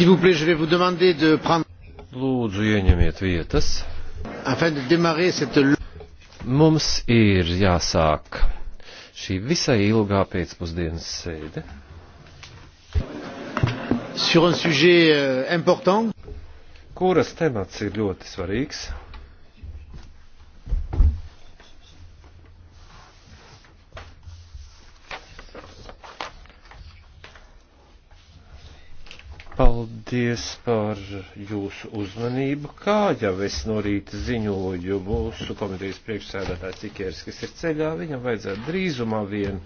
Lūdzu, ieņemiet vietas. Mums ir jāsāk šī visai ilgā pēcpusdienas sēde. Euh, Kuras temats ir ļoti svarīgs? pateikties par jūsu uzmanību. Kā jau es no rīta ziņoju, mūsu komitejas priekšsēdētājs Ikērs, kas ir ceļā, viņam vajadzētu drīzumā vien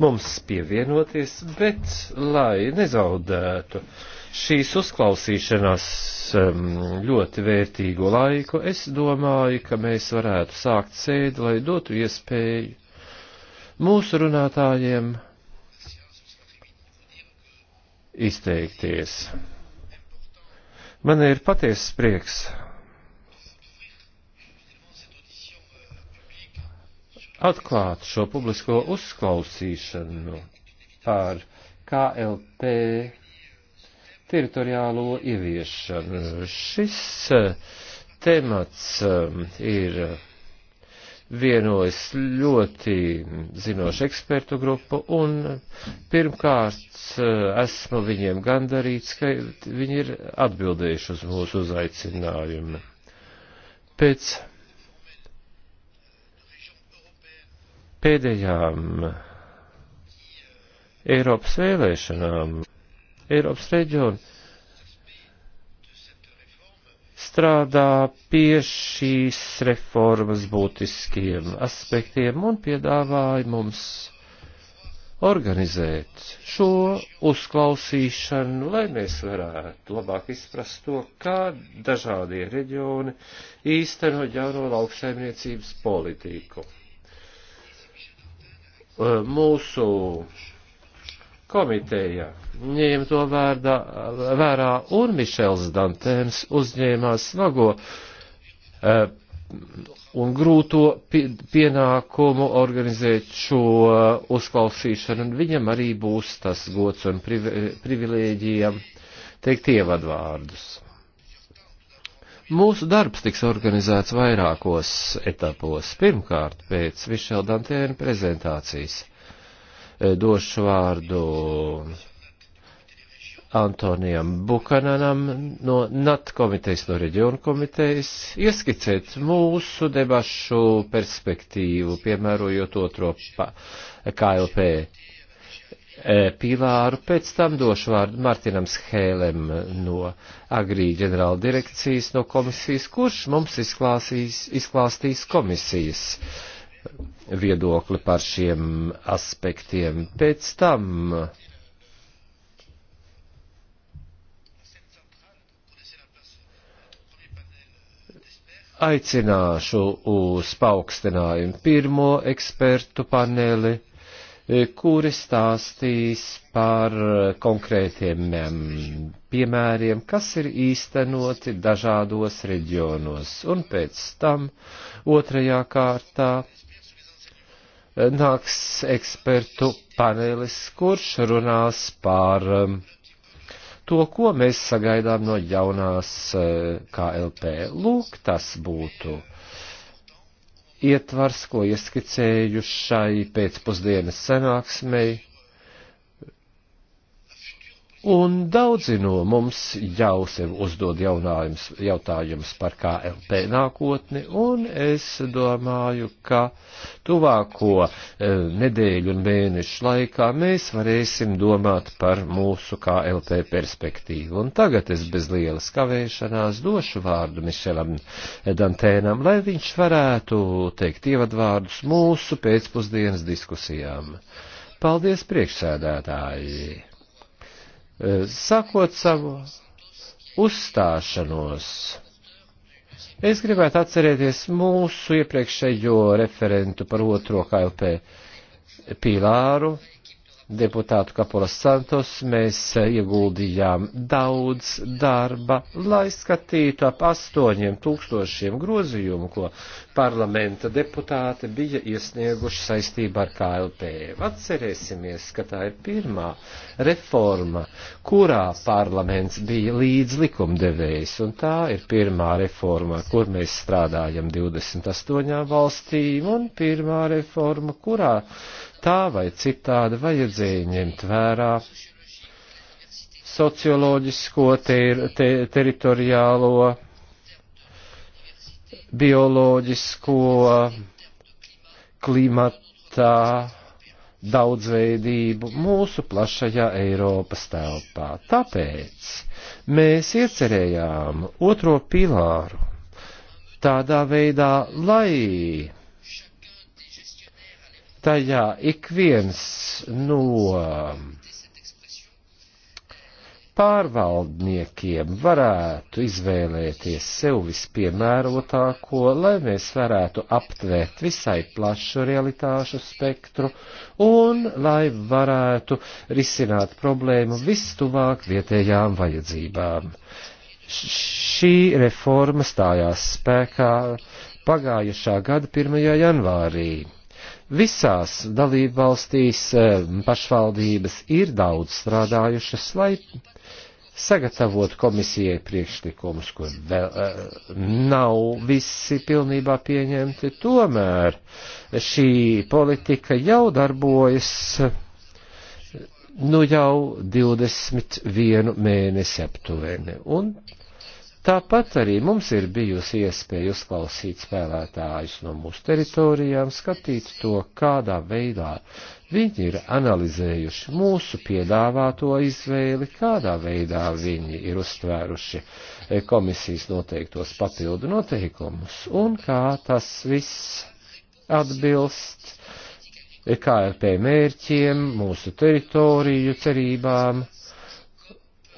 mums pievienoties, bet lai nezaudētu šīs uzklausīšanās um, ļoti vērtīgo laiku, es domāju, ka mēs varētu sākt sēdi, lai dotu iespēju mūsu runātājiem izteikties. Man ir patiesas prieks atklāt šo publisko uzklausīšanu par KLP teritoriālo ieviešanu. Šis eh, temats eh, ir vienojas ļoti zinoša ekspertu grupa, un pirmkārt eh, esmu viņiem gandarīts, ka viņi ir atbildējuši uz mūsu uzaicinājumu. Pēc pēdējām Eiropas vēlēšanām Eiropas reģionu strādā pie šīs reformas būtiskiem aspektiem un piedāvāja mums organizēt šo uzklausīšanu, lai mēs varētu labāk izprast to, kā dažādie reģioni īsteno ģēro lauksaimniecības politiku. Mūsu komiteja ņēma to vērdā, vērā, un Mišels Dantēns uzņēmās smago uh, un grūto pienākumu organizēt šo eh, uzklausīšanu, un viņam arī būs tas gods un privi privilēģija teikt ievadvārdus. Mūsu darbs tiks organizēts vairākos etapos. Pirmkārt, pēc Mišela Dantēna prezentācijas eh, došu vārdu Antonijam Bukananam no NAT komitejas, no reģionu komitejas, ieskicēt mūsu debašu perspektīvu, piemērojot otro KLP e, pīlāru. Pēc tam došu vārdu Martinam Schēlem no Agrī ģenerāla direkcijas, no komisijas, kurš mums izklāstīs komisijas viedokli par šiem aspektiem. Pēc tam aicināšu uz paaugstinājumu pirmo ekspertu paneli, e, kuri stāstīs par konkrētiem piemēriem, kas ir īstenoti dažādos reģionos. Un pēc tam otrajā kārtā e, nāks ekspertu panelis, kurš runās par to, ko mēs sagaidām no jaunās eh, KLP. Lūk, tas būtu ietvars, ko ieskicēju šai pēcpusdienas sanāksmei Un daudzi no mums jau sev uzdod jautājumus par KLP nākotni, un es domāju, ka tuvāko e, nedēļu un mēnešu laikā mēs varēsim domāt par mūsu KLP perspektīvu. Un tagad es bez lielas kavēšanās došu vārdu Mišelam Dantēnam, lai viņš varētu teikt ievadvārdus mūsu pēcpusdienas diskusijām. Paldies priekšsēdētāji! Sākot savu uzstāšanos, es gribētu atcerēties mūsu iepriekšējo referentu par otro KLP pīlāru, deputātu Kapolas Santos mēs eh, ieguldījām daudz darba, lai skatītu ap astoņiem tūkstošiem grozījumu, ko parlamenta deputāti bija iesnieguši saistībā ar KLP. Atcerēsimies, ka tā ir pirmā reforma, kurā parlaments bija līdz likumdevējs, un tā ir pirmā reforma, kur mēs strādājam 28 valstīm, un pirmā reforma, kurā tā vai citādi vajadzēja ņemt vērā socioloģisko, ter, te, teritoriālo, bioloģisko, klimatā, daudzveidību mūsu plašajā Eiropas telpā. Tāpēc mēs iecerējām otro pilāru tādā veidā, lai tajā ik viens no pārvaldniekiem varētu izvēlēties sev vispiemērotāko, lai mēs varētu aptvērt visai plašu realitāšu spektru un lai varētu risināt problēmu vistuvāk vietējām vajadzībām. Šī reforma stājās spēkā pagājušā gada 1. janvārī Visās dalībvalstīs eh, pašvaldības ir daudz strādājušas, lai sagatavot komisijai priekšlikumus, kur vēl uh, nav visi pilnībā pieņemti. Tomēr šī politika jau darbojas nu jau 21 mēnesi aptuveni. Un Tāpat arī mums ir bijusi iespēja uzklausīt spēlētājus no mūsu teritorijām, skatīt to, kādā veidā viņi ir analizējuši mūsu piedāvāto izvēli, kādā veidā viņi ir uztvēruši e, komisijas noteiktos papildu noteikumus un kā tas viss atbilst e, KLP mērķiem, mūsu teritoriju cerībām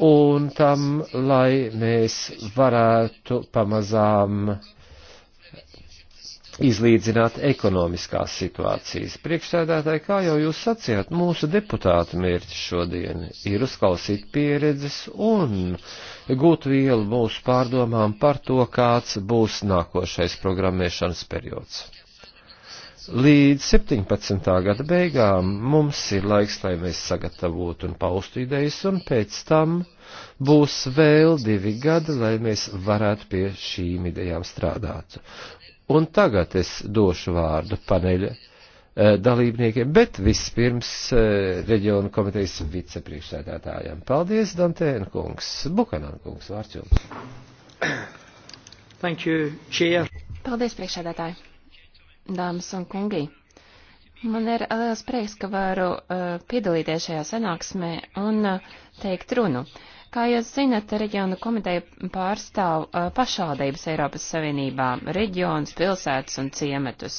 un tam, lai mēs varētu pamazām izlīdzināt ekonomiskās situācijas. Priekšsēdētāji, kā jau jūs sacījāt, mūsu deputātu mērķis šodien ir uzklausīt pieredzes un gūt vielu mūsu pārdomām par to, kāds būs nākošais programmēšanas periods. Līdz 17. gada beigām mums ir laiks, lai mēs sagatavotu un paustu idejas, un pēc tam būs vēl divi gadi, lai mēs varētu pie šīm idejām strādāt. Un tagad es došu vārdu paneļa eh, dalībniekiem, bet vispirms eh, reģionu komitejas vicepriekšsēdētājiem. Paldies, Dantēna kungs, Bukanan kungs, vārds jums. Thank you, cheer. Paldies, priekšsēdētāji dāmas un kungi! Man ir liels prieks, ka varu uh, piedalīties šajā sanāksmē un uh, teikt runu. Kā jūs zinat, reģionu komiteja pārstāv uh, pašvaldības Eiropas Savienībā, reģionus, pilsētas un ciematus.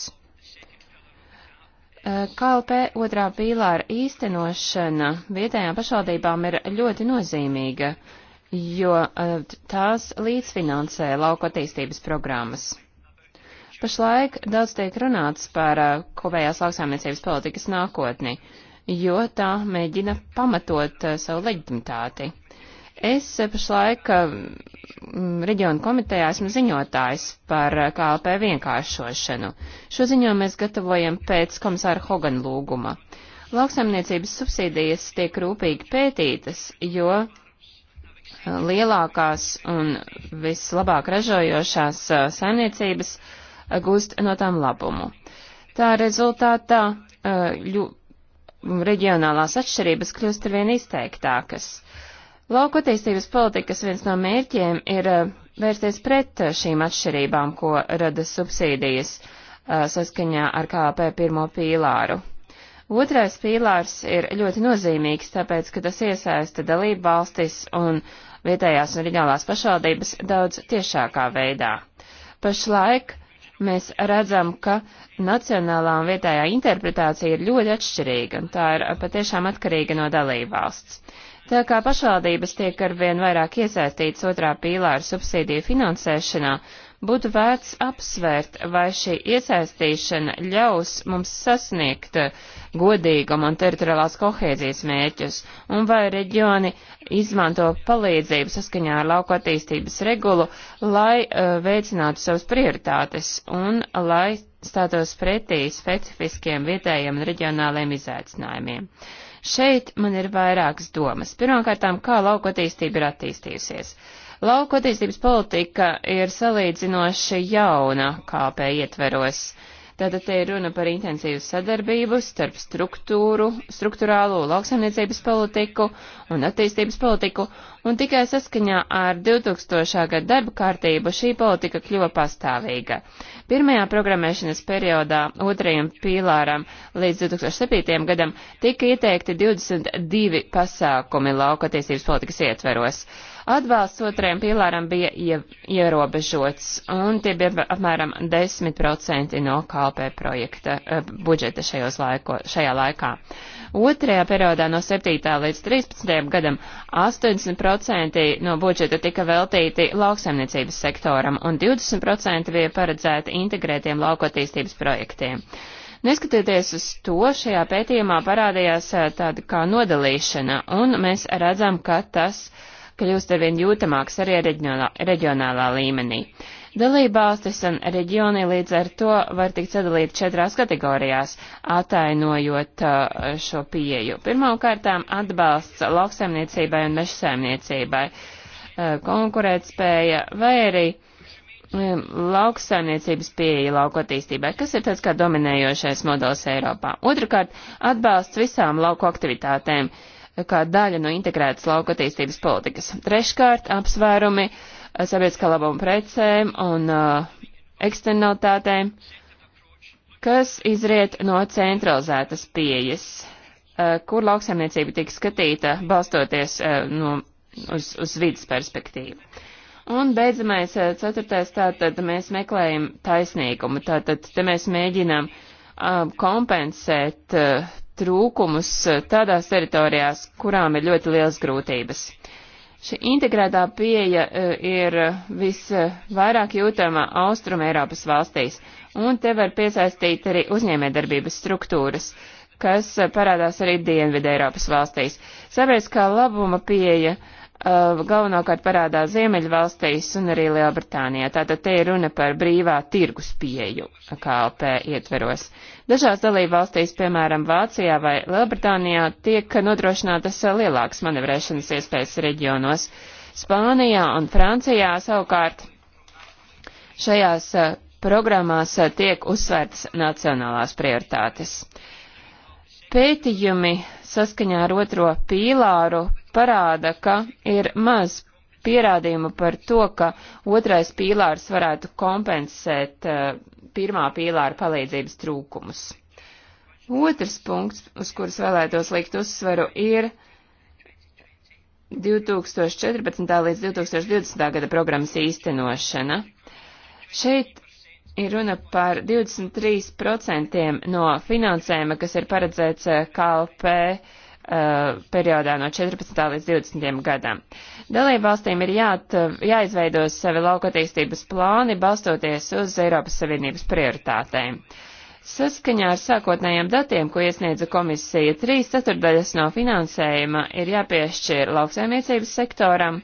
Uh, KLP otrā pīlāra īstenošana vietējām pašvaldībām ir ļoti nozīmīga, jo uh, tās līdzfinansē lauku attīstības programmas. Pašlaik daudz tiek runāts par eh, kopējās lauksaimniecības politikas nākotni, jo tā mēģina pamatot eh, savu leģitimitāti. Es eh, pašlaik reģionu komitejā esmu ziņotājs par KLP vienkāršošanu. Šo ziņojumu mēs gatavojam pēc komisāra Hogan lūguma. Lauksaimniecības subsīdijas tiek rūpīgi pētītas, jo lielākās un vislabāk ražojošās saimniecības uh, gūst no tām labumu. Tā rezultātā ļu, reģionālās atšķirības kļūst arvien izteiktākas. Lauku attīstības politikas viens no mērķiem ir vērsties pret šīm atšķirībām, ko rada subsīdijas saskaņā ar KLP pirmo pīlāru. Otrais pīlārs ir ļoti nozīmīgs, tāpēc, ka tas iesaista dalību valstis un vietējās un reģionālās pašvaldības daudz tiešākā veidā. Pašlaik mēs redzam, ka nacionālā un vietējā interpretācija ir ļoti atšķirīga, un tā ir uh, patiešām atkarīga no dalībvalsts. Tā kā pašvaldības tiek arvien vairāk iesaistītas otrā pīlāra subsīdiju finansēšanā, uh, būtu vērts apsvērt, vai šī iesaistīšana ļaus mums sasniegt godīgumu un teritoriālās kohēzijas mērķus, un vai reģioni izmanto palīdzību saskaņā ar lauku attīstības regulu, lai uh, veicinātu savas prioritātes un lai stātos pretī specifiskiem vietējiem un reģionāliem izaicinājumiem. Šeit man ir vairākas domas. Pirmkārtām, kā lauku attīstība ir attīstījusies. Uh, Lauku attīstības politika ir salīdzinoši jauna KP ietveros. Tātad te ir runa par intensīvu sadarbību starp struktūru, struktūrālo lauksaimniecības politiku un attīstības politiku, un tikai saskaņā ar 2000. gada darba kārtību šī politika kļuva pastāvīga. Pirmajā programmēšanas periodā otrajam pīlāram līdz 2007. gadam tika ieteikti 22 pasākumi lauka attīstības politikas ietveros. Atbalsts otrajam pilāram bija ie, ierobežots, un tie bija apmēram 10% no KLP projekta eh, budžeta šajos laiko, šajā laikā. Otrajā periodā no 7. līdz 13. gadam 80% no budžeta tika veltīti lauksaimniecības sektoram, un 20% bija paredzēti integrētiem laukotīstības projektiem. Neskatoties uz to, šajā pētījumā parādījās eh, tāda kā nodalīšana, un mēs redzam, ka tas uh, kļūst arvien jūtamāks arī reģionālā, reģionālā līmenī. Dalībvalstis un reģioni līdz ar to var tikt sadalīti četrās kategorijās, atainojot uh, šo pieju. Pirmkārtām atbalsts lauksaimniecībai un mežsaimniecībai, uh, konkurētspēja vai arī um, lauksaimniecības pieeja lauku attīstībai, kas ir tāds kā dominējošais modelis Eiropā. Otrakārt, atbalsts visām lauku aktivitātēm, uh, kā daļa no integrētas lauka attīstības politikas. Treškārt, apsvērumi eh, sabiedriskā labuma precēm un uh, eksternalitātēm, kas izriet no centralizētas pieejas, uh, kur lauksaimniecība tiek skatīta balstoties uh, no, uz, uz vidas perspektīvu. Un beidzamais, ceturtais, tātad mēs meklējam taisnīgumu, tātad te mēs mēģinām uh, kompensēt uh, trūkumus eh, tādās teritorijās, kurām ir ļoti liels grūtības. Šī integrētā pieeja eh, ir visvairāk jūtama Austrum Eiropas valstīs, un te var piesaistīt arī uzņēmēdarbības struktūras, kas eh, parādās arī Dienvidē Eiropas valstīs. Sabiedriskā labuma pieeja uh, Uh, galvenokārt parādās Ziemeļvalstīs un arī Lielbritānijā. Tātad te ir runa par brīvā tirgus pieju KLP ietveros. Dažās dalībvalstīs, piemēram, Vācijā vai Lielbritānijā, tiek nodrošinātas lielākas manevrēšanas iespējas reģionos. Spānijā un Francijā savukārt šajās uh, programmās uh, tiek uzsvērts nacionālās prioritātes. Pētījumi saskaņā ar otro pīlāru parāda, ka ir maz pierādījumu par to, ka otrais pīlārs varētu kompensēt uh, pirmā pīlāra palīdzības trūkumus. Otrs punkts, uz kuras vēlētos likt uzsvaru, ir 2014. līdz 2020. gada programmas īstenošana. Šeit ir runa par 23% no finansējuma, kas ir paredzēts eh, KLP uh, Uh, periodā no 14. līdz 20. gadam. Dalībvalstīm ir jāt, uh, jāizveido savi lauka attīstības plāni, balstoties uz Eiropas Savienības prioritātēm. Saskaņā ar sākotnējiem datiem, ko iesniedza komisija, 3 ceturdaļas no finansējuma ir jāpiešķir lauksaimniecības sektoram.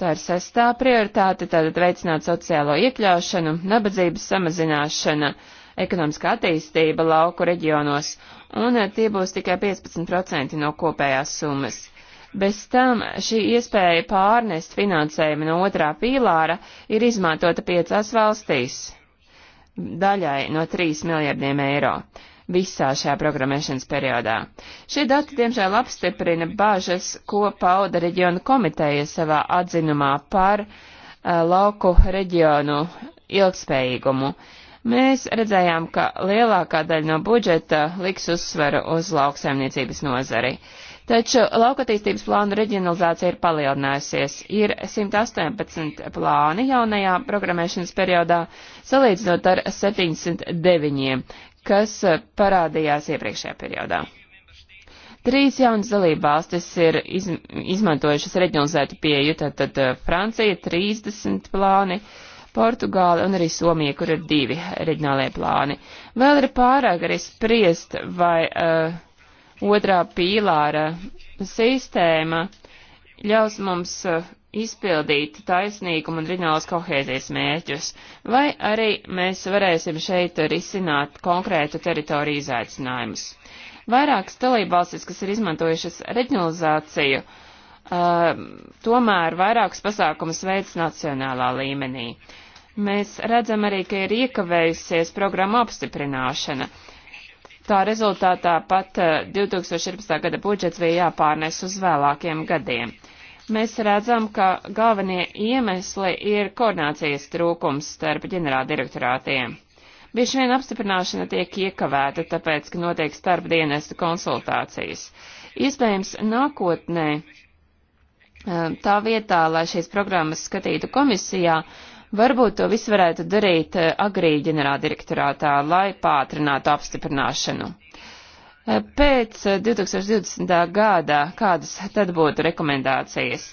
Tā ir sestā prioritāte, tātad veicināt sociālo iekļaušanu, nabadzības samazināšana, uh, ekonomiskā attīstība lauku reģionos, un eh, tie būs tikai 15% no kopējās summas. Bez tam šī iespēja pārnest finansējumu no otrā pīlāra ir izmantota piecās valstīs - daļai no 3 miljardiem eiro visā šajā programmēšanas periodā. Šie dati, diemžēl, apstiprina bāžas, ko pauda reģionu komiteja savā atzinumā par uh, lauku reģionu ilgspējīgumu. Uh, Mēs redzējām, ka lielākā daļa no budžeta liks uzsveru uz lauksaimniecības nozari. Taču laukatīstības plānu reģionalizācija ir palielinājusies. Ir 118 plāni jaunajā programmēšanas periodā, salīdzinot ar 709, kas parādījās iepriekšējā periodā. Trīs jaunas dalībvalstis ir iz, izmantojušas reģionalizētu pieju, tātad eh, Francija 30 plāni, uh, Portugāla un arī Somija, kur ir divi reģionālajie plāni. Vēl ir pārāk arī spriest, vai uh, otrā pīlāra sistēma ļaus mums uh, izpildīt taisnīgumu un reģionālas kohēzijas mērķus, vai arī mēs varēsim šeit risināt konkrētu teritoriju izaicinājumus. Vairākas dalībvalstis, kas ir izmantojušas reģionalizāciju, uh, tomēr vairākus pasākumus veids nacionālā līmenī. Uh, Mēs redzam arī, ka ir iekavējusies programma apstiprināšana. Tā rezultātā pat 2014. Eh, gada budžets bija jāpārnes uz vēlākiem gadiem. Mēs redzam, ka galvenie iemesli ir koordinācijas trūkums starp ģenerāldirektorātiem. Bieži vien apstiprināšana tiek iekavēta, tāpēc, ka notiek starp dienestu konsultācijas. Iespējams, nākotnē eh, tā vietā, lai šīs programmas skatītu komisijā, uh, Varbūt to visu varētu darīt eh, agrī ģenerāldirektorātā, lai pātrinātu apstiprināšanu. Eh, pēc 2020. Eh, gada kādas tad būtu rekomendācijas?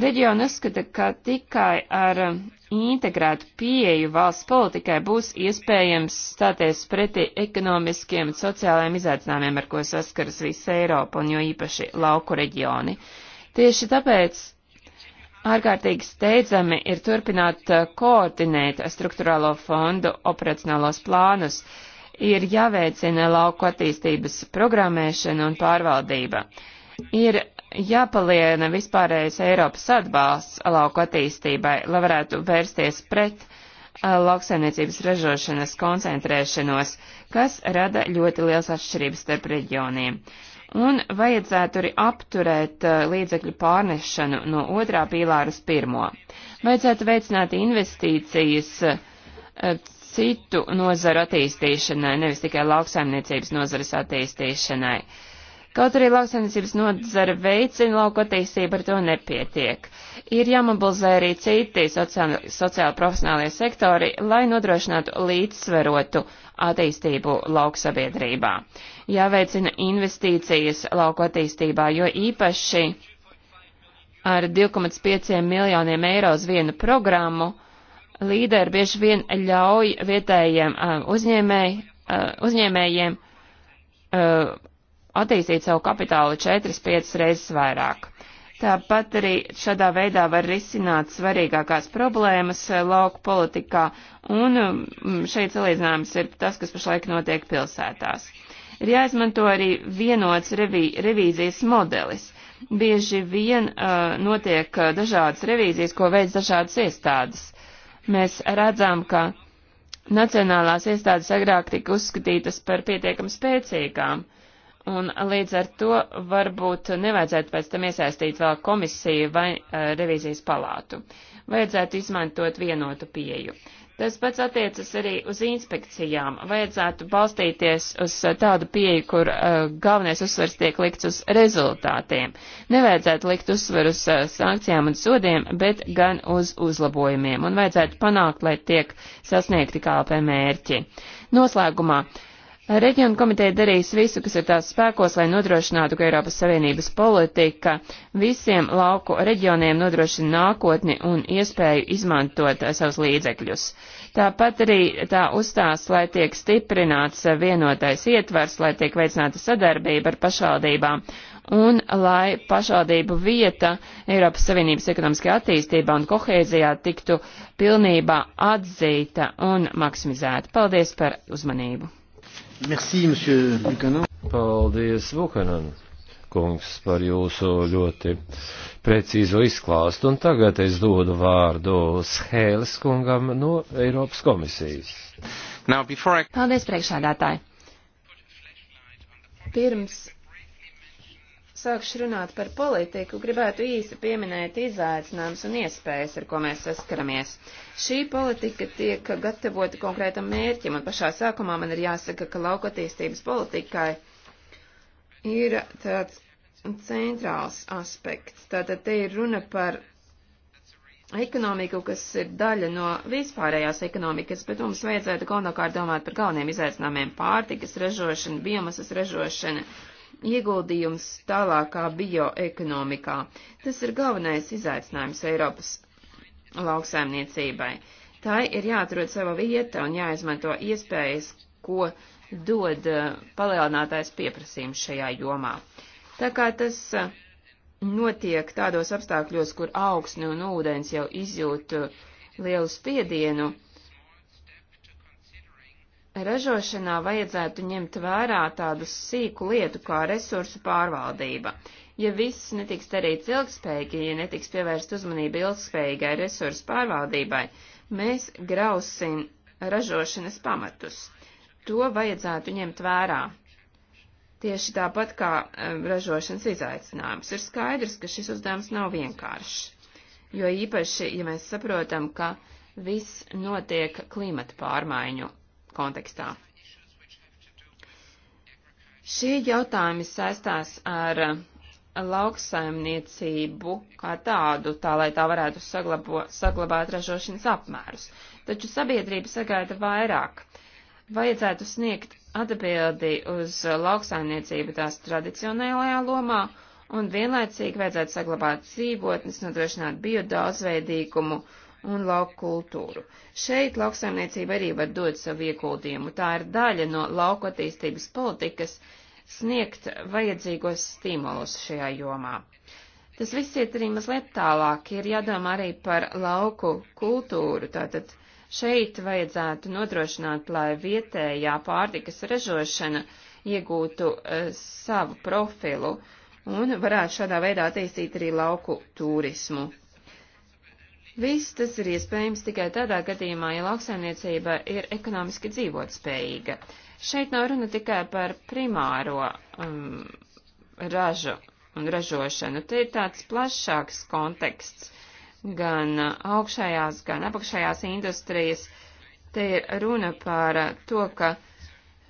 Reģiona uzskata, ka tikai ar integrētu pieeju valsts politikai būs iespējams stāties pretī ekonomiskiem un sociālajiem izaicinājumiem, ar ko saskaras visa Eiropa un jo īpaši lauku reģioni. Tieši tāpēc ārkārtīgi steidzami ir turpināt eh, koordinēt struktūrālo fondu operacionālos plānus, ir jāveicina lauku attīstības programmēšana un pārvaldība. Ir jāpalielina vispārējais Eiropas atbalsts lauku attīstībai, lai varētu vērsties pret eh, lauksaimniecības ražošanas koncentrēšanos, kas rada ļoti liels atšķirības starp reģioniem un vajadzētu arī apturēt uh, līdzekļu pārnešanu no otrā pīlāra uz pirmo. Vajadzētu veicināt investīcijas uh, citu nozaru attīstīšanai, nevis tikai lauksaimniecības nozares attīstīšanai. Uh, Kaut arī lauksaimniecības nozara veicina lauku attīstību, ar to nepietiek. Ir jāmobilizē arī citi sociāli, sociāli profesionālie sektori, lai nodrošinātu līdzsverotu attīstību lauku sabiedrībā. Jāveicina investīcijas lauku attīstībā, jo īpaši ar 2,5 miljoniem eiro uz vienu programmu līderi bieži vien ļauj vietējiem uh, uzņēmēji, uh, uzņēmējiem uh, attīstīt savu kapitālu 4-5 reizes vairāk. Tāpat arī šādā veidā var risināt svarīgākās problēmas eh, lauku politikā, un mm, šeit salīdzinājums ir tas, kas pašlaik notiek pilsētās. Ir jāizmanto arī vienots revī, revīzijas modelis. Bieži vien uh, notiek eh, dažādas revīzijas, ko veids dažādas iestādes. Mēs redzam, ka nacionālās iestādes agrāk tika uzskatītas par pietiekami spēcīgām. Un līdz ar to varbūt nevajadzētu pēc tam iesaistīt vēl komisiju vai uh, revīzijas palātu. Vajadzētu izmantot vienotu pieju. Tas pats attiecas arī uz inspekcijām. Vajadzētu balstīties uz e, tādu pieeju, kur uh, galvenais uzsvers tiek likts uz rezultātiem. Nevajadzētu likt uzsveru uz uh, sankcijām un sodiem, bet gan uz uzlabojumiem. Un vajadzētu panākt, lai tiek sasniegti kāpē mērķi. Noslēgumā. Uh, Reģionu komiteja darīs visu, kas ir tās spēkos, lai nodrošinātu, ka Eiropas Savienības politika visiem lauku reģioniem nodrošina nākotni un iespēju izmantot eh, savus līdzekļus. Tāpat arī tā uzstās, lai tiek stiprināts eh, vienotais ietvers, lai tiek veicināta sadarbība ar pašvaldībām un lai pašvaldību vieta Eiropas Savienības ekonomiskajā attīstībā un kohēzijā tiktu pilnībā atzīta un maksimizēta. Paldies par uzmanību! Merci, monsieur Buchanan. Paldies, Buchanan, kungs, par jūsu ļoti precīzo izklāstu. Un tagad es dodu vārdu Schēles kungam no Eiropas komisijas. Now, I... Paldies, priekšādātāji. Pirms sākšu runāt par politiku, gribētu īsi pieminēt izaicinājumus un iespējas, ar ko mēs saskaramies. Šī politika tiek gatavota konkrētam mērķim, un pašā sākumā man ir jāsaka, ka lauka attīstības politikai ir tāds centrāls aspekts. Tātad te ir runa par ekonomiku, kas ir daļa no vispārējās ekonomikas, bet mums vajadzētu galvenokārt domāt par galveniem izaicinājumiem - pārtikas ražošana, biomasas ražošana, ieguldījums tālākā bioekonomikā. Tas ir galvenais izaicinājums Eiropas lauksaimniecībai. Tā ir jāatrod sava vieta un jāizmanto iespējas, ko dod eh, palielinātais pieprasījums šajā jomā. Tā kā tas eh, notiek tādos apstākļos, kur augsne un ūdens jau izjūt eh, lielu spiedienu, ražošanā vajadzētu ņemt vērā tādu sīku lietu kā resursu pārvaldība. Ja viss netiks darīts ilgspējīgi, ja netiks pievērst uzmanība ilgspējīgai resursu pārvaldībai, mēs grausim ražošanas pamatus. To vajadzētu ņemt vērā. Tieši tāpat kā e, ražošanas izaicinājums. Ir skaidrs, ka šis uzdevums nav vienkāršs. Jo īpaši, ja mēs saprotam, ka viss notiek klimata pārmaiņu kontekstā. Šie jautājumi saistās ar eh, lauksaimniecību kā tādu, tā lai tā varētu saglabo, saglabāt ražošanas apmērus. Taču sabiedrība sagaida vairāk. Vajadzētu sniegt atbildi uz lauksaimniecību tās tradicionālajā lomā un vienlaicīgi vajadzētu saglabāt dzīvotnes, nodrošināt biodaudzveidīgumu un lauku kultūru. Šeit lauksaimniecība arī var dot savu ieguldījumu. Tā ir daļa no lauku attīstības politikas sniegt vajadzīgos stimulus šajā jomā. Tas viss iet arī mazliet tālāk, ir jādomā arī par lauku kultūru, tātad šeit vajadzētu nodrošināt, lai vietējā pārtikas ražošana iegūtu uh, savu profilu un varētu šādā veidā attīstīt arī lauku turismu. Viss tas ir iespējams tikai tādā gadījumā, ja lauksaimniecība ir ekonomiski dzīvotspējīga. Šeit nav runa tikai par primāro um, ražu un ražošanu. Te ir tāds plašāks konteksts gan augšējās, gan apakšējās industrijas. Te ir runa par to, ka uh,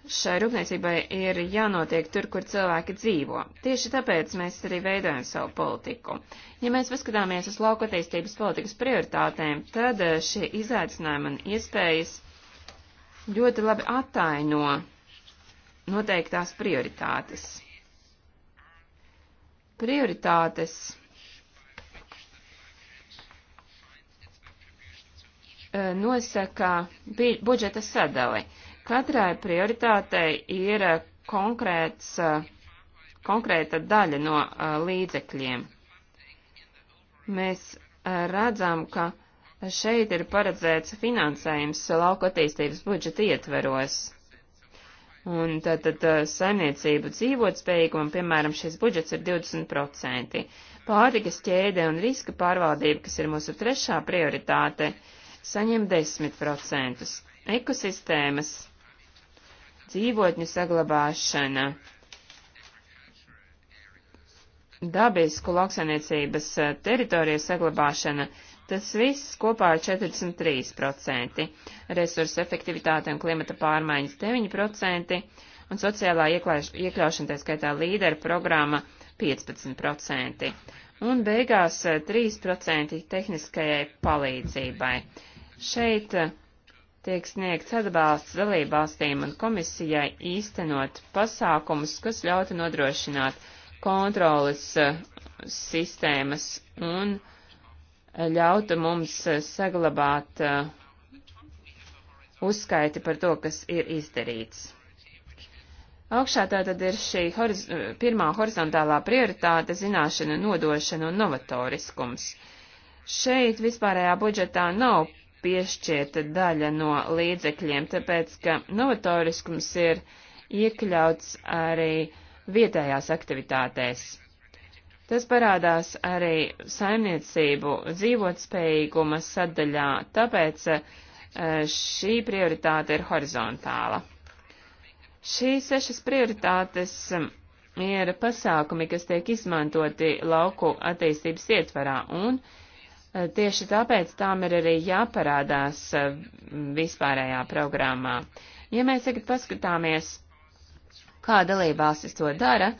šai rūpniecībai ir jānotiek tur, kur cilvēki dzīvo. Tieši tāpēc mēs arī veidojam savu politiku. Ja mēs paskatāmies uz lauku attīstības politikas prioritātēm, tad eh, šie izaicinājumi un iespējas ļoti labi attaino noteiktās prioritātes. Prioritātes eh, nosaka budžeta sadali. Katrai prioritātei ir eh, konkrēts, eh, konkrēta daļa no eh, līdzekļiem. Mēs redzam, ka šeit ir paredzēts finansējums lauka attīstības budžeta ietveros. Un tātad saimniecību dzīvotspējīgumam, piemēram, šis budžets ir 20%. Pārtikas ķēde un riska pārvaldība, kas ir mūsu trešā prioritāte, saņem 10%. Ekosistēmas dzīvotņu saglabāšana, dabisku lauksainiecības eh, teritoriju saglabāšana, tas viss kopā ir 43%, resursu efektivitāte un klimata pārmaiņas 9% un sociālā iekļaušana, tā skaitā līderu programma 15%, un beigās 3% eh, tehniskajai palīdzībai. Šeit eh, tiek sniegts atbalsts dalībvalstīm un komisijai īstenot pasākumus, kas ļautu nodrošināt kontrolas eh, sistēmas un ļautu mums eh, saglabāt eh, uzskaiti par to, kas ir izdarīts. Augšā tā tad ir šī horiz pirmā horizontālā prioritāte - zināšana, nodošana un novatoriskums. Šeit vispārējā budžetā nav piešķirta daļa no līdzekļiem, tāpēc, ka novatoriskums ir iekļauts arī vietējās aktivitātēs. Tas parādās arī saimniecību dzīvotspējīguma sadaļā, tāpēc eh, šī prioritāte ir horizontāla. Šīs sešas prioritātes mm, ir pasākumi, kas tiek izmantoti lauku attīstības ietvarā un uh, Eh, tieši tāpēc tām ir arī jāparādās eh, vispārējā programmā. Ja mēs tagad paskatāmies, kā dalībvalstis to dara,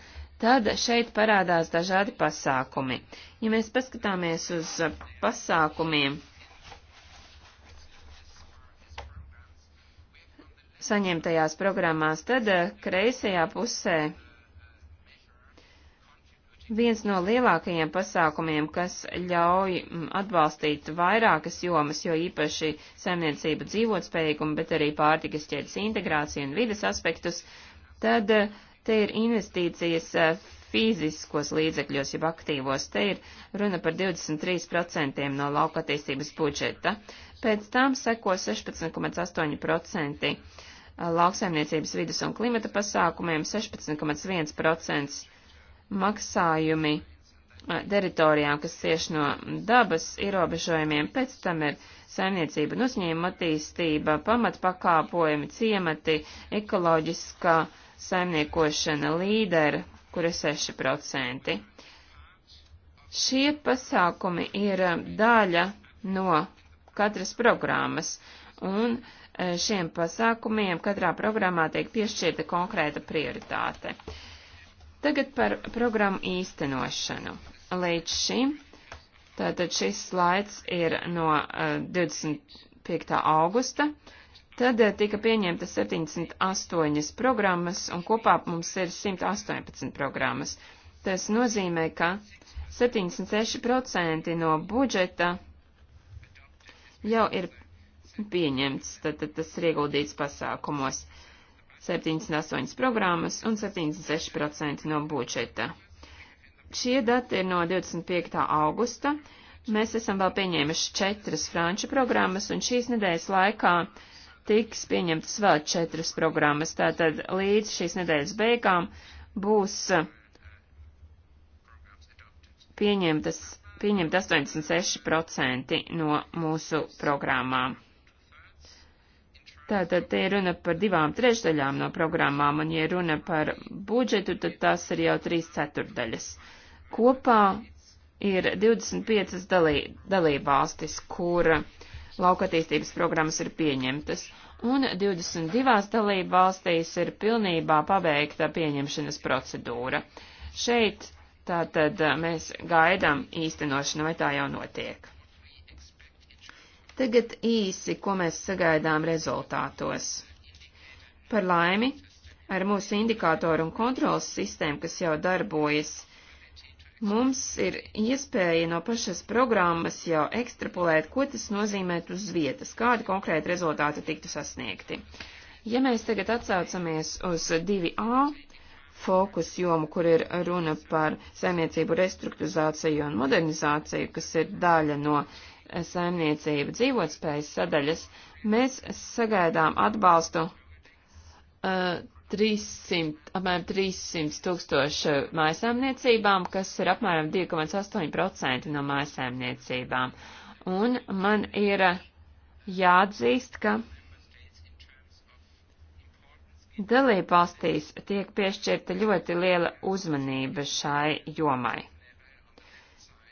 tad šeit parādās dažādi pasākumi. Ja mēs paskatāmies uz pasākumiem, saņemtajās programmās, tad eh, kreisajā pusē Viens no lielākajiem pasākumiem, kas ļauj mm, atbalstīt vairākas jomas, jo īpaši saimniecību dzīvotspējīgumu, bet arī pārtikas ķēdes integrāciju un vides aspektus, tad eh, te ir investīcijas eh, fiziskos līdzekļos, jeb aktīvos. Te ir runa par 23% no lauka attīstības budžeta. Pēc tam seko 16,8% eh, lauksaimniecības vidas un klimata pasākumiem, 16,1% maksājumi eh, teritorijām, kas cieš no dabas ierobežojumiem, pēc tam ir saimniecība un uzņēmuma attīstība, pamatpakāpojumi, ciemati, ekoloģiskā saimniekošana, līdera, kur ir 6%. Šie pasākumi ir eh, daļa no katras programmas, un eh, šiem pasākumiem katrā programmā tiek piešķirta konkrēta prioritāte. Uh, Tagad par programmu īstenošanu. Līdz šim, tātad šis slaids ir no uh, eh, 25. augusta, tad uh, tika pieņemta 78 programmas un kopā mums ir 118 programmas. Tas nozīmē, ka 76% no budžeta jau ir pieņemts, tad, tad tas ir ieguldīts pasākumos. Uh, 78 programmas un 76% no budžeta. Šie dati ir no 25. augusta. Mēs esam vēl pieņēmuši četras franču programmas, un šīs nedēļas laikā tiks pieņemtas vēl četras programmas. Tātad līdz šīs nedēļas beigām būs pieņemtas, pieņemt 86% no mūsu programmām. Tātad te ir runa par divām trešdaļām no programmām, un ja runa par budžetu, tad tas ir jau trīs ceturdaļas. Kopā ir 25 dalī, dalībvalstis, kur laukatīstības programmas ir pieņemtas, un 22 dalībvalstīs ir pilnībā pabeigta pieņemšanas procedūra. Šeit tātad mēs gaidām īstenošanu, vai tā jau notiek. Tagad īsi, ko mēs sagaidām rezultātos. Par laimi, ar mūsu indikātoru un kontrolas sistēmu, kas jau darbojas, mums ir iespēja no pašas programmas jau ekstrapolēt, ko tas nozīmē uz vietas, kādi konkrēti rezultāti tiktu sasniegti. Ja mēs tagad atsaucamies uz 2A fokus jomu, kur ir runa par saimniecību restruktūrizāciju un modernizāciju, kas ir daļa no saimniecību dzīvotspējas sadaļas, mēs sagaidām atbalstu uh, eh, 300, apmēram 300 tūkstošu mājasēmniecībām, kas ir apmēram 2,8% no mājasēmniecībām. Un man ir eh, jāatzīst, ka dalībvalstīs tiek piešķirta ļoti liela uzmanība šai jomai.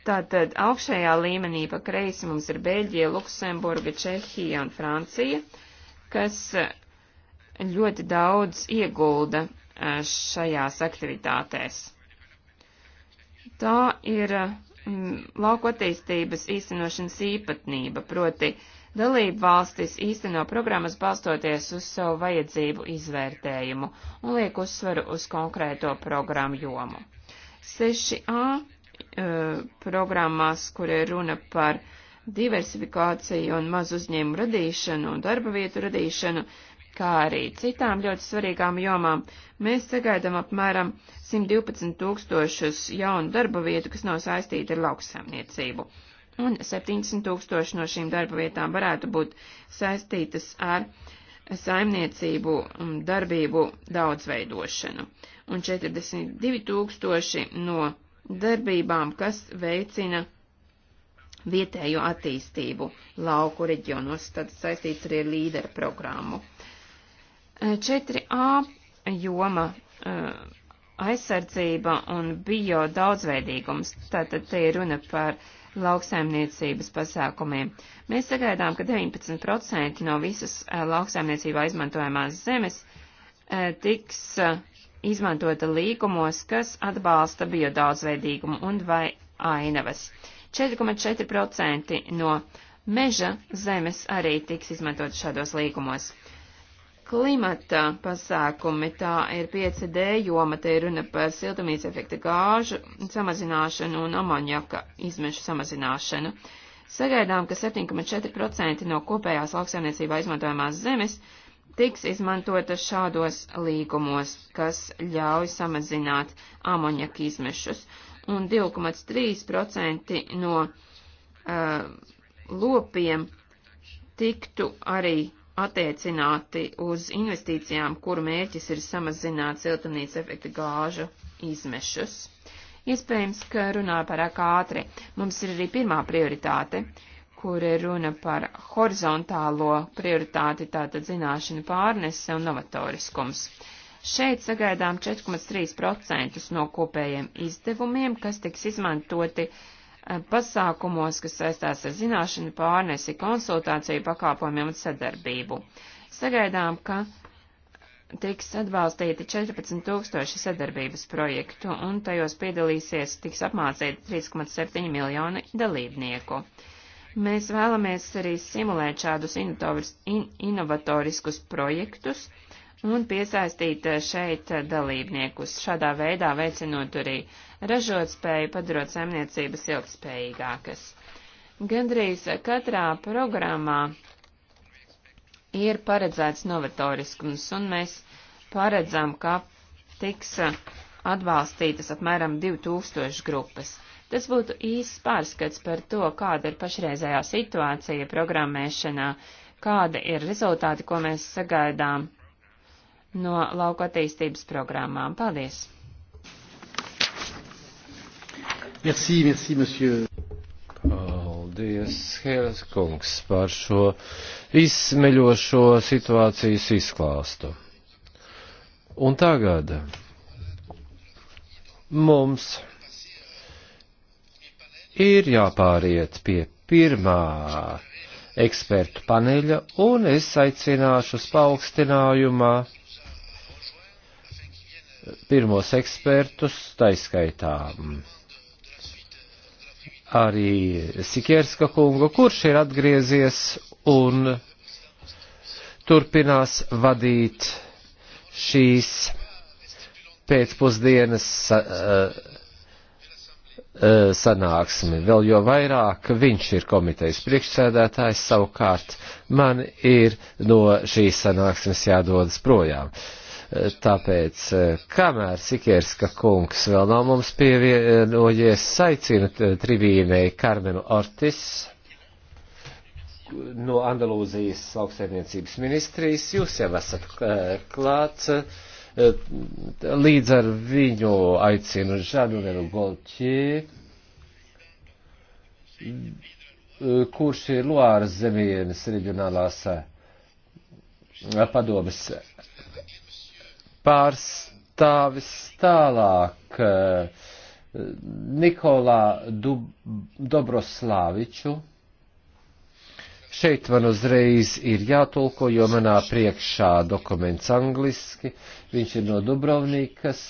Tātad augšējā līmenī pa kreisi mums ir Beļģija, Luksemburga, Čehija un Francija, kas eh, ļoti daudz iegulda eh, šajās aktivitātēs. Tā ir mm, lauku attīstības īstenošanas īpatnība, proti dalību valstis īsteno programmas balstoties uz savu vajadzību izvērtējumu un liek uzsvaru uz konkrēto programmu jomu. 6a Eh, programmās, kur ir runa par diversifikāciju un mazu uzņēmumu radīšanu un darba vietu radīšanu, kā arī citām ļoti svarīgām jomām, mēs sagaidām apmēram 112 tūkstošus jaunu darba vietu, kas nav saistīti ar lauksaimniecību. Un 70 tūkstoši no šīm darba vietām varētu būt saistītas ar saimniecību un darbību daudzveidošanu. Un 42 tūkstoši no darbībām, kas veicina vietējo attīstību lauku reģionos, tad saistīts arī ar līderu programmu. 4A eh, joma eh, aizsardzība un bio daudzveidīgums, tātad te ir runa par lauksaimniecības pasākumiem. Mēs sagaidām, ka 19% no visas eh, lauksaimniecībā izmantojamās zemes tiks izmantota līgumos, kas atbalsta biodaudzveidīgumu un vai ainavas. 4,4% no meža zemes arī tiks izmantot šādos līgumos. Klimata pasākumi tā ir 5D joma, te ir runa par siltumnīca efekta gāžu samazināšanu un amonjaka izmešu samazināšanu. Sagaidām, ka 7,4% no kopējās lauksaimniecībā izmantojamās zemes tiks izmantota šādos līgumos, kas ļauj samazināt amoniaka izmešus. Un 2,3% no uh, lopiem tiktu arī attiecināti uz investīcijām, kuru mērķis ir samazināt siltumnīca efekta gāžu izmešus. Iespējams, ka runāju pārāk ātri. Mums ir arī pirmā prioritāte. Uh, kur ir runa par horizontālo prioritāti, tātad zināšanu pārnese un novatoriskums. Šeit sagaidām 4,3% no kopējiem izdevumiem, kas tiks izmantoti eh, pasākumos, kas saistās ar zināšanu pārnesi, konsultāciju pakāpojumiem un sadarbību. Sagaidām, ka tiks atbalstīti 14 tūkstoši sadarbības projektu, un tajos piedalīsies tiks apmācīti 3,7 miljoni dalībnieku. Mēs vēlamies arī simulēt šādus in, inovatoriskus projektus un piesaistīt eh, šeit eh, dalībniekus, šādā veidā veicinot arī ražotspēju, padarot saimniecības ilgspējīgākas. Gandrīz eh, katrā programmā ir paredzēts novatoriskums, un mēs paredzam, ka tiks atbalstītas apmēram 2000 grupas. Tas būtu īsts pārskats par to, kāda ir pašreizējā situācija programmēšanā, kāda ir rezultāti, ko mēs sagaidām no lauka attīstības programmām. Paldies! Merci, merci, monsieur. Paldies, Hēles kungs, par šo izsmeļošo situācijas izklāstu. Un tagad mums ir jāpāriet pie pirmā ekspertu paneļa, un es aicināšu uz paaugstinājumā pirmos ekspertus taiskaitām. Mm, arī Sikierska kungu, kurš ir atgriezies un turpinās vadīt šīs pēcpusdienas uh, E, sanāksmi, vēl jo vairāk viņš ir komitejas priekšsēdētājs, savukārt man ir no šīs sanāksmes jādodas projām. E, tāpēc, e, kamēr Sikerska kungs vēl nav mums pievienojies, saicinu trivīnei Karmenu Ortis no Andalūzijas lauksaimniecības ministrijas. Jūs jau esat klāts. Eh, līdz ar viņu aicinu Žanuveru Golķie, eh, kurš ir Loāras zemienes reģionālās eh, padomes pārstāvis tālāk Nikolā Dub Dobroslāviču. Šeit man uzreiz ir jātulko, jo manā priekšā dokuments angliski. Viņš ir no Dubrovnikas.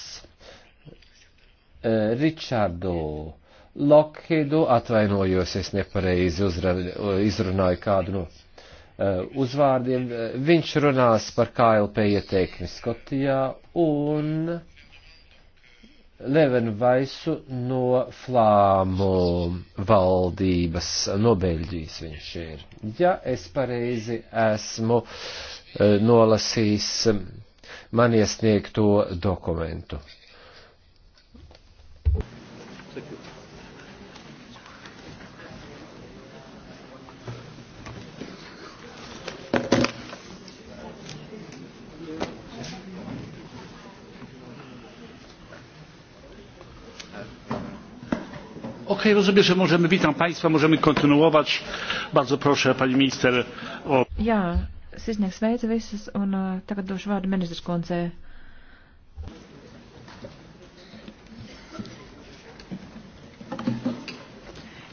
Eh, Ričardu Lokhidu, atvainojos, es nepareizi uzra, izrunāju kādu no eh, uzvārdiem. Viņš runās par KLP ieteikmi Skotijā un Levenvaisu no Flāmu valdības, no Beļģijas viņš ir. Ja es pareizi esmu e, nolasījis man iesniegto dokumentu. Thank you. okej, rozumiem, że możemy, witam Państwa, możemy kontynuować. Bardzo proszę, Pani Minister, o... Jā, sirsnieks sveica visus, un uh, tagad došu vārdu ministrs koncē.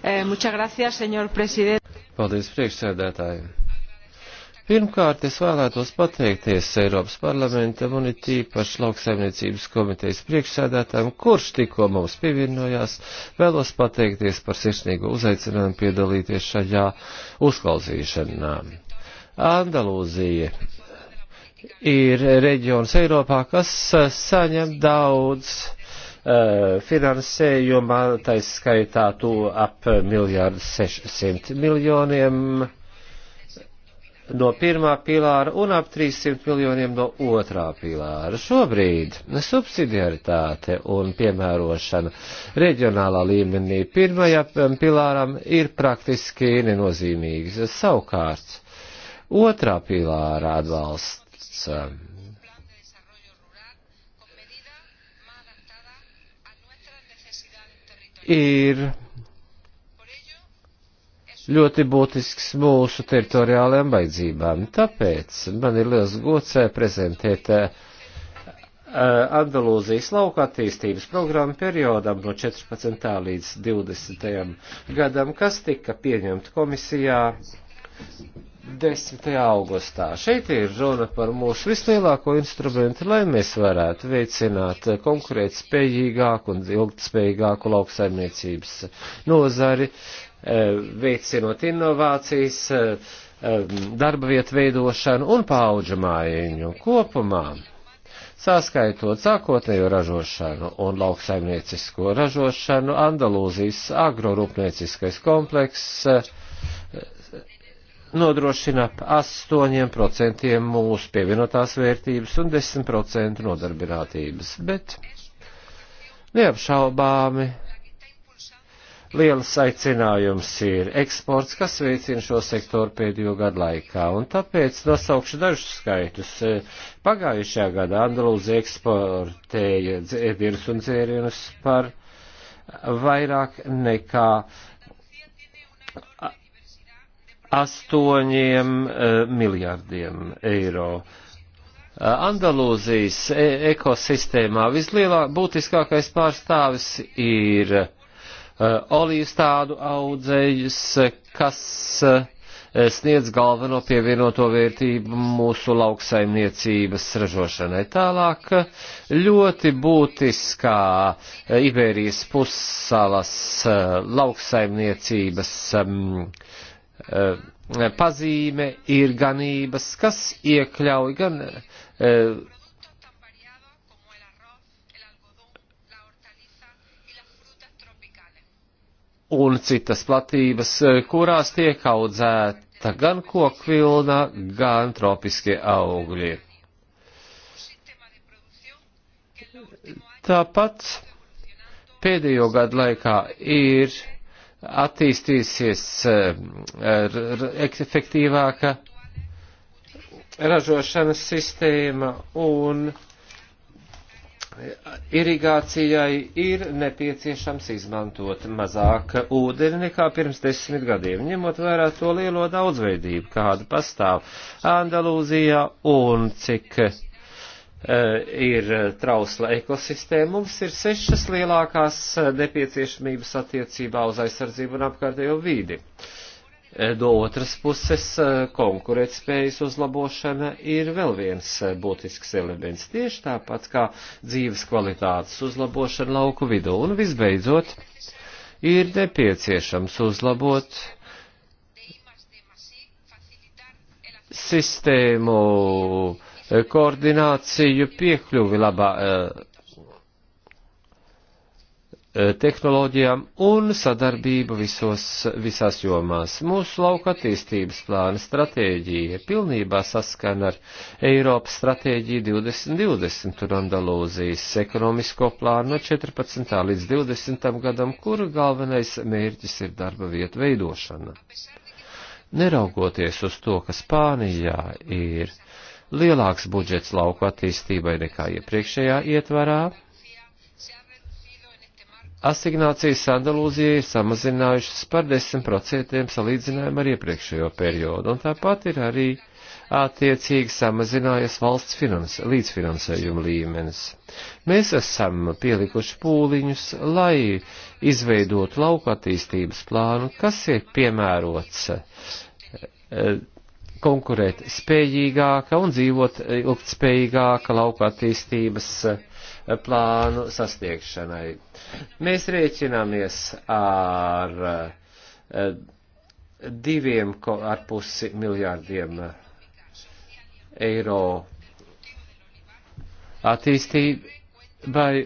Eh, muchas gracias, señor presidente. Paldies, priekšsēdētāji. Pirmkārt, es vēlētos pateikties Eiropas parlamentam un it īpaši lauksaimniecības komitejas priekšsēdētājiem, kurš tikko mums pievienojās. Vēlos pateikties par sirsnīgo uzaicinājumu piedalīties šajā uzklausīšanā. Andalūzija ir reģions Eiropā, kas eh, saņem daudz eh, finansējuma, taisa skaitā to ap miljārdu 600 miljoniem no pirmā pilāra un ap 300 miljoniem no otrā pilāra. Šobrīd subsidiaritāte un piemērošana reģionālā līmenī pirmajā pilāram ir praktiski nenozīmīgas. Savukārt, otrā pilāra atbalsts ir ļoti būtisks mūsu teritoriālajām vajadzībām. Tāpēc man ir liels gods eh, prezentēt eh, eh, Andalūzijas lauka attīstības programmu periodam no 14. līdz 20. gadam, kas tika pieņemta komisijā 10. augustā. Šeit ir runa par mūsu vislielāko instrumentu, lai mēs varētu veicināt konkurēt spējīgāku un ilgtspējīgāku lauksaimniecības nozari, E, veicinot inovācijas, e, e, darba vietu veidošanu un paauģu mājiņu kopumā. Saskaitot sākotnējo ražošanu un lauksaimniecisko ražošanu, Andalūzijas agrorūpnieciskais komplekss nodrošina 8% mūsu pievienotās vērtības un 10% nodarbinātības, bet neapšaubāmi liels aicinājums ir eksports, kas veicina šo sektoru pēdējo gadu laikā, un tāpēc nosaukšu dažus skaitus. Pagājušajā gadā Andalūzija eksportēja dzērienus un dzērienus par vairāk nekā astoņiem e, miljardiem eiro. Andalūzijas e, ekosistēmā vislielākais būtiskākais pārstāvis ir Eh, olīvas tādu audzējus, kas eh, sniedz galveno pievienoto vērtību mūsu lauksaimniecības ražošanai. Tālāk ļoti būtiskā eh, Iberijas pussalas lauksaimniecības pazīme ir ganības, kas iekļauj gan un citas platības, eh, kurās tiek audzēta gan kokvilna, gan tropiskie augļi. Tāpat pēdējo gadu laikā ir attīstīsies eh, efektīvāka ražošanas sistēma un irigācijai ir nepieciešams izmantot mazāk ūdeni nekā pirms desmit gadiem, ņemot vērā to lielo daudzveidību, kāda pastāv Andalūzijā un cik uh, ir trausla ekosistēma. Mums ir sešas lielākās nepieciešamības attiecībā uz aizsardzību un apkārtējo vīdi. Uh, No otras puses, eh, konkurētspējas uzlabošana ir vēl viens eh, būtisks elements, tieši tāpat kā dzīves kvalitātes uzlabošana lauku vidū. Un visbeidzot, ir nepieciešams uzlabot sistēmu eh, koordināciju piekļuvi labā. Uh, E, tehnoloģijām un sadarbību visos, visās jomās. Mūsu lauka attīstības plāna stratēģija pilnībā saskana ar Eiropas stratēģiju 2020 un Andalūzijas ekonomisko plānu no 14. līdz 20. gadam, kura galvenais mērķis ir darba vietu veidošana. Neraugoties uz to, ka Spānijā ir lielāks budžets lauku attīstībai nekā iepriekšējā ietvarā, asignācijas Andalūzijai ir samazinājušas par 10% salīdzinājumu ar iepriekšējo periodu, un tāpat ir arī attiecīgi samazinājies valsts finans, līdzfinansējuma līmenis. Mēs esam pielikuši pūliņus, lai izveidotu lauku attīstības plānu, kas ir piemērots e, konkurēt spējīgāka un dzīvot ilgtspējīgāka lauka attīstības uh, plānu sasniegšanai. Mēs rēķināmies ar eh, diviem ar pusi miljārdiem eh, eiro attīstībai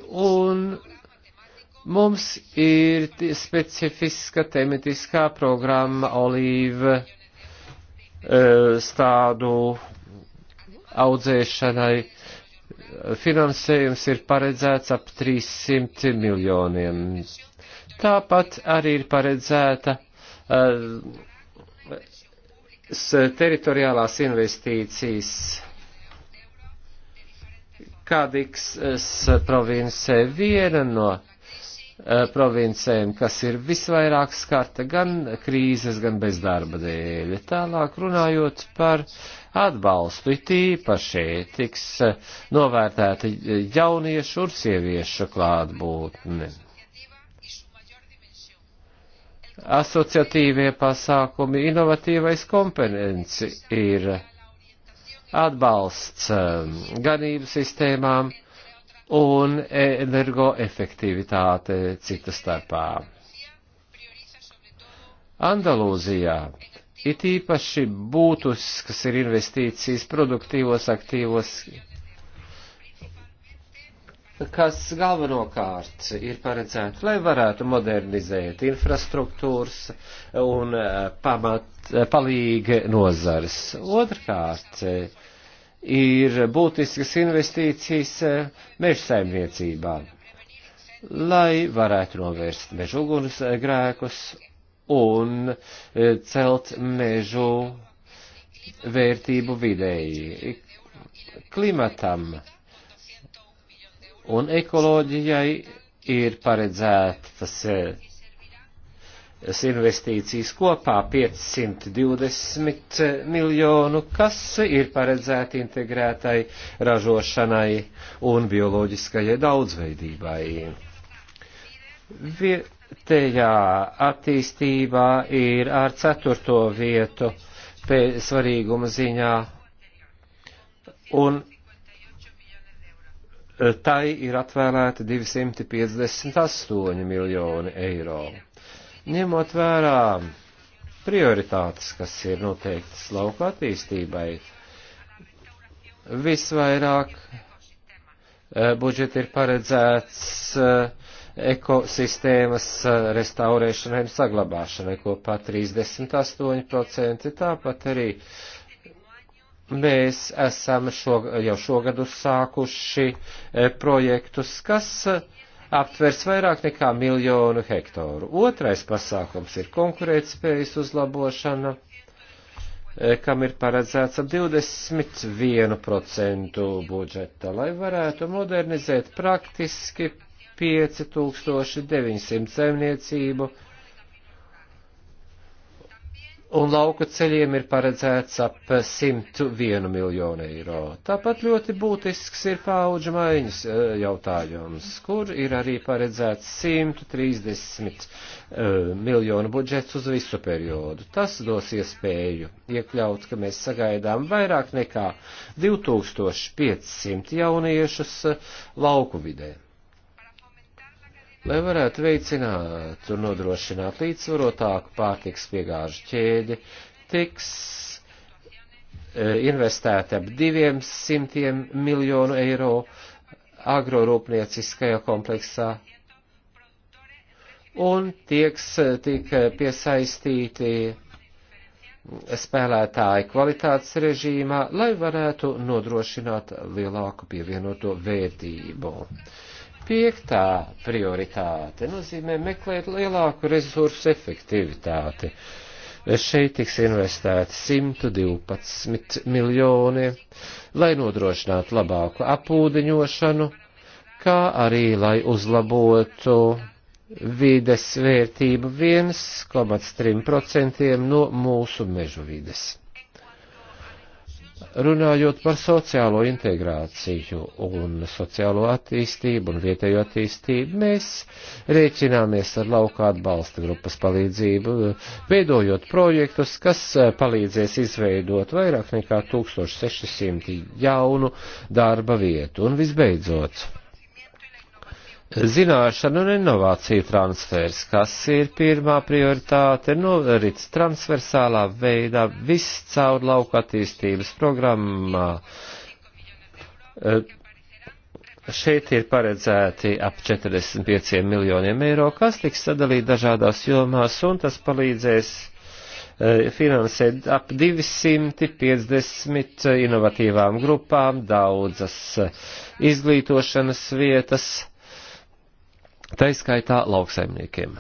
un mums ir specifiska tematiskā programma olīva eh, stādu audzēšanai finansējums ir paredzēts ap 300 miljoniem. Tāpat arī ir paredzēta uh, teritoriālās investīcijas Kādiksas eh, provincē viena no uh, provincēm, kas ir visvairāk skarta gan krīzes, gan bezdarba dēļ. Tālāk runājot par uh, atbalstu. It īpaši tiks eh, novērtēta jauniešu un sieviešu klātbūtne. Asociatīvie pasākumi, inovatīvais kompetenci ir atbalsts eh, ganību sistēmām un energoefektivitāte citu starpā. Andalūzijā It īpaši būtisks ir investīcijas produktīvos aktīvos, kas galvenokārt ir paredzēta, lai varētu modernizēt infrastruktūras un e, pamat, e, palīgi nozares. Otrkārt, e, ir būtiskas investīcijas mežsaimniecībā, lai varētu novērst mežuguns grēkus un e, celt mežu vērtību vidēji, klimatam un ekoloģijai ir paredzētas e, investīcijas kopā 520 miljonu, kas ir paredzēti integrētai ražošanai un bioloģiskajai daudzveidībai. Vie vietējā attīstībā ir ar ceturto vietu svarīguma ziņā, un e, tai ir atvēlēta 258 miljoni eiro. Ņemot vērā prioritātes, kas ir noteiktas lauka attīstībai, visvairāk e, budžeti ir paredzēts uh, ekosistēmas eh, restaurēšanai un saglabāšanai kopā 38%, tāpat arī mēs esam šo, jau šogad uzsākuši eh, projektus, kas eh, aptvers vairāk nekā miljonu hektāru. Otrais pasākums ir konkurētspējas uzlabošana, kam ir paredzēts ap 21% budžeta, lai varētu modernizēt praktiski 5900 saimniecību, un lauku ceļiem ir paredzēts ap 101 miljonu eiro. Tāpat ļoti būtisks ir paauģa maiņas e, jautājums, kur ir arī paredzēts 130 uh, e, miljonu budžets uz visu periodu. Tas dos iespēju iekļaut, ka mēs sagaidām vairāk nekā 2500 jauniešus e, lauku vidē. Lai varētu veicināt un nodrošināt līdzsvarotāku pārtiks piegāžu ķēdi, tiks e, investēti ap 200 miljonu eiro agrorūpnieciskajā kompleksā un tieks, e, tiek piesaistīti spēlētāji kvalitātes režīmā, lai varētu nodrošināt lielāku pievienoto vērtību. Piektā prioritāte nozīmē meklēt lielāku resursu efektivitāti. Šeit tiks investēti 112 miljoni, lai nodrošinātu labāku apūdeņošanu, kā arī lai uzlabotu vides vērtību 1,3% no mūsu mežu vides. Runājot par sociālo integrāciju un sociālo attīstību un vietējo attīstību, mēs rēķināmies ar lauka atbalsta grupas palīdzību, veidojot projektus, kas palīdzēs izveidot vairāk nekā 1600 jaunu darba vietu. Un visbeidzot, Zināšana un inovācija transfers, kas ir pirmā prioritāte, norits transversālā veidā viss caur lauku attīstības programmā. Eh, šeit ir paredzēti ap 45 miljoniem eiro, kas tiks sadalīti dažādās jomās, un tas palīdzēs eh, finansēt ap 250 inovatīvām grupām, daudzas eh, izglītošanas vietas taiskaitā lauksaimniekiem.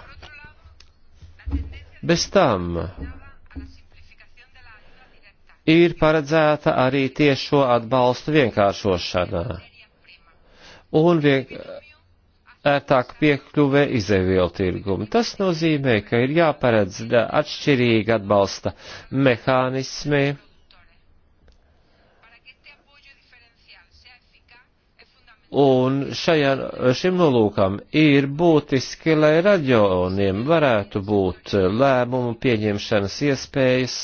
Bez tam ir paredzēta arī tiešo atbalstu vienkāršošanā un vienk ērtāk piekļuvē izēvielu tirgumu. Tas nozīmē, ka ir jāparedz atšķirīgi atbalsta mehānismi Un šajā, šim nolūkam ir būtiski, lai raģioniem varētu būt eh, lēmumu pieņemšanas iespējas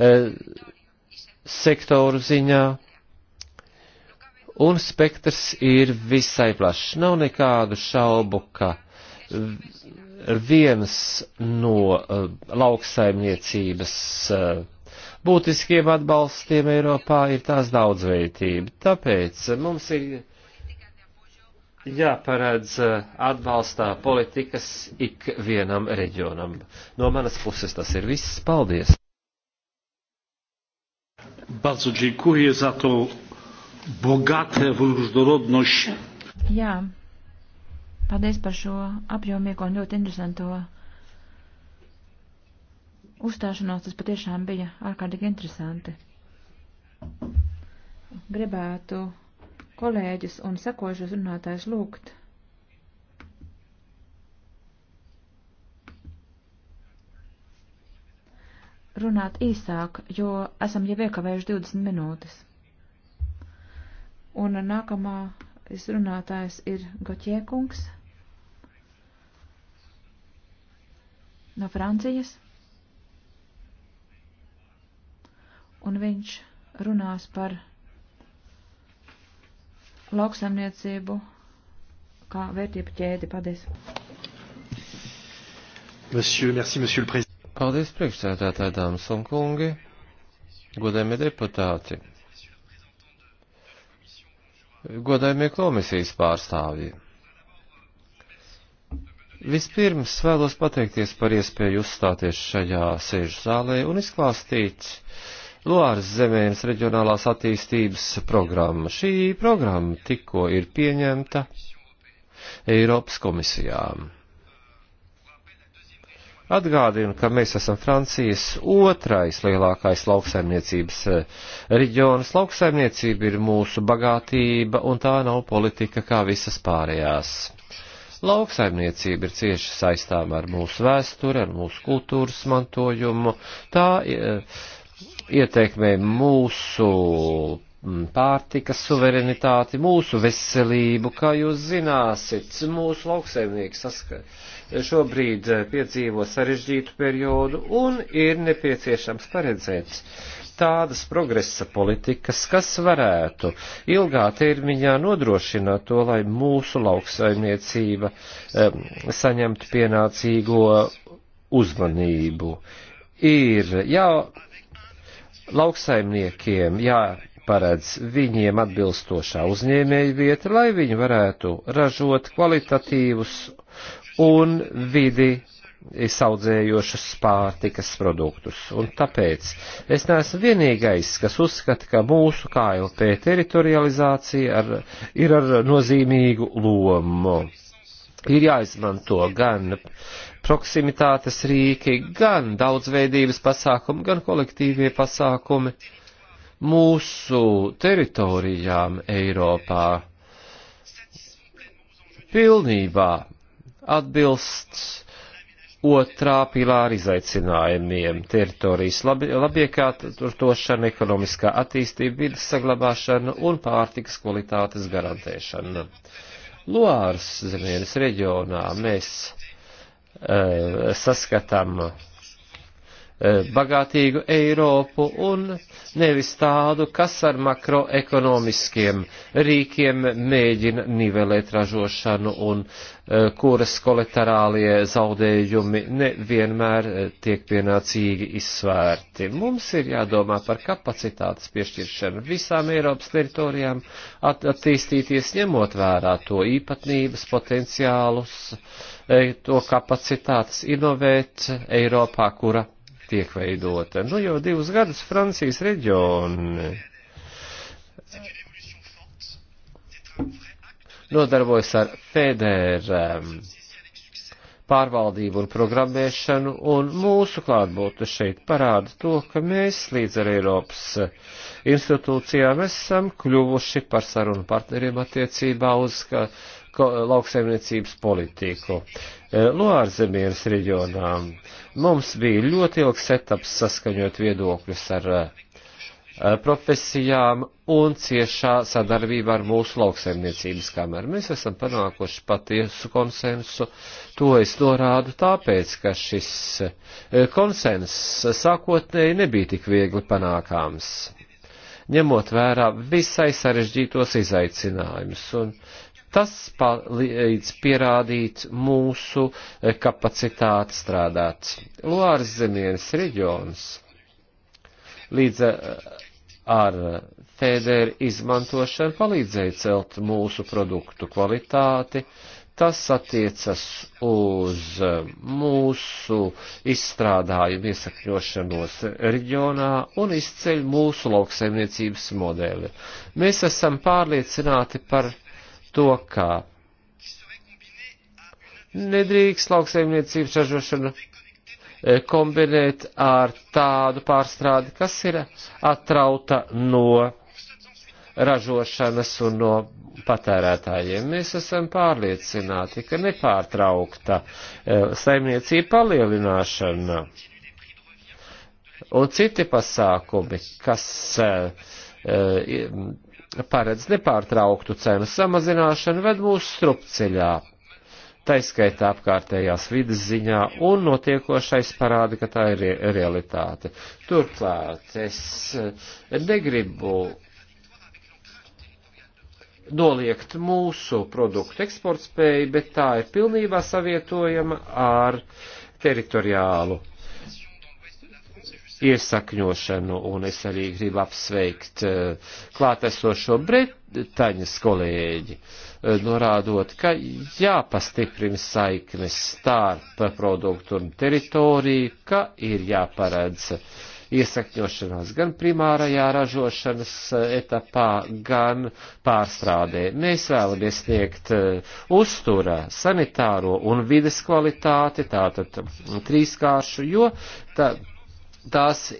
e, sektoru ziņā, un spektrs ir visai plašs. Nav nekādu šaubu, ka viens no eh, lauksaimniecības būtiskiem atbalstiem Eiropā ir tās daudzveidība. Tāpēc mums ir jāparedz eh, atbalstā politikas ik vienam reģionam. No manas puses tas ir viss. Paldies! Bardzo dziękuję za to bogate różnorodność. Jā, paldies par šo apjomīgo un ļoti interesanto uzstāšanos. Tas patiešām bija ārkārtīgi interesanti. Gribētu kolēģis un sekojušas runātājs lūgt. Runāt īsāk, jo esam jau iekavējuši 20 minūtes. Un nākamā runātājs ir Gotjēkungs no Francijas. Un viņš runās par lauksaimniecību kā vērtību ķēdi. Paldies! Monsieur, merci, monsieur le président. Paldies, priekšsēdētāji, dāmas un kungi, godējumie deputāti, godējumie komisijas pārstāvji. Vispirms vēlos pateikties par iespēju uzstāties šajā sēžu zālē un izklāstīt uh, Loāras zemēnas reģionālās attīstības programma. Šī programma tikko ir pieņemta Eiropas komisijām. Atgādinu, ka mēs esam Francijas otrais lielākais lauksaimniecības eh, reģions. Lauksaimniecība ir mūsu bagātība, un tā nav politika kā visas pārējās. Lauksaimniecība ir cieši saistāma ar mūsu vēsturi, ar mūsu kultūras mantojumu. Tā eh, ietekmē mūsu pārtikas suverenitāti, mūsu veselību, kā jūs zināsit, mūsu lauksaimnieki šobrīd eh, piedzīvo sarežģītu periodu un ir nepieciešams paredzēt tādas progresa politikas, kas varētu ilgā termiņā nodrošināt to, lai mūsu lauksaimniecība um, saņemtu pienācīgo uzmanību. Ir jau lauksaimniekiem jāparedz viņiem atbilstošā uzņēmēja vieta, lai viņi varētu ražot kvalitatīvus un vidi saudzējošus pārtikas produktus. Un tāpēc es neesmu vienīgais, kas uzskata, ka mūsu KLP teritorializācija ar, ir ar nozīmīgu lomu. Ir jāizmanto gan proksimitātes rīki, gan daudzveidības pasākumi, gan kolektīvie pasākumi mūsu teritorijām Eiropā pilnībā atbilst otrā pilāra izaicinājumiem - teritorijas labi, labiekārtošana, ekonomiskā attīstība, vidas saglabāšana un pārtikas kvalitātes garantēšana. Loāras zemienes reģionā mēs Eh, saskatām eh, bagātīgu Eiropu un nevis tādu, kas ar makroekonomiskiem rīkiem mēģina nivelēt ražošanu un eh, kuras kolaterālie zaudējumi nevienmēr tiek pienācīgi izsvērti. Mums ir jādomā par kapacitātes piešķiršanu visām Eiropas teritorijām at attīstīties ņemot vērā to īpatnības potenciālus, uh, E, to kapacitātes inovēt Eiropā, kura tiek veidota. Nu jau divus gadus Francijas reģioni nodarbojas ar federēm um, pārvaldību un programmēšanu, un mūsu klātbūtne šeit parāda to, ka mēs līdz ar Eiropas institūcijām esam kļuvuši par sarunu partneriem attiecībā uz lauksaimniecības politiku. E, no ārzemienes reģionām mums bija ļoti ilgs etaps saskaņot viedokļus ar e, e, profesijām un ciešā sadarbībā ar mūsu lauksaimniecības kameru. Mēs esam panākuši patiesu konsensu. To es norādu tāpēc, ka šis konsens sākotnēji nebija tik viegli panākāms ņemot vērā visai sarežģītos izaicinājumus. Un Tas palīdz pierādīt mūsu eh, kapacitāti strādāt. Loāras zemienes reģions līdz eh, ar fēderu izmantošanu palīdzēja celt mūsu produktu kvalitāti. Tas attiecas uz eh, mūsu izstrādājumu iesakļošanos reģionā un izceļ mūsu lauksaimniecības modeli. Mēs esam pārliecināti par to, ka nedrīkst lauksaimniecības ražošanu e, kombinēt ar tādu pārstrādi, kas ir atrauta no ražošanas un no patērētājiem. Mēs esam pārliecināti, ka nepārtraukta e, saimniecība palielināšana un citi pasākumi, kas e, paredz nepārtrauktu cenu samazināšanu, ved mūsu strupceļā. Taiskaitā apkārtējās vidas ziņā un notiekošais parāda, ka tā ir realitāte. Turklāt es eh, negribu noliegt mūsu produktu eksportspēju, bet tā ir pilnībā savietojama ar teritoriālu iesakņošanu, un es arī gribu apsveikt eh, klātesošo Bretaņas kolēģi, eh, norādot, ka jāpastiprina saiknes starp produktu un teritoriju, ka ir jāparedz iesakņošanās gan primārajā ražošanas eh, etapā, gan pārstrādē. Mēs vēlamies sniegt uzturā sanitāro un vides kvalitāti, tātad trīskāršu, jo tā, tās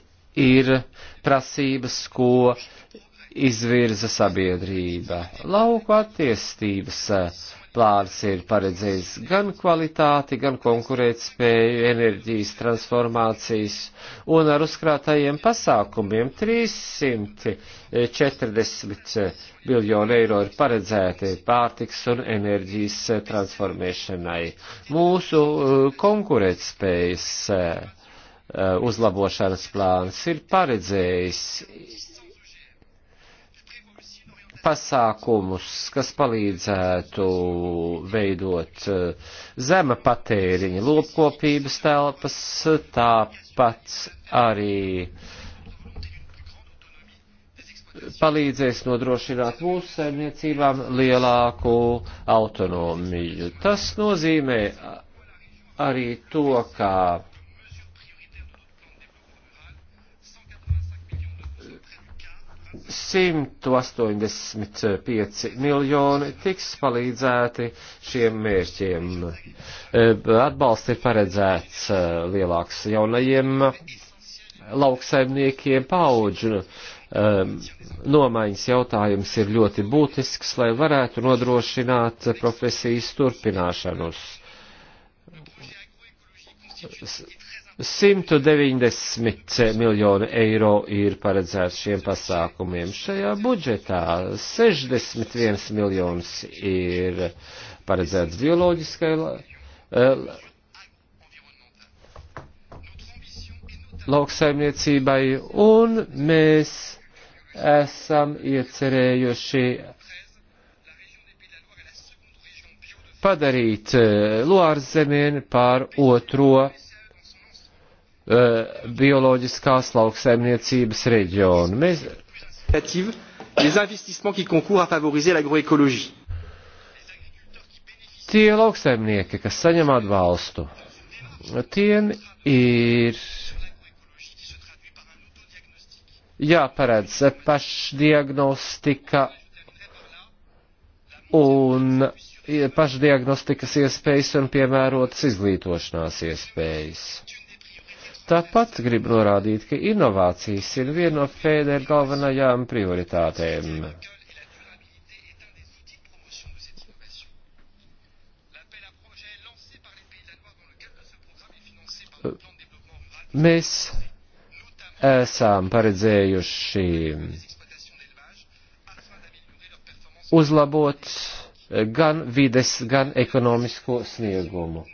ir prasības, ko izvirza sabiedrība. Lauku attiestības eh, plāns ir paredzējis gan kvalitāti, gan konkurētspēju, enerģijas transformācijas un ar uzkrātajiem pasākumiem 340 eh, miljonu eiro ir paredzēti pārtiks un enerģijas eh, transformēšanai. Mūsu konkurētspējas Uh, uzlabošanas plāns ir paredzējis pasākumus, kas palīdzētu veidot uh, zema patēriņa lopkopības telpas, tāpat arī palīdzēs nodrošināt mūsu saimniecībām lielāku autonomiju. Tas nozīmē arī to, ka 185 miljoni tiks palīdzēti šiem mērķiem. E, atbalsts ir paredzēts e, lielāks jaunajiem lauksaimniekiem paudžu. E, nomaiņas jautājums ir ļoti būtisks, lai varētu nodrošināt profesijas turpināšanos 190 miljonu eiro ir paredzēts šiem pasākumiem. Šajā budžetā 61 miljonus ir paredzēts bioloģiskai eh, lauksaimniecībai, un mēs esam iecerējuši padarīt eh, Loārs zemieni par otro Eh, bioloģiskās lauksaimniecības reģionu. Mēs... Les investissements qui concourent à favoriser l'agroécologie. Tie lauksaimnieki, kas saņem atbalstu, tiem ir jāparedz pašdiagnostika un pašdiagnostikas iespējas un piemērotas izglītošanās iespējas Tāpat gribu norādīt, ka inovācijas ir viena no Fēdera galvenajām prioritātēm. Mēs esam paredzējuši uzlabot gan vides, gan ekonomisko sniegumu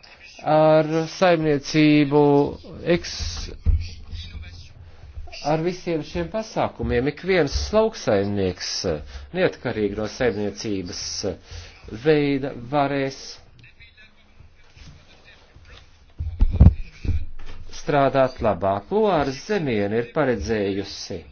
ar saimniecību, eks, ar visiem šiem pasākumiem. Ik viens lauksaimnieks, neatkarīgi no saimniecības veida, varēs strādāt labāk. Loāra zemiena ir paredzējusi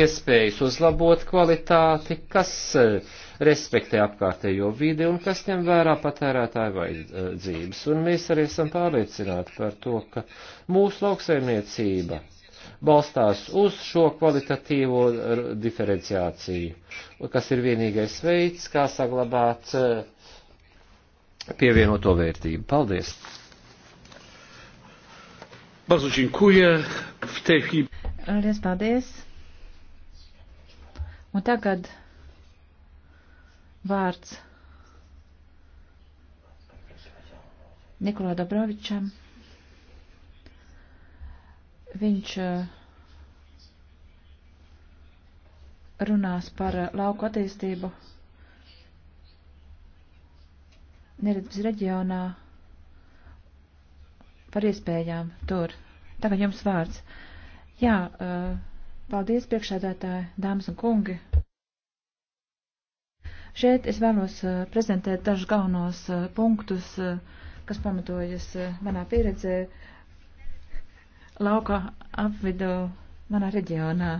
iespējas uzlabot kvalitāti, kas uh, respektē apkārtējo vidi un kas ņem vērā patērētāju vajadzības. Un mēs arī esam pārliecināti par to, ka mūsu lauksaimniecība balstās uz šo kvalitatīvo diferenciāciju, kas ir vienīgais veids, kā saglabāt eh, pievienoto vērtību. Paldies! Bardzo dziękuję. W tej chwili. Paldies. Un tagad vārds Nikolā Dobrovičam. Viņš eh, runās par eh, lauku attīstību neredzības reģionā, par iespējām tur. Tagad jums vārds. Jā, eh, paldies priekšādātāji, dāmas un kungi. Šeit es vēlos eh, prezentēt dažus galvenos eh, punktus, eh, kas pamatojas manā pieredzē lauka apvidu manā reģionā.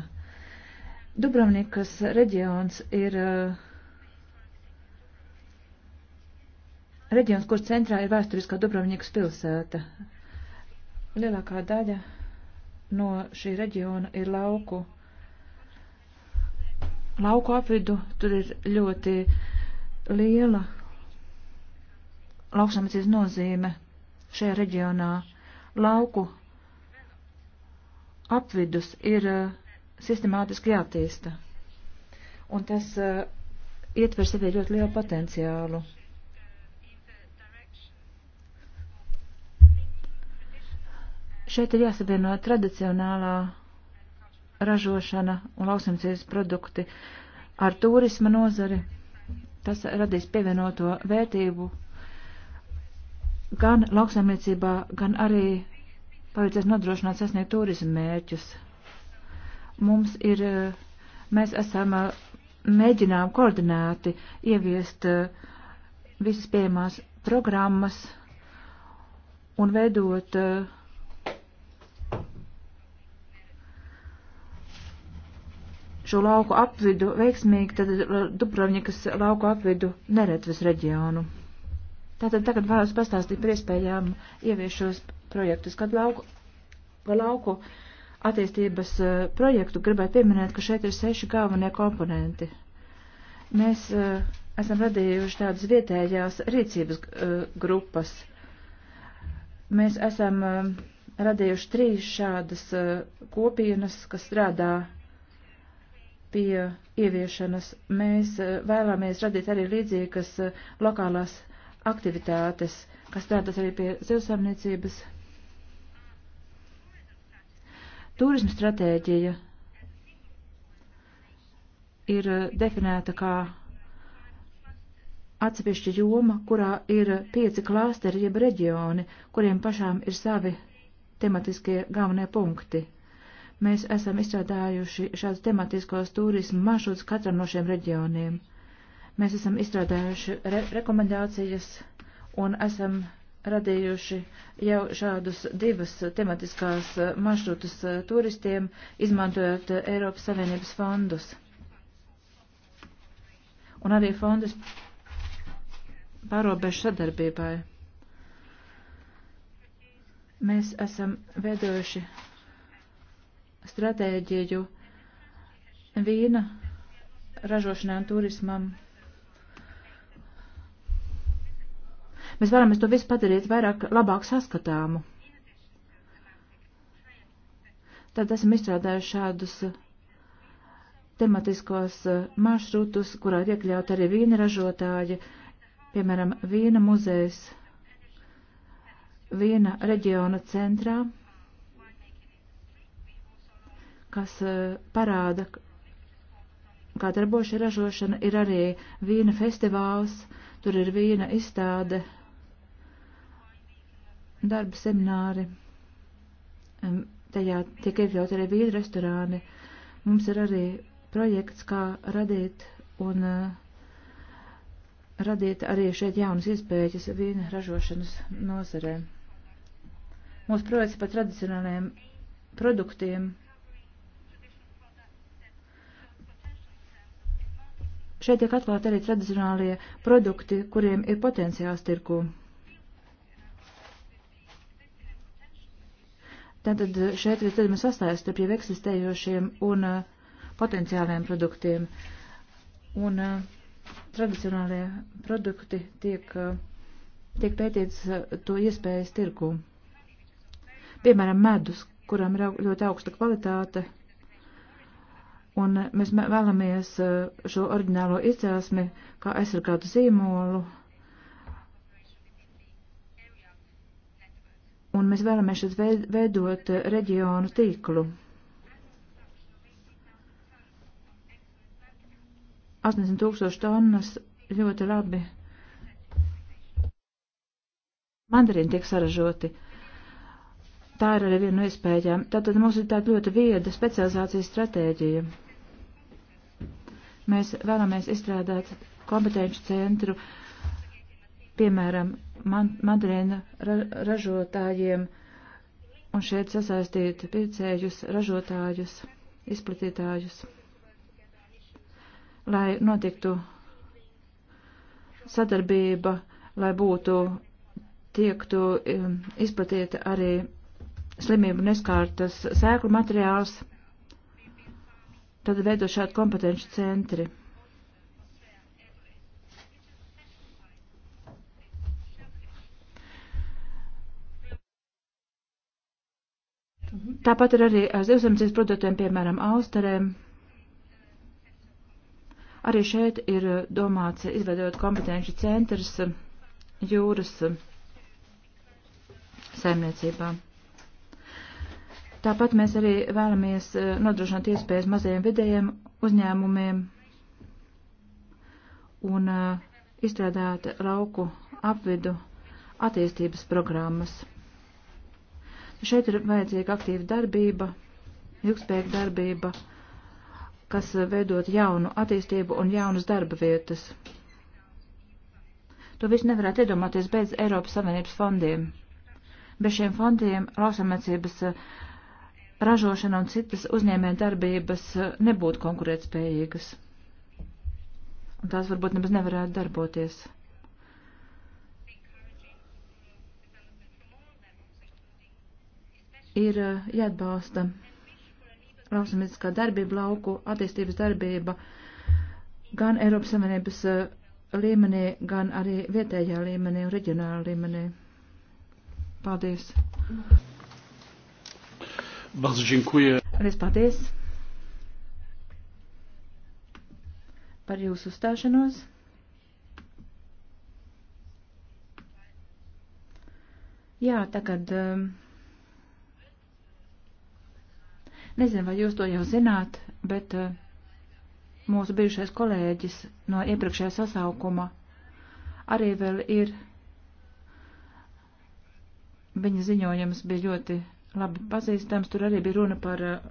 Dubrovnikas reģions ir reģions, kur centrā ir vēsturiskā Dubrovnikas pilsēta. Lielākā daļa no šī reģiona ir lauku lauku apvidu, tur ir ļoti liela lauksamicīs nozīme šajā reģionā. Lauku apvidus ir eh, sistemātiski jātīsta. Un tas uh, ietver sevī ļoti lielu potenciālu. Šeit ir jāsavieno tradicionālā ražošana un lauksimcības produkti ar turisma nozari. Tas radīs pievienoto vērtību gan lauksaimniecībā, gan arī palīdzēs nodrošināt sasniegt turismu mērķus. Mums ir, mēs esam mēģinām koordinēti ieviest visas pieejamās programmas un veidot uh, šo lauku apvidu veiksmīgi, tad eh, Dubrovnikas lauku apvidu Neretves reģionu. Tātad tagad vēlos pastāstīt par iespējām ieviešos projektus, kad lauku, par lauku attīstības eh, projektu gribētu pieminēt, ka šeit ir seši galvenie komponenti. Mēs uh, esam radījuši tādas vietējās rīcības uh, grupas. Mēs esam uh, radījuši trīs šādas kopienas, kas strādā pie ieviešanas. Mēs eh, vēlamies radīt arī līdzīgas eh, lokālās aktivitātes, kas strādās arī pie zivsarniecības. Turisma stratēģija ir eh, definēta kā atsevišķa joma, kurā ir pieci klāsteri jeb reģioni, kuriem pašām ir savi tematiskie galvenie punkti. Mēs esam izstrādājuši šādus tematiskos turismu maršrutus katram no šiem reģioniem. Mēs esam izstrādājuši re rekomendācijas un esam radījuši jau šādus divas tematiskās eh, maršrutus eh, turistiem, izmantojot eh, Eiropas Savienības fondus. Un arī fondus pārobežu sadarbībai. Mēs esam veidojuši stratēģiju vīna ražošanai un turismam. Mēs varam to visu padarīt vairāk labāk saskatāmu. Tad esam izstrādājuši šādus tematiskos maršrutus, kurā ir iekļaut arī vīna ražotāji, piemēram, vīna muzejs, vīna reģiona centrā kas eh, parāda, kā darbojas ražošana, ir arī vīna festivāls, tur ir vīna izstāde, darba semināri, tajā tiek iekļaut arī vīna restorāni. Mums ir arī projekts, kā radīt un eh, radīt arī šeit jaunas iespējas vīna ražošanas nozarē. Mūsu projekts par tradicionāliem produktiem Šeit tiek atklāti arī tradicionālie produkti, kuriem ir potenciāls tirgu. Tātad šeit līdz tam sastājas starp jau eksistējošiem un uh, potenciāliem produktiem. Un uh, tradicionālie produkti tiek, uh, tiek pētīts uh, to iespējas tirgu. Piemēram, medus, kuram ir ļoti augsta kvalitāte, Un mēs vēlamies eh, šo oriģinālo izcelsmi kā aizsargātu zīmolu. Un mēs vēlamies šeit veidot eh, reģionu tīklu. 80 tūkstoši tonnas ļoti labi. Mandarīni tiek saražoti. Tā ir arī viena no iespējām. Tātad mums ir tāda ļoti vieda specializācijas stratēģija. Mēs vēlamies izstrādāt kompetenci centru, piemēram, man, mandarīna ra, ražotājiem un šeit sasaistīt pircējus, ražotājus, izplatītājus, lai notiktu sadarbība, lai būtu tiektu um, izplatīta arī slimību neskārtas sēklu materiāls tad veido šādi kompetenci centri. Tāpat ir arī ar zivsardzības produktiem, piemēram, austerēm. Arī šeit ir domāts izveidot kompetenci centrs jūras saimniecībām. Tāpat mēs arī vēlamies eh, nodrošināt iespējas mazajiem vidējiem uzņēmumiem un eh, izstrādāt lauku apvidu attīstības programmas. Šeit ir vajadzīga aktīva darbība, ilgspējīga darbība, kas veidot jaunu attīstību un jaunas darba vietas. To visu nevarētu iedomāties bez Eiropas Savienības fondiem. Bez šiem fondiem lauksamniecības eh, ražošana un citas uzņēmē darbības eh, nebūtu konkurētspējīgas. Un tās varbūt nemaz nevarētu darboties. Ir eh, jāatbalsta lauksamītiskā darbība, lauku attīstības darbība gan Eiropas Savienības eh, līmenī, gan arī vietējā līmenī un reģionālā līmenī. Paldies! Mm. Bardzo dziękuję. Lies paldies par jūsu uzstāšanos. Jā, tagad. Um, Nezinu, vai jūs to jau zināt, bet uh, mūsu bijušais kolēģis no iepriekšējā sasaukuma arī vēl ir. Viņa ziņojums bija ļoti labi pazīstams. Tur arī bija runa par eh,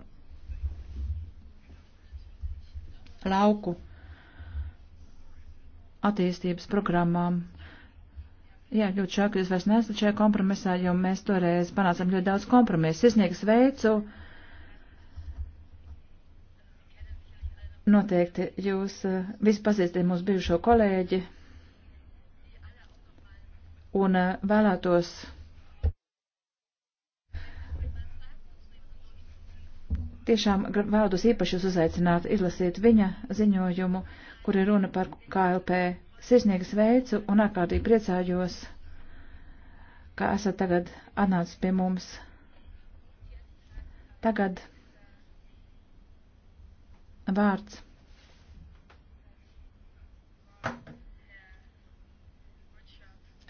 lauku attīstības programmām. Jā, ļoti šāk, jūs vairs nesat šajā kompromisā, jo mēs toreiz panācām ļoti daudz kompromisu. Izniegs veicu. Noteikti jūs eh, visi pazīstat mūsu bijušo kolēģi un eh, vēlētos Tiešām vēlos īpaši jūs uzaicināt izlasīt viņa ziņojumu, kur ir runa par KLP. Sirsnīgi sveicu un ārkārtīgi priecājos, ka esat tagad atnācis pie mums. Tagad vārds.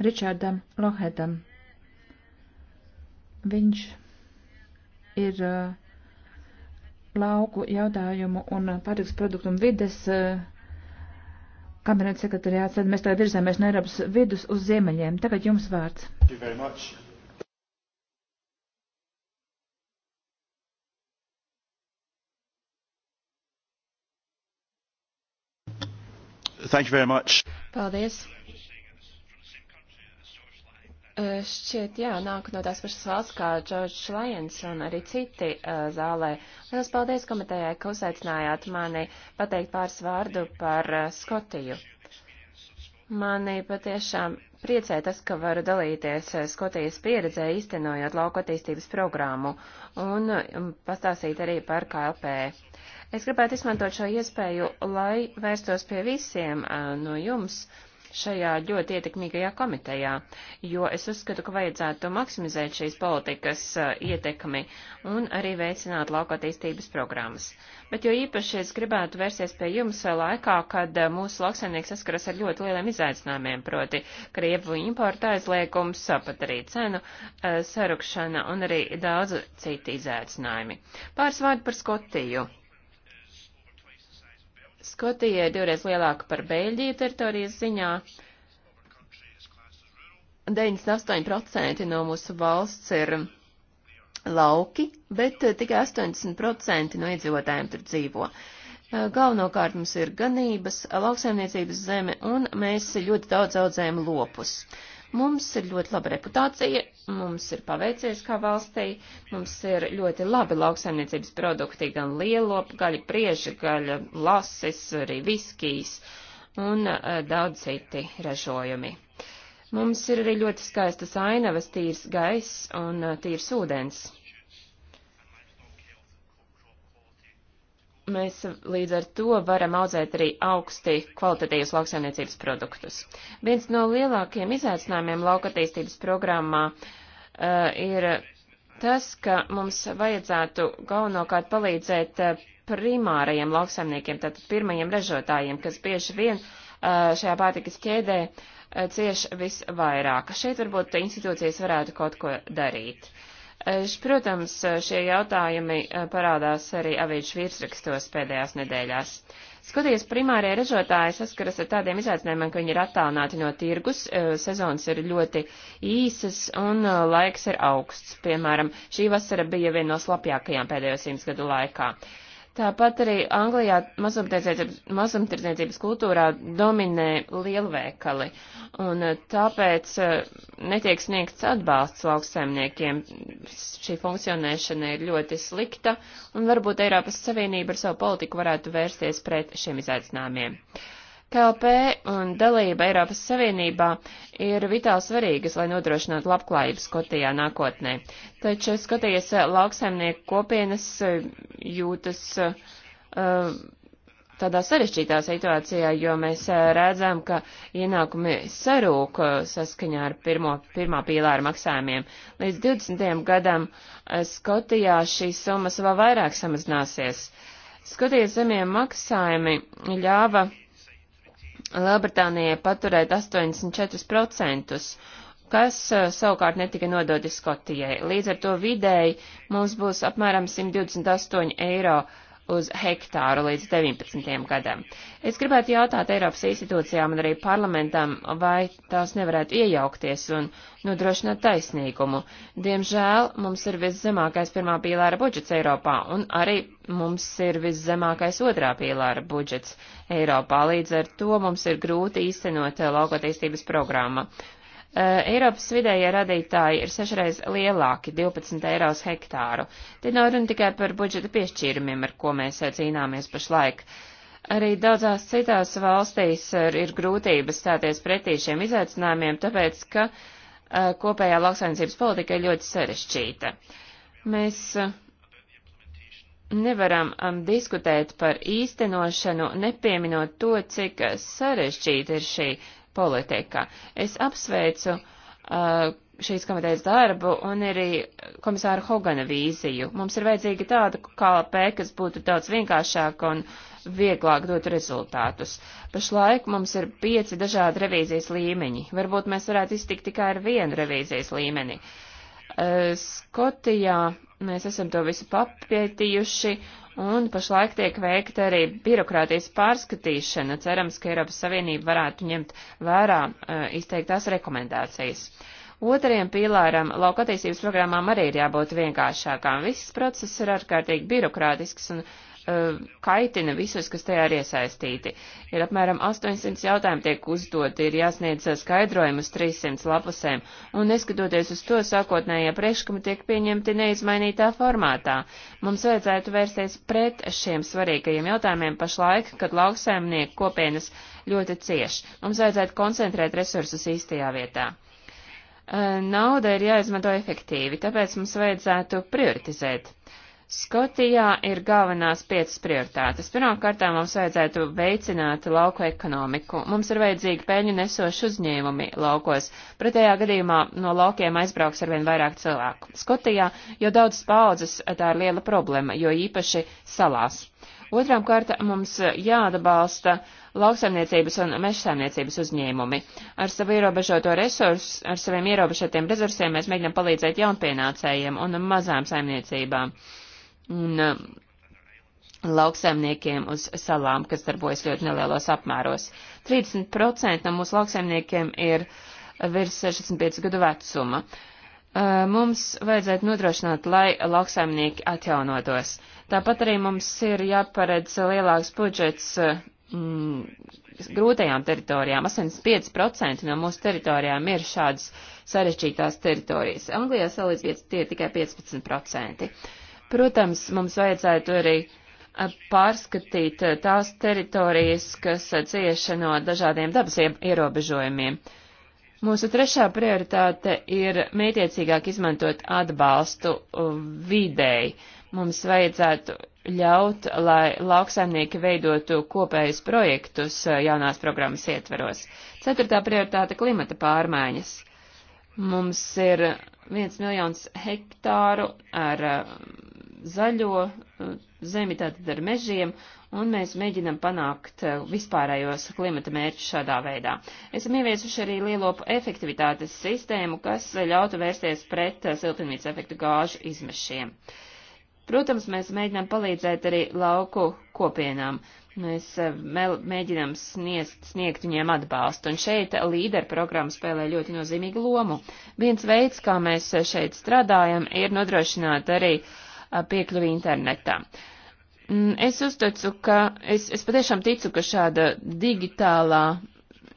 Ričardam Lohedam. Viņš ir uh, lauku jautājumu un pārtiks produktu un vides e, kabinetu sekretariāts, tad mēs tagad virzāmies no Eiropas vidus uz ziemeļiem. Tagad jums vārds. Thank you very much. Paldies. Šķiet, jā, nāk no tās pašas valsts kā Džordžs Lajens un arī citi uh, zālē. Lielas paldies komitējai, ka uzaicinājāt mani pateikt pāris vārdu par uh, Skotiju. Mani patiešām priecē tas, ka varu dalīties Skotijas pieredzē īstenojot lauku attīstības programmu un um, pastāstīt arī par KLP. Es gribētu izmantot šo iespēju, lai vērstos pie visiem uh, no jums. Uh, šajā ļoti ietekmīgajā komitejā, jo es uzskatu, ka vajadzētu maksimizēt šīs politikas uh, ietekmi un arī veicināt lauka attīstības programmas. Bet jo īpaši es gribētu vērsties pie jums laikā, kad uh, mūsu lauksaimnieki saskaras ar ļoti lieliem izaicinājumiem, proti krievu importa aizliegums, pat arī cenu uh, sarukšana un arī daudz citi izaicinājumi. Pāris vārdi par Skotiju. Skotija ir divreiz lielāka par Beļģiju teritorijas ziņā. 98% no mūsu valsts ir lauki, bet eh, tikai 80% no iedzīvotājiem tur dzīvo. Eh, galvenokārt mums ir ganības, lauksaimniecības zeme, un mēs ļoti daudz audzējam lopus. Uh, Mums ir ļoti laba reputācija, mums ir paveicies kā valstī, mums ir ļoti labi lauksaimniecības produkti, gan lielopi, gaļa, prieži, gaļa, lasis, arī viskijas un uh, daudz citi ražojumi. Mums ir arī ļoti skaistas ainavas, tīrs gaiss un uh, tīrs ūdens. mēs līdz ar to varam audzēt arī augsti kvalitatīvas lauksaimniecības produktus. Viens no lielākiem izaicinājumiem laukatīstības programmā uh, ir tas, ka mums vajadzētu galvenokārt palīdzēt uh, primārajiem lauksaimniekiem, tātad pirmajiem ražotājiem, kas bieži vien uh, šajā pārtikas ķēdē uh, cieš visvairāk. Šeit varbūt institūcijas varētu kaut ko darīt. Uh, Protams, šie jautājumi eh, parādās arī avīžu virsrakstos pēdējās nedēļās. Skatoties primārie ražotāji saskaras ar tādiem izaicinājumiem, ka viņi ir attālināti no tirgus, eh, sezonas ir ļoti īsas un eh, laiks ir augsts. Piemēram, šī vasara bija viena no slapjākajām pēdējo simts gadu laikā. Uh, Tāpat arī Anglijā mazumtirdzniecības, mazumtirdzniecības kultūrā dominē lielveikali, un eh, tāpēc eh, netiek sniegts atbalsts lauksaimniekiem. Šī funkcionēšana ir ļoti slikta, un varbūt Eiropas Savienība ar savu politiku varētu vērsties pret šiem izaicinājumiem. Uh, KLP un dalība Eiropas Savienībā ir vitāli svarīgas, lai nodrošinātu labklājību Skotijā nākotnē. Taču Skotijas eh, lauksaimnieku kopienas eh, jūtas uh, tādā sarežģītā situācijā, jo mēs redzam, ka ienākumi sarūk saskaņā ar pirmo, pirmā pīlāra maksājumiem. Līdz 20. gadam Skotijā šī summa vēl vairāk samazināsies. Skotijas zemie maksājumi ļāva Lielbritānijai paturēt 84%, kas eh, savukārt netika nodoti Skotijai. Līdz ar to vidēji mums būs apmēram 128 eiro uz hektāru līdz 19. gadam. Es gribētu jautāt Eiropas institūcijām un arī parlamentam, vai tās nevarētu iejaukties un nodrošināt taisnīgumu. Diemžēl mums ir viszemākais pirmā pīlāra budžets Eiropā, un arī mums ir viszemākais otrā pīlāra budžets Eiropā. Līdz ar to mums ir grūti īstenot laukotīstības programma. Eh, Eiropas vidējie radītāji ir sešreiz lielāki - 12 eiro uz hektāru. Te nav runa tikai par budžeta piešķīrumiem, ar ko mēs eh, cīnāmies pašlaik. Arī daudzās citās valstīs eh, ir grūtības stāties pretī šiem izaicinājumiem, tāpēc, ka uh, kopējā lauksainicības politika ir ļoti sarešķīta. Mēs uh, nevaram um, diskutēt par īstenošanu, nepieminot to, cik sarežģīta ir šī politikā. Es apsveicu uh, šīs komitejas darbu un arī komisāru Hogana vīziju. Mums ir vajadzīga tāda KLP, kas būtu daudz vienkāršāka un vieglāk dot rezultātus. Pašlaik mums ir pieci dažādi revīzijas līmeņi. Varbūt mēs varētu iztikt tikai ar vienu revīzijas līmeni. Uh, Skotijā mēs esam to visu papētījuši un pašlaik tiek veikta arī birokrātijas pārskatīšana. Cerams, ka Eiropas Savienība varētu ņemt vērā uh, izteiktās rekomendācijas. Otrajam pīlāram lauka attīstības programmām arī ir jābūt vienkāršākām. Viss process ir ārkārtīgi birokrātisks un Eh, kaitina visus, kas tajā ir iesaistīti. Ir apmēram 800 jautājumu tiek uzdoti, ir jāsniedz skaidrojumus 300 lapusēm, un neskatoties uz to, sākotnējie priekšlikumi tiek pieņemti neizmainītā formātā. Mums vajadzētu vērsties pret šiem svarīgajiem jautājumiem pašlaik, kad lauksaimnieku kopienas ļoti cieši. Mums vajadzētu koncentrēt resursus īstajā vietā. Eh, nauda ir jāizmanto efektīvi, tāpēc mums vajadzētu prioritizēt. Uh, Skotijā ir galvenās piecas prioritātes. Pirmkārt, mums vajadzētu veicināt lauku ekonomiku. Mums ir vajadzīgi peļņu nesoši uzņēmumi laukos. Pretējā gadījumā no laukiem aizbrauks arvien vairāk cilvēku. Skotijā jau daudz paudzes tā ir liela problēma, jo īpaši salās. Otrām kārta mums jāatbalsta lauksaimniecības un mežsaimniecības uzņēmumi. Ar savu ierobežoto resursu, ar saviem ierobežotiem resursiem mēs mēģinām palīdzēt jaunpienācējiem un mazām saimniecībām. Uh, un um, lauksaimniekiem uz salām, kas darbojas ļoti nelielos apmēros. 30% no mūsu lauksaimniekiem ir virs 65 gadu vecuma. Uh, mums vajadzētu nodrošināt, lai lauksaimnieki atjaunotos. Tāpat arī mums ir jāparedz lielāks budžets uh, mm, grūtajām teritorijām. 85% no mūsu teritorijām ir šādas sarežģītās teritorijas. Anglijā salīdziniet tie tikai 15%. Protams, mums vajadzētu arī pārskatīt tās teritorijas, kas cieši no dažādiem dabas ierobežojumiem. Mūsu trešā prioritāte ir mētiecīgāk izmantot atbalstu videi. Mums vajadzētu ļaut, lai lauksaimnieki veidotu kopējus projektus jaunās programmas ietveros. Ceturtā prioritāte - klimata pārmaiņas. Mums ir viens miljons hektāru ar zaļo eh, zemi, tātad ar mežiem, un mēs mēģinam panākt eh, vispārējos klimata mērķus šādā veidā. Esam ieviesuši arī lielo efektivitātes sistēmu, kas ļautu vērsties pret eh, siltumnīca efektu gāžu izmešiem. Protams, mēs mēģinām palīdzēt arī lauku kopienām. Mēs mēģinām sniest, sniegt viņiem atbalstu, un šeit līderu programma spēlē ļoti nozīmīgu lomu. Viens veids, kā mēs šeit strādājam, ir nodrošināt arī uh, piekļuvi internetā. Mm, es uzteicu, ka es, es patiešām ticu, ka šāda digitālā,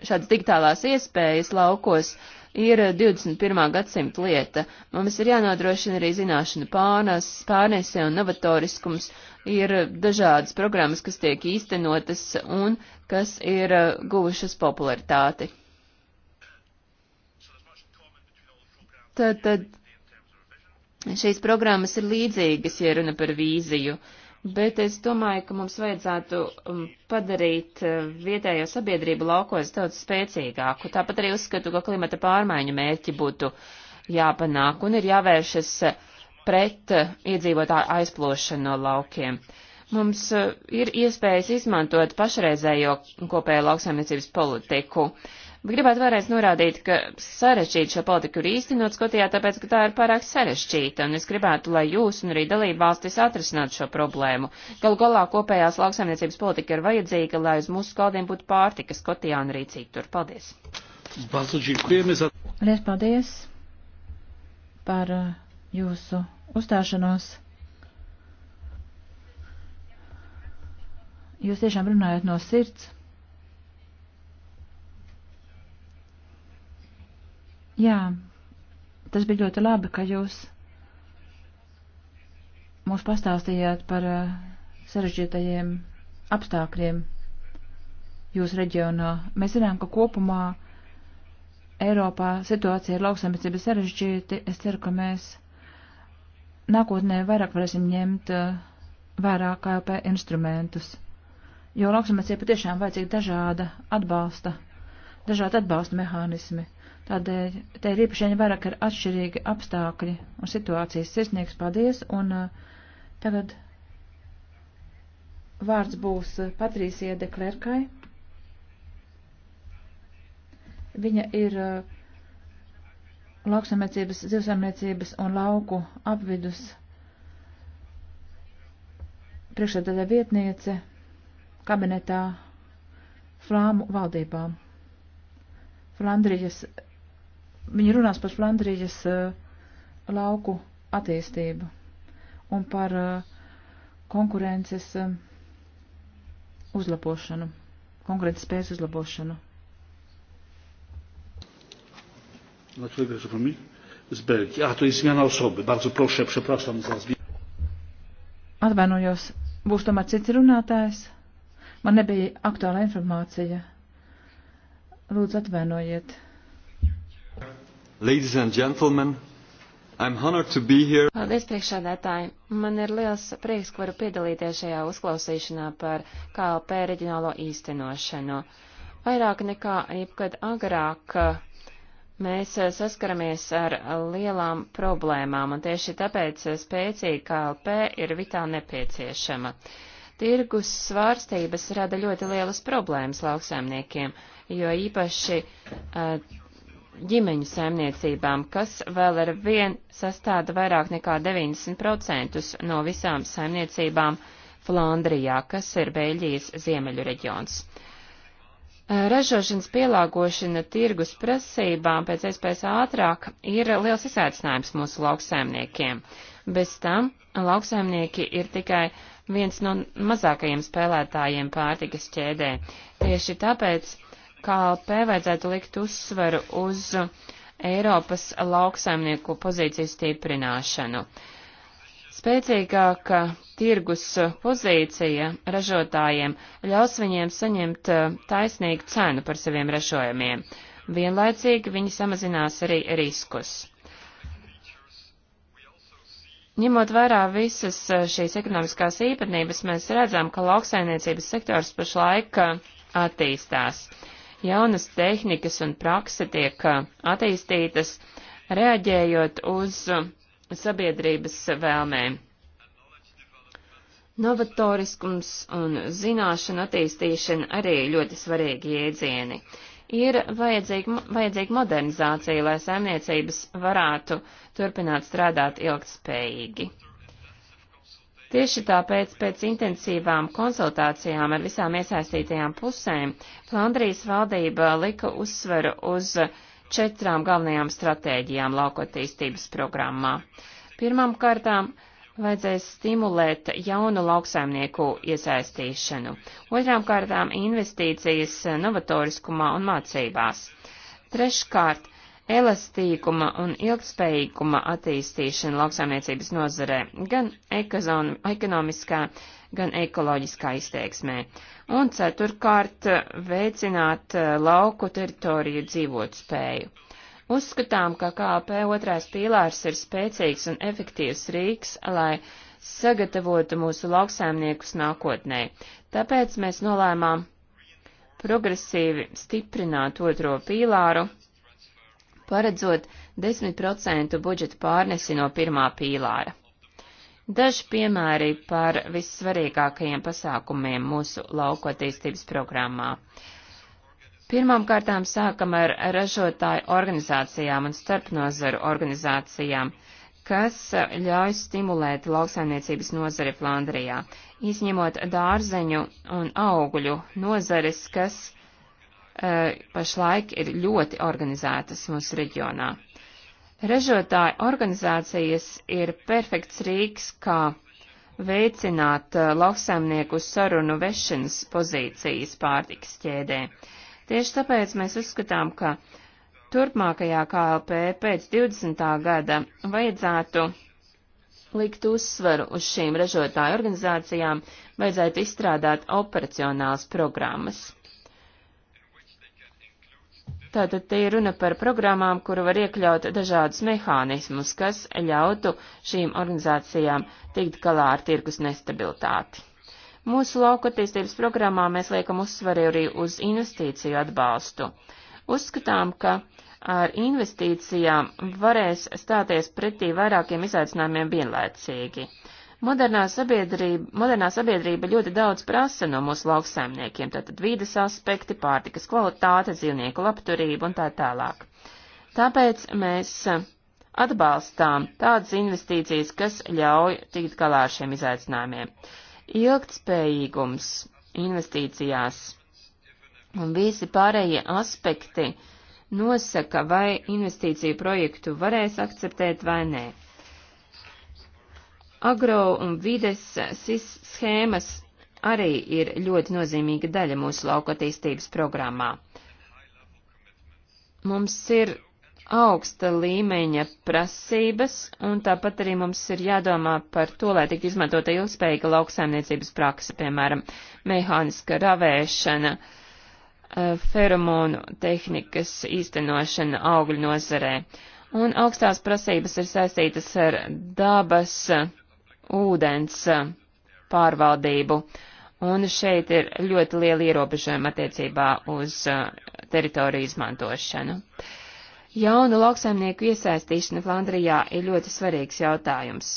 šādas digitālās iespējas laukos ir 21. gadsimta lieta. Mums ir jānodrošina arī zināšana pārnes, pārnese un novatoriskums. Ir dažādas programmas, kas tiek īstenotas un kas ir guvušas popularitāti. Tad, tad Šīs programmas ir līdzīgas, ja runa par vīziju, bet es domāju, ka mums vajadzētu um, padarīt uh, vietējo sabiedrību laukos daudz spēcīgāku. Tāpat arī uzskatu, ka klimata pārmaiņu mērķi būtu jāpanāk un ir jāvēršas uh, pret uh, iedzīvotāju aizplošanu no laukiem. Mums ir iespējas izmantot pašreizējo kopējo lauksaimniecības politiku. Uh, Gribētu vēlreiz norādīt, ka sarežģīt šo politiku ir īstenot Skotijā, tāpēc, ka tā ir pārāk sarežģīta, un es gribētu, lai jūs un arī dalība valstis atrisinātu šo problēmu. Galu galā kopējās lauksaimniecības politika ir vajadzīga, lai uz mūsu skaldiem būtu pārtika Skotijā un arī citur. Paldies! Liels paldies par uh, jūsu uzstāšanos. Jūs tiešām runājat no sirds. Jā, tas bija ļoti labi, ka jūs mūs pastāstījāt par eh, sarežģītajiem apstākļiem jūsu reģionā. Mēs zinām, ka kopumā Eiropā situācija ir lauksamniecība sarežģīti. Es ceru, ka mēs nākotnē vairāk varēsim ņemt eh, vērā KLP instrumentus, jo lauksamniecība patiešām vajadzīga dažāda atbalsta, dažāda atbalsta mehānismi. Tādēļ te ir īpaši vairāk ar atšķirīgi apstākļi un situācijas. Sirsnieks, paldies! Un uh, tagad vārds būs uh, Patrīsija de Klerkai. Viņa ir uh, lauksamniecības, zivsamniecības un lauku apvidus priekšsēdētāja vietniece kabinetā Flāmu valdībā. Flandrijas Viņi runās par Flandrijas eh, lauku attīstību un par eh, konkurences eh, uzlabošanu, konkurences spējas uzlabošanu. Dlaczego zapomnieli? z Belgii. A, to jest zmiana osoby. Bardzo proszę, przepraszam za zmianę. Atvainojos, būs tomēr cits runātājs. Man nebija aktuāla informācija. Lūdzu, atvainojiet ladies and gentlemen, I'm honored to be here. Paldies, priekšādētāji. Man ir liels prieks, ka varu piedalīties šajā uzklausīšanā par KLP reģionālo īstenošanu. Vairāk nekā jebkad agrāk mēs saskaramies ar lielām problēmām, un tieši tāpēc spēcīga KLP ir vitāli nepieciešama. Tirgus svārstības rada ļoti lielas problēmas lauksaimniekiem, jo īpaši uh, ģimeņu saimniecībām, kas vēl ar vien sastāda vairāk nekā 90% no visām saimniecībām Flandrijā, kas ir Beļģijas ziemeļu reģions. Eh, ražošanas pielāgošana tirgus prasībām pēc iespējas ātrāk ir liels izaicinājums mūsu lauksaimniekiem. Bez tam lauksaimnieki ir tikai viens no mazākajiem spēlētājiem pārtikas ķēdē. Tieši tāpēc KLP vajadzētu likt uzsveru uz Eiropas lauksaimnieku pozīciju stiprināšanu. Spēcīgāka tirgus pozīcija ražotājiem ļaus viņiem saņemt eh, taisnīgu cenu par saviem ražojumiem. Vienlaicīgi viņi samazinās arī riskus. Ņemot vērā visas eh, šīs ekonomiskās īpatnības, mēs redzam, ka lauksainiecības sektors pašlaik eh, attīstās. Uh, Jaunas tehnikas un prakse tiek uh, attīstītas, reaģējot uz uh, sabiedrības vēlmēm. Novatoriskums un zināšana attīstīšana arī ļoti svarīgi jēdzieni. Ir vajadzīga, vajadzīga modernizācija, lai saimniecības varētu turpināt strādāt ilgtspējīgi. Tieši tāpēc pēc intensīvām konsultācijām ar visām iesaistītajām pusēm Flandrijas valdība lika uzsveru uz četrām galvenajām stratēģijām laukotīstības programmā. Pirmām kārtām vajadzēs stimulēt jaunu lauksaimnieku iesaistīšanu, otrām kārtām investīcijas novatoriskumā un mācībās. Treškārt, elastīguma un ilgspējīguma attīstīšana lauksaimniecības nozarē, gan ekazonu, ekonomiskā, gan ekoloģiskā izteiksmē. Un ceturkārt, veicināt eh, lauku teritoriju dzīvot spēju. Uzskatām, ka KLP otrais pīlārs ir spēcīgs un efektīvs rīks, lai sagatavotu mūsu lauksaimniekus nākotnē. Tāpēc mēs nolēmām progresīvi stiprināt otro pīlāru paredzot 10% budžeta pārnesi no pirmā pīlāra. Daži piemēri par vissvarīgākajiem pasākumiem mūsu lauku attīstības programmā. Pirmām kārtām sākam ar ražotāju organizācijām un starpnozaru organizācijām, kas ļauj stimulēt lauksaimniecības nozari Flandrijā, izņemot dārzeņu un augļu nozares, kas E, pašlaik ir ļoti organizētas mūsu reģionā. Ražotāju organizācijas ir perfekts rīks, kā veicināt e, lauksaimnieku sarunu vešanas pozīcijas pārtikas ķēdē. Tieši tāpēc mēs uzskatām, ka turpmākajā KLP pēc 20. gada vajadzētu likt uzsvaru uz šīm ražotāju organizācijām, vajadzētu izstrādāt operacionālas programmas. Tātad te ir runa par programmām, kuru var iekļaut dažādus mehānismus, kas ļautu šīm organizācijām tikt galā ar tirgus nestabilitāti. Mūsu lauku attīstības programmā mēs liekam uzsveri arī uz investīciju atbalstu. Uzskatām, ka ar investīcijām varēs stāties pretī vairākiem izaicinājumiem vienlaicīgi. Modernā sabiedrība, modernā sabiedrība ļoti daudz prasa no mūsu lauksaimniekiem, tātad vīdes aspekti, pārtikas kvalitāte, dzīvnieku labturība un tā tālāk. Tāpēc mēs atbalstām tādas investīcijas, kas ļauj tikt galā ar šiem izaicinājumiem. Ilgtspējīgums investīcijās un visi pārējie aspekti nosaka, vai investīciju projektu varēs akceptēt vai nē. Agro un vides SIS schēmas arī ir ļoti nozīmīga daļa mūsu lauka attīstības programmā. Mums ir augsta līmeņa prasības, un tāpat arī mums ir jādomā par to, lai tik izmantota ilgspējīga lauksaimniecības praksa, piemēram, mehāniska ravēšana, eh, feromonu tehnikas īstenošana augļu nozarē. Un augstās prasības ir saistītas ar dabas ūdens eh, pārvaldību. Un šeit ir ļoti liela ierobežojuma attiecībā uz eh, teritoriju izmantošanu. Jaunu lauksaimnieku iesaistīšana Flandrijā ir ļoti svarīgs jautājums.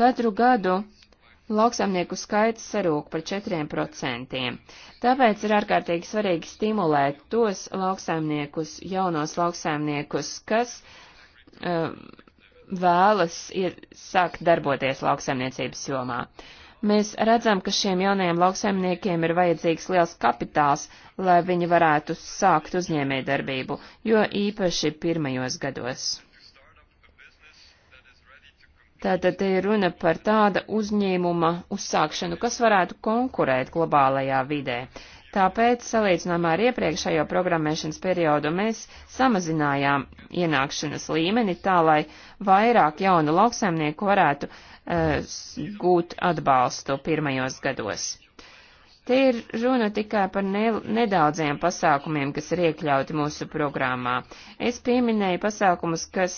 Katru gadu lauksaimnieku skaits sarūk par 4%. Tāpēc ir ārkārtīgi svarīgi stimulēt tos lauksaimniekus, jaunos lauksaimniekus, kas um, vēlas ir sākt darboties lauksaimniecības jomā. Mēs redzam, ka šiem jaunajiem lauksaimniekiem ir vajadzīgs liels kapitāls, lai viņi varētu sākt uzņēmējdarbību, jo īpaši pirmajos gados. Tātad te ir runa par tāda uzņēmuma uzsākšanu, kas varētu konkurēt globālajā vidē. Tāpēc, salīdzinājumā ar iepriekšējo programmēšanas periodu, mēs samazinājām ienākšanas līmeni tā, lai vairāk jaunu lauksaimnieku varētu uh, gūt atbalstu pirmajos gados. Te ir runa tikai par ne, nedaudziem pasākumiem, kas ir iekļauti mūsu programmā. Es pieminēju pasākumus, kas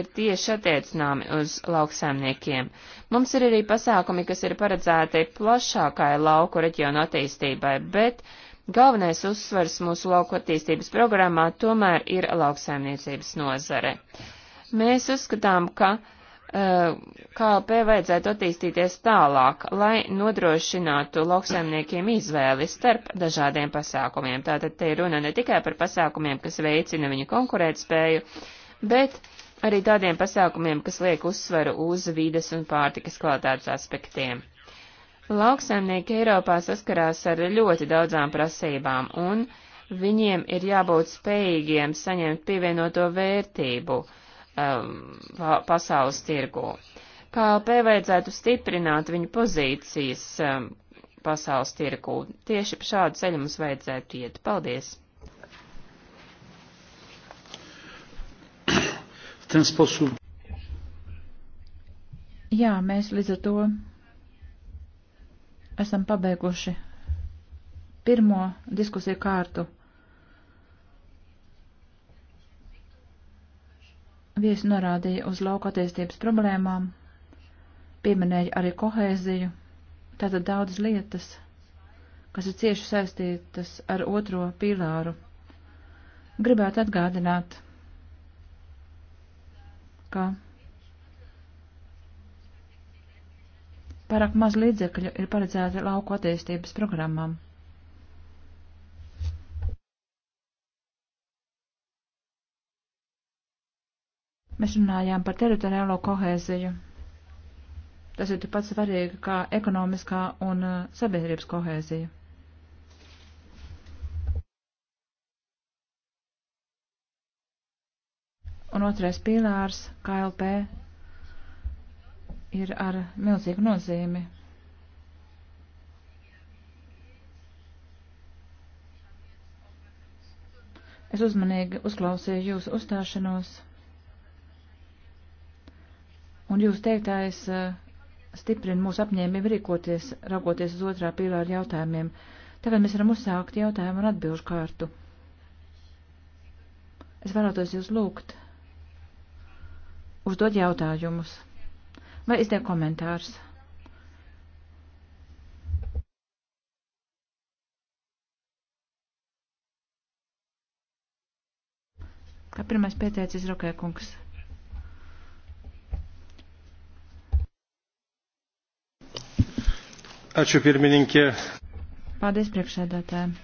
ir tieši attiecināmi uz lauksaimniekiem. Mums ir arī pasākumi, kas ir paredzēti plašākai lauku reģionu attīstībai, bet galvenais uzsvars mūsu lauku attīstības programmā tomēr ir lauksaimniecības nozare. Mēs uzskatām, ka uh, Eh, KLP vajadzētu attīstīties tālāk, lai nodrošinātu lauksaimniekiem izvēli starp dažādiem pasākumiem. Tātad te ir runa ne tikai par pasākumiem, kas veicina viņu konkurētspēju, bet arī tādiem pasākumiem, kas liek uzsvaru uz vides un pārtikas kvalitātes aspektiem. Lauksaimnieki Eiropā saskarās ar ļoti daudzām prasībām, un viņiem ir jābūt spējīgiem saņemt pievienoto vērtību um, pasaules tirgū. KLP vajadzētu stiprināt viņu pozīcijas um, pasaules tirgū. Tieši pa šādu ceļu mums vajadzētu iet. Paldies! Jā, mēs līdz ar to esam pabeiguši pirmo diskusiju kārtu. Viesi norādīja uz lauka attīstības problēmām, pieminēja arī kohēziju, tātad daudz lietas, kas ir cieši saistītas ar otro pīlāru. Gribētu atgādināt, ka pārāk maz līdzekļu ir paredzēta lauku attīstības programmām. Mēs runājām par teritoriālo kohēziju. Tas ir tikpat svarīgi kā ekonomiskā un uh, sabiedrības kohēzija. Un otrais pīlārs KLP ir ar milzīgu nozīmi. Es uzmanīgi uzklausīju jūsu uzstāšanos. Un jūs teiktais eh, stiprina mūsu apņēmību rīkoties, raugoties uz otrā pīlāra jautājumiem. Tagad mēs varam uzsākt jautājumu un atbilžu kārtu. Es vēlētos jūs lūgt, uzdot jautājumus vai izdiek komentārs. Kā pirmais pieteicis Rokē kungs. Ačiū pirmininkė. Paldies priekšsēdētājiem.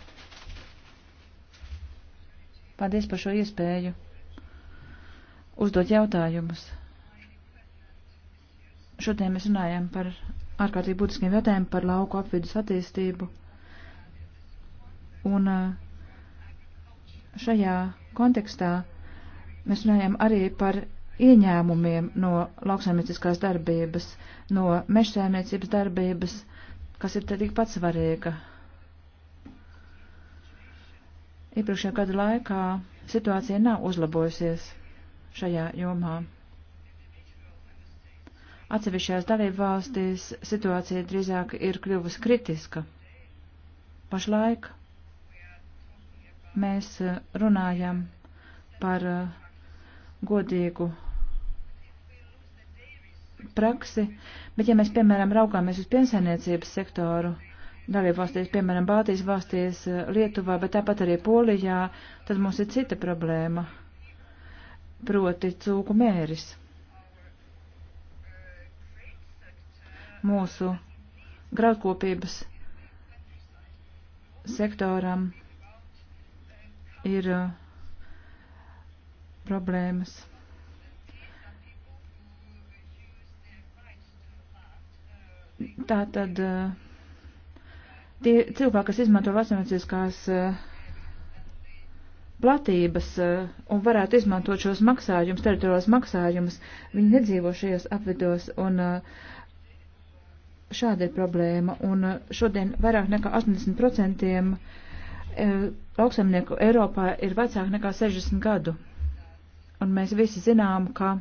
Paldies par šo iespēju uzdot jautājumus. Šodien mēs runājam par ārkārtīgi būtiskiem jautājumiem par lauku apvidus attīstību. Un eh, šajā kontekstā mēs runājam arī par ieņēmumiem no lauksaimnieciskās darbības, no mežsaimniecības darbības kas ir tikpat svarīga. Iepriekšējā gada laikā situācija nav uzlabojusies šajā jomā. Atsevišķās dalību valstīs situācija drīzāk ir kļuvusi kritiska. Pašlaik mēs eh, runājam par eh, godīgu praksi, bet ja mēs, piemēram, raugāmies uz piensainiecības sektoru, dalībvalstīs, piemēram, Baltijas valstīs, Lietuvā, bet tāpat arī Polijā, tad mums ir cita problēma, proti cūku mēris. Mūsu graudkopības sektoram ir uh, problēmas. Tā tad eh, tie cilvēki, kas izmanto vasariniciskās eh, platības eh, un varētu izmantot šos maksājumus, teritoriālos maksājumus, viņi nedzīvo šajos apvidos un šāda ir problēma. Un šodien vairāk nekā 80% lauksaimnieku Eiropā ir vecāki nekā 60 gadu. Un mēs visi zinām, ka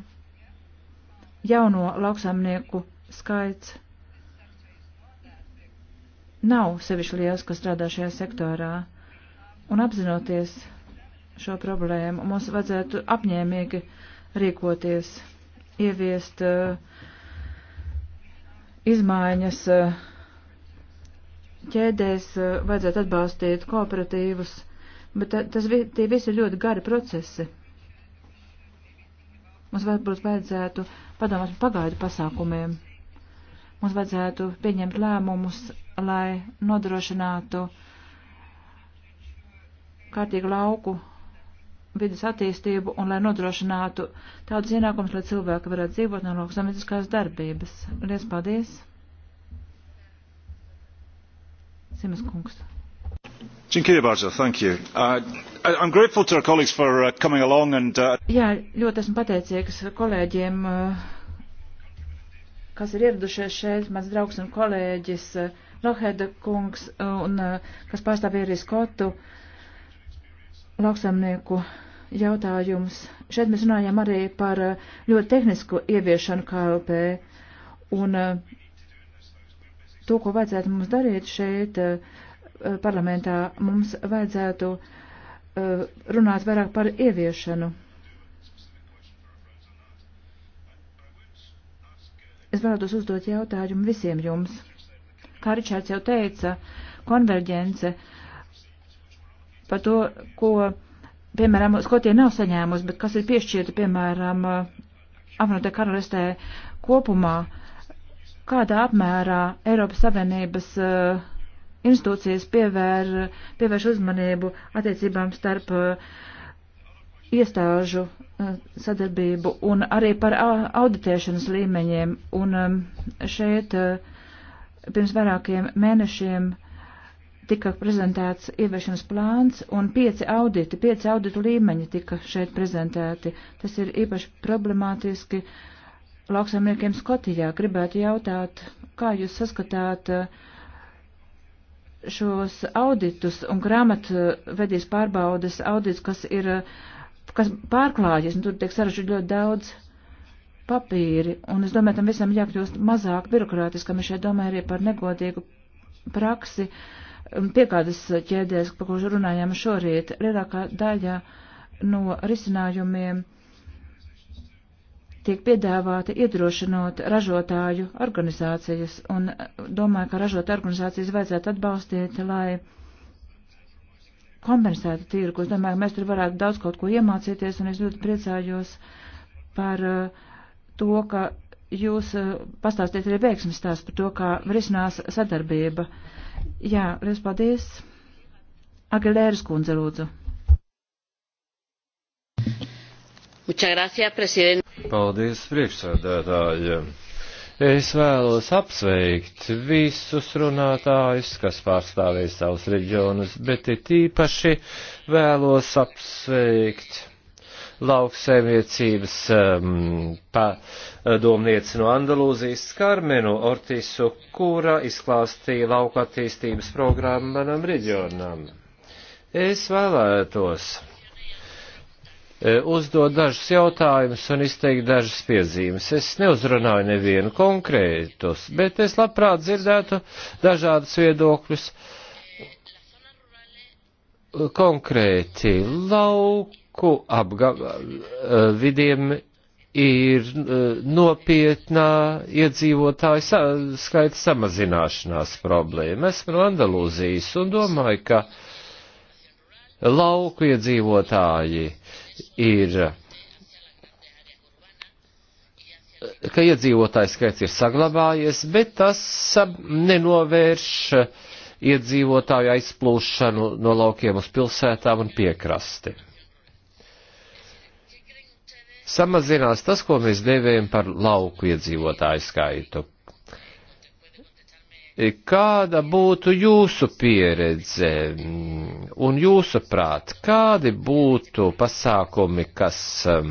jauno lauksaimnieku skaits nav sevišķi liels, kas strādā šajā sektorā. Un apzinoties šo problēmu, mums vajadzētu apņēmīgi rīkoties, ieviest uh, izmaiņas uh, ķēdēs, uh, vajadzētu atbalstīt kooperatīvus, bet tas, tie visi ir ļoti gari procesi. Mums varbūt vajadzētu padomāt par pagaidu pasākumiem. Mums vajadzētu pieņemt lēmumus, lai nodrošinātu kārtīgu lauku vidas attīstību un lai nodrošinātu tādus ienākumus, lai cilvēki varētu dzīvot no lauksamitiskās darbības. Lies paldies! Simas kungs. Uh, uh, uh, Jā, ļoti esmu pateicīgs kolēģiem. Uh, kas ir ieradušies šeit, mans draugs un kolēģis eh, Loheda kungs, un eh, kas pārstāv arī Skotu lauksamnieku jautājums. Šeit mēs runājam arī par eh, ļoti tehnisku ieviešanu KLP, un to, ko vajadzētu mums darīt šeit parlamentā, mums vajadzētu runāt vairāk par ieviešanu. es vēlētos uzdot jautājumu visiem jums. Kā Ričards jau teica, konverģence par to, ko, piemēram, Skotija nav saņēmusi, bet kas ir piešķirta, piemēram, apvienotā karalistē kopumā, kādā apmērā Eiropas Savienības uh, institūcijas pievēr, pievērš uzmanību attiecībām starp uh, iestāžu eh, sadarbību un arī par auditēšanas līmeņiem. Un um, šeit eh, pirms vairākiem mēnešiem tika prezentēts ieviešanas plāns un pieci auditi, pieci auditu līmeņi tika šeit prezentēti. Tas ir īpaši problemātiski lauksaimniekiem Skotijā. Gribētu jautāt, kā jūs saskatāt eh, šos auditus un grāmatvedīs pārbaudas auditus, kas ir uh, kas pārklājas, un tur tiek sarežģīti ļoti daudz papīri, un es domāju, tam visam jākļūst mazāk birokrātiskam, es šeit domāju arī par negodīgu praksi piekādas ķēdēs, par ko runājām šorīt. Lielākā daļa no risinājumiem tiek piedāvāti iedrošinot ražotāju organizācijas, un domāju, ka ražotāju organizācijas vajadzētu atbalstīt, lai kompensētu tirgu. Es domāju, mēs tur varētu daudz kaut ko iemācīties, un es ļoti priecājos par uh, to, ka jūs uh, pastāstiet arī veiksmes stāsts par to, kā risinās sadarbība. Jā, liels paldies. Agilēras kundze, lūdzu. Paldies, priekšsēdētāji. Es vēlos apsveikt visus runātājus, kas pārstāvēja savus reģionus, bet ir tīpaši vēlos apsveikt lauksaimniecības um, padomnieci no Andalūzijas Karmenu Ortisu, kura izklāstīja lauku attīstības programmu manam reģionam. Es vēlētos E, uzdot dažus jautājumus un izteikt dažas piezīmes. Es neuzrunāju nevienu konkrētus, bet es labprāt dzirdētu dažādas viedokļus konkrēti lauku apgabaliem vidiem ir e, nopietnā iedzīvotāju sa skaita samazināšanās problēma. Esmu no Andalūzijas un domāju, ka lauku iedzīvotāji ir ka iedzīvotāju skaits ir saglabājies, bet tas nenovērš iedzīvotāju aizplūšanu no laukiem uz pilsētām un piekrasti. Samazinās tas, ko mēs devējam par lauku iedzīvotāju skaitu. Kāda būtu jūsu pieredze un jūsu prāt, kādi būtu pasākumi, kas um,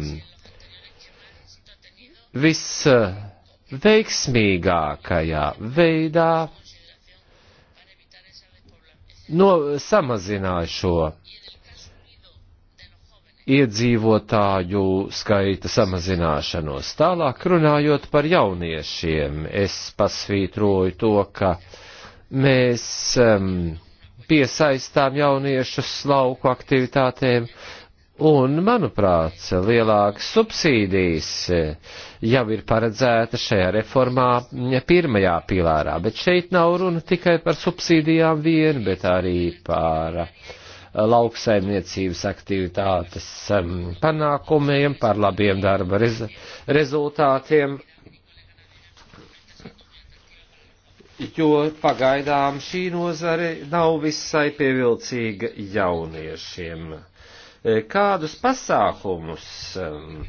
visveiksmīgākajā veidā no, samazināja šo iedzīvotāju skaita samazināšanos. Tālāk runājot par jauniešiem, es pasvītroju to, ka mēs um, piesaistām jauniešus lauku aktivitātēm, un, manuprāt, lielākas subsīdijas eh, jau ir paredzēta šajā reformā mm, pirmajā pilārā, bet šeit nav runa tikai par subsīdijām vien, bet arī par uh, Eh, lauksaimniecības aktivitātes panākumiem, par labiem darba rez rezultātiem, jo pagaidām šī nozare nav visai pievilcīga jauniešiem. Eh, kādus pasākumus um,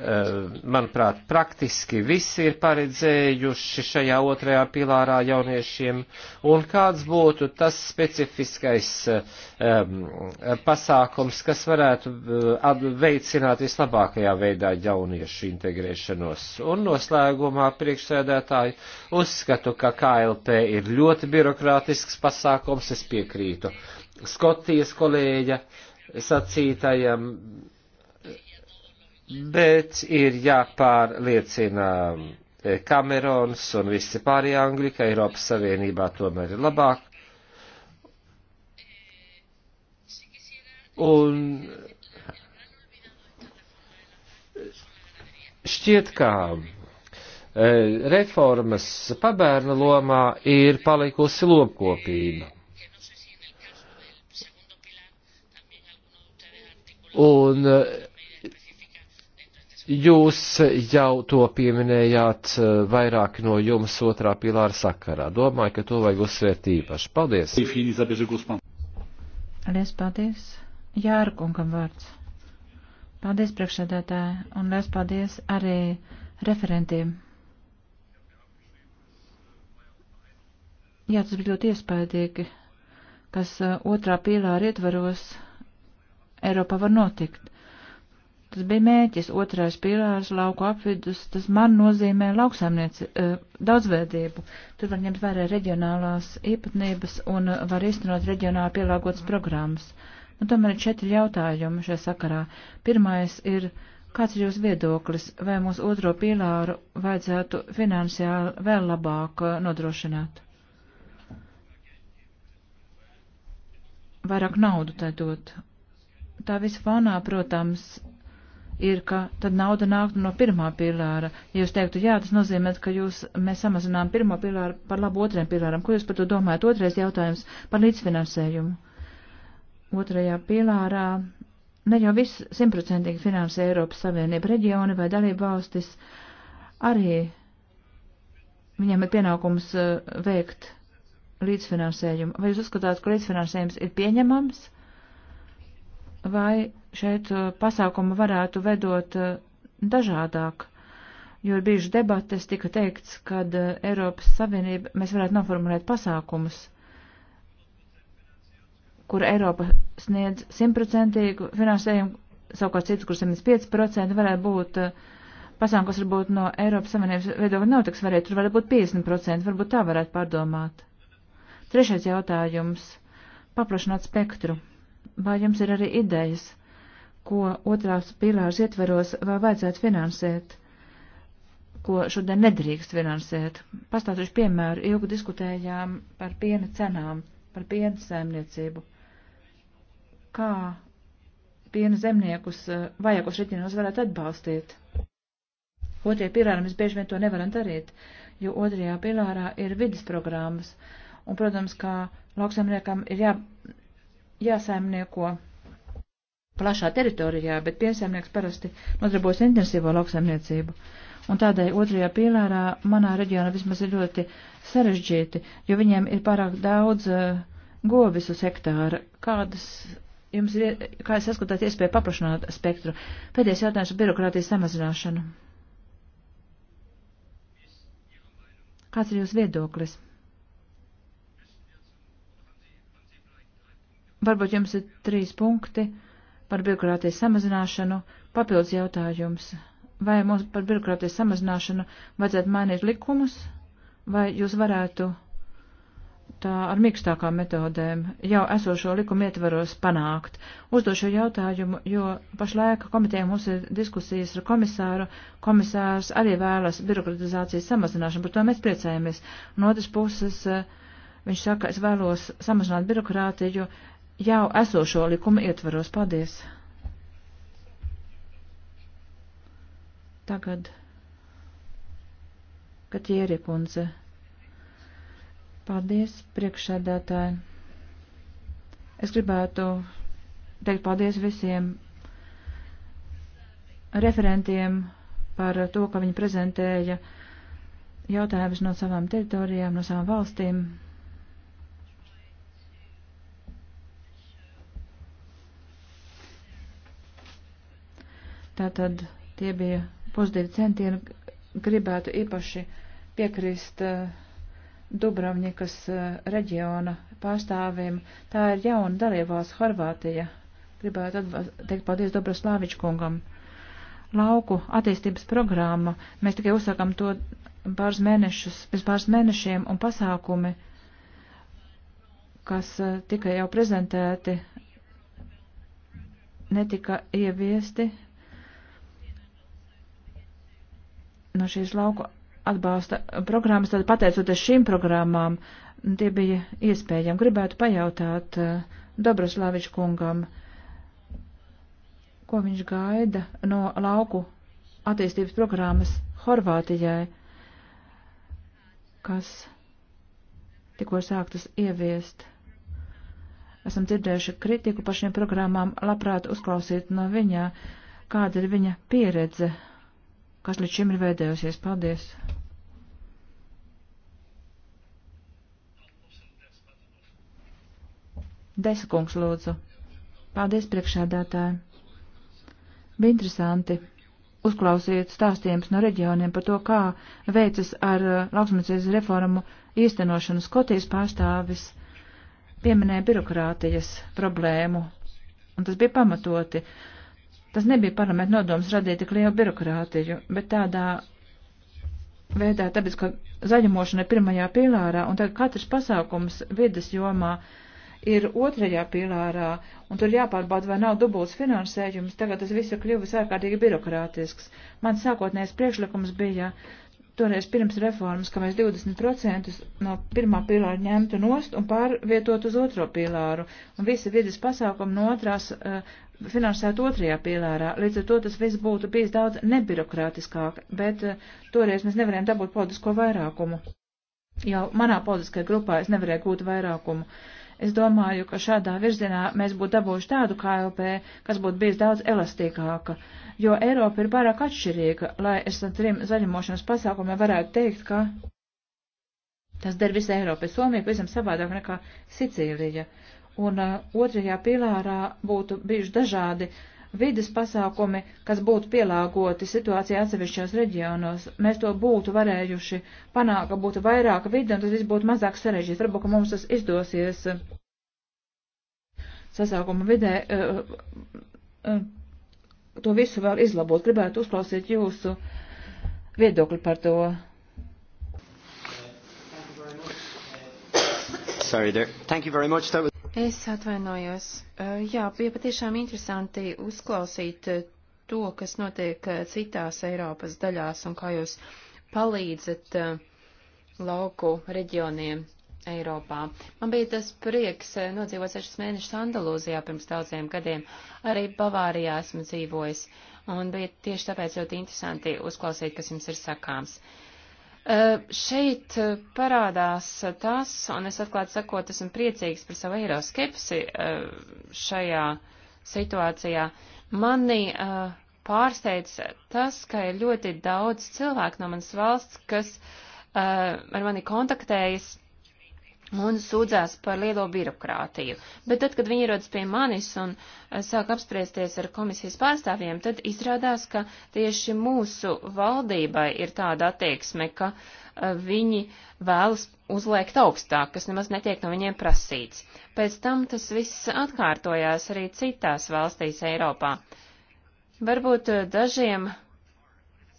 Eh, manuprāt, praktiski visi ir paredzējuši šajā otrajā pilārā jauniešiem, un kāds būtu tas specifiskais um, pasākums, kas varētu eh, veicināt vislabākajā veidā jauniešu integrēšanos. Un noslēgumā priekšsēdētāji uzskatu, ka KLP ir ļoti birokrātisks pasākums, es piekrītu. Skotijas kolēģa sacītajam bet ir jāpārliecina Kamerons eh, un visi pārējie Angļi, ka Eiropas Savienībā tomēr ir labāk. Un šķiet, ka eh, reformas pabērna lomā ir palikusi lopkopība. Un eh, Jūs jau to pieminējāt eh, vairāk no jums otrā pilāra sakarā. Domāju, ka to vajag uzsvērt īpaši. Paldies! Lies paldies! Jārkungam vārds. Paldies priekšsēdētāji un lies paldies arī referentiem. Jā, tas bija ļoti iespaidīgi, kas eh, otrā pīlāra ietvaros Eiropā var notikt. Tas bija mērķis, otrais pilārs, lauku apvidus, tas man nozīmē lauksaimnieci uh, daudzveidību. Tur var ņemt vērā reģionālās īpatnības un uh, var iztenot reģionāli pielāgotas programmas. Un nu, tomēr ir četri jautājumi šajā sakarā. Pirmais ir, kāds ir jūsu viedoklis, vai mūsu otro pilāru vajadzētu finansiāli vēl labāk uh, nodrošināt? Vairāk naudu tai dot. Tā visu fonā, protams, ir, ka tad nauda nāktu no pirmā pilāra. Ja jūs teiktu, jā, tas nozīmē, ka jūs, mēs samazinām pirmo pilāru par labu otrajam pilāram. Ko jūs par to domājat? Otrais jautājums par līdzfinansējumu. Otrajā pilārā ne jau viss simtprocentīgi finansē Eiropas Savienība reģioni vai dalība valstis. Arī viņiem ir pienākums uh, veikt līdzfinansējumu. Vai jūs uzskatāt, ka līdzfinansējums ir pieņemams? Vai šeit eh, pasākumu varētu vedot eh, dažādāk, jo ir bijuši debates, tika teikts, kad eh, Eiropas Savienība, mēs varētu noformulēt pasākumus, kur Eiropa sniedz simtprocentīgu finansējumu, savukārt cits, kur 75% varētu būt pasākums, kas varbūt no Eiropas Savienības viedokļa nav tik svarīgi, tur varētu būt 50%, varbūt tā varētu pārdomāt. Trešais jautājums - paplašināt spektru. Vai jums ir arī idejas? ko otrās pilārs ietveros vēl vajadzētu finansēt, ko šodien nedrīkst finansēt. Pastāstīšu piemēru, ilgi diskutējām par piena cenām, par piena saimniecību. Kā piena zemniekus eh, vajagos reģionos varētu atbalstīt? Otrajā pilārā mēs bieži vien to nevaram darīt, jo otrajā pilārā ir vidas programmas. Un, protams, kā lauksaimniekam ir jā, jāsaimnieko plašā teritorijā, bet piensaimnieks parasti nodarbojas intensīvo lauksaimniecību. Un tādēļ otrajā pīlārā manā reģionā vismaz ir ļoti sarežģīti, jo viņiem ir pārāk daudz uh, govis uz hektāra. Kādas jums ir, kā jūs saskatāt iespēju paplašināt spektru? Pēdējais jautājums - birokrātijas samazināšanu. Kāds ir jūsu viedoklis? Varbūt jums ir trīs punkti. Uh, par birokrātijas samazināšanu. Papildus jautājums. Vai mums par birokrātijas samazināšanu vajadzētu mainīt likumus, vai jūs varētu tā ar mīkstākām metodēm jau esošo likumu ietvaros panākt? Uzdošu jautājumu, jo pašlaik komitē mums ir diskusijas ar komisāru. Komisārs arī vēlas birokratizācijas samazināšanu, par to mēs priecājamies. No otras puses, eh, viņš saka, es vēlos samazināt birokrātiju, jo jau esošo likuma ietvaros. Paldies! Tagad Katieri kundze. Paldies, priekšsēdētāji. Es gribētu teikt paldies visiem referentiem par to, ka viņi prezentēja jautājumus no savām teritorijām, no savām valstīm. Tātad tie bija pozitīvi centieni. Gribētu īpaši piekrist uh, eh, Dubravņikas uh, eh, reģiona pārstāvim. Tā ir jauna dalībvalsts Horvātija. Gribētu teikt paldies Dobraslāviču kungam. Lauku attīstības programma. Mēs tikai uzsākam to pāris mēnešus, pēc pāris mēnešiem un pasākumi, kas uh, eh, tikai jau prezentēti, netika ieviesti, no šīs lauku atbalsta programmas, tad pateicoties šīm programmām, tie bija iespējami. Gribētu pajautāt eh, Dobroslāviču kungam, ko viņš gaida no lauku attīstības programmas Horvātijai, kas tikko sāktas ieviest. Esam dzirdējuši kritiku par šiem programmām, labprāt uzklausīt no viņa, kāda ir viņa pieredze kas līdz šim ir vēdējusies. Paldies! Desakungs lūdzu. Paldies priekšādātāji. Bija interesanti uzklausīt stāstījumus no reģioniem par to, kā veicas ar uh, lauksmēcības reformu īstenošanu. Skotijas pārstāvis pieminēja birokrātijas problēmu, un tas bija pamatoti. Uh, Tas nebija parlamenta nodoms radīt tik lielu birokrātiju, bet tādā veidā, tāpēc, ka zaļumošana ir pirmajā pīlārā, un tad katrs pasākums vidas jomā ir otrajā pīlārā, un tur jāpārbauda, vai nav dubults finansējums, tagad tas viss ir kļuvis ārkārtīgi birokrātisks. Mans sākotnējais priekšlikums bija toreiz pirms reformas, ka mēs 20% no pirmā pīlāra ņemtu nost un pārvietotu uz otro pīlāru, un visi vidas pasākumi no otrās uh, finansētu otrajā pilārā. Līdz ar to tas viss būtu bijis daudz nebirokrātiskāk, bet eh, toreiz mēs nevarējām dabūt politisko vairākumu. Jau manā politiskajā grupā es nevarēju gūt vairākumu. Es domāju, ka šādā virzienā mēs būtu dabūjuši tādu KLP, kas būtu bijis daudz elastīgāka, jo Eiropa ir pārāk atšķirīga, lai es ar trim zaļumošanas pasākumiem varētu teikt, ka tas der visai Eiropai. Somija pavisam savādāk nekā Sicīlija un uh, otrajā pilārā būtu bijuši dažādi vides pasākumi, kas būtu pielāgoti situācijai atsevišķos reģionos. Mēs to būtu varējuši panākt, ka būtu vairāk vide, un tas viss būtu mazāk sarežģīts. Varbūt, ka mums tas izdosies sasaukuma vidē uh, uh, to visu vēl izlabot. Gribētu uzklausīt jūsu viedokli par to. Sorry there. Thank you very much. That was Es atvainojos. Eh, jā, bija patiešām interesanti uzklausīt eh, to, kas notiek eh, citās Eiropas daļās un kā jūs palīdzat lauku reģioniem Eiropā. Man bija tas prieks nodzīvot sešas mēnešus Andalūzijā pirms daudziem gadiem. Arī Bavārijā esmu dzīvojis. Un bija tieši tāpēc ļoti interesanti uzklausīt, kas jums ir sakāms. Uh, Eh, šeit eh, parādās tas, un es atklāti sakot, esmu priecīgs par savu eiroskepsi eh, šajā situācijā. Mani pārsteidz tas, ka ir ļoti daudz cilvēku no manas valsts, kas ar mani kontaktējas un sūdzās par lielo birokrātiju. Bet tad, kad viņi ierodas pie manis un eh, sāk apspriesties ar komisijas pārstāvjiem, tad izrādās, ka tieši mūsu valdībai ir tāda attieksme, ka eh, viņi vēlas uzliekt augstāk, kas nemaz netiek no viņiem prasīts. Pēc tam tas viss atkārtojās arī citās valstīs Eiropā. Varbūt eh, dažiem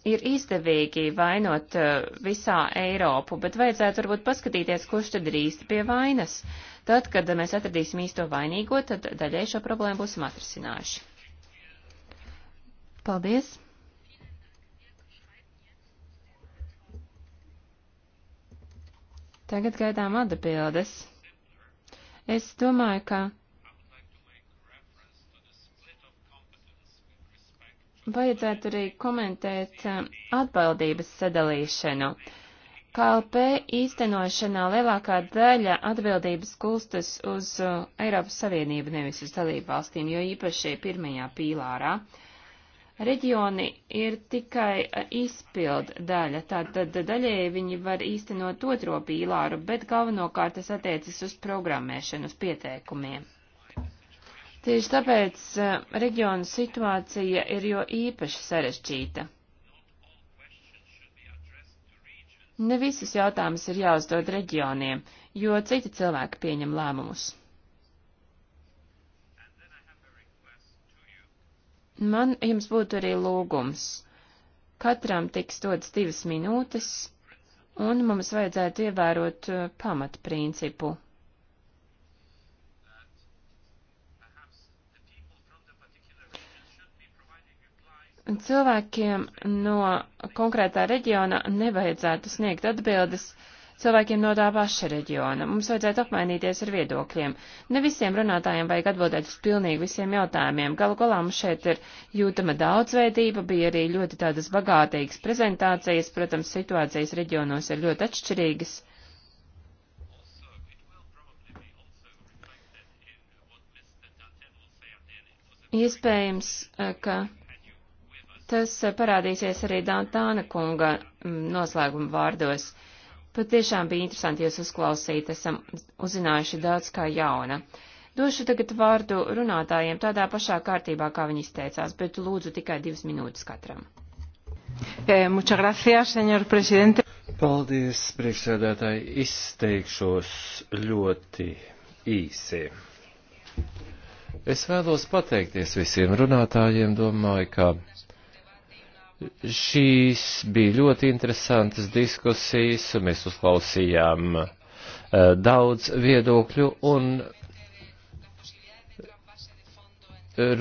ir izdevīgi vainot eh, visā Eiropu, bet vajadzētu varbūt paskatīties, kurš tad ir īsti pie vainas. Tad, kad mēs atradīsim īsto vainīgo, tad daļai šo problēmu būsim atrisinājuši. Paldies! Tagad gaidām atbildes. Es domāju, ka vajadzētu arī komentēt eh, atbildības sadalīšanu. KLP īstenošanā lielākā daļa atbildības gulstas uz eh, Eiropas Savienību, nevis uz dalību valstīm, jo īpaši pirmajā pīlārā. Reģioni ir tikai eh, izpild daļa, tātad daļēji viņi var īstenot otro pīlāru, bet galvenokārt tas attiecas uz programmēšanu, uz pieteikumiem. Tieši tāpēc eh, reģiona situācija ir jo īpaši sarežģīta. Ne visus jautājumus ir jāuzdod reģioniem, jo citi cilvēki pieņem lēmumus. Man jums būtu arī lūgums. Katram tiks dots divas minūtes, un mums vajadzētu ievērot eh, pamatprincipu. principu. Cilvēkiem no konkrētā reģiona nevajadzētu sniegt atbildes cilvēkiem no tā paša reģiona. Mums vajadzētu apmainīties ar viedokļiem. Ne visiem runātājiem vajag atbildēt uz pilnīgi visiem jautājumiem. Galu galā mums šeit ir jūtama daudzveidība, bija arī ļoti tādas bagātīgas prezentācijas, protams, situācijas reģionos ir ļoti atšķirīgas. iespējams, eh, ka Tas parādīsies arī Dantāna kunga mm, noslēguma vārdos. Pat tiešām bija interesanti jūs uzklausīt, esam uzzinājuši daudz kā jauna. Došu tagad vārdu runātājiem tādā pašā kārtībā, kā viņi izteicās, bet lūdzu tikai divas minūtes katram. E, muchas gracias, señor presidente. Paldies, priekšsēdētāji, izteikšos ļoti īsi. Es vēlos pateikties visiem runātājiem, domāju, ka Šīs bija ļoti interesantas diskusijas, un mēs uzklausījām uh, daudz viedokļu, un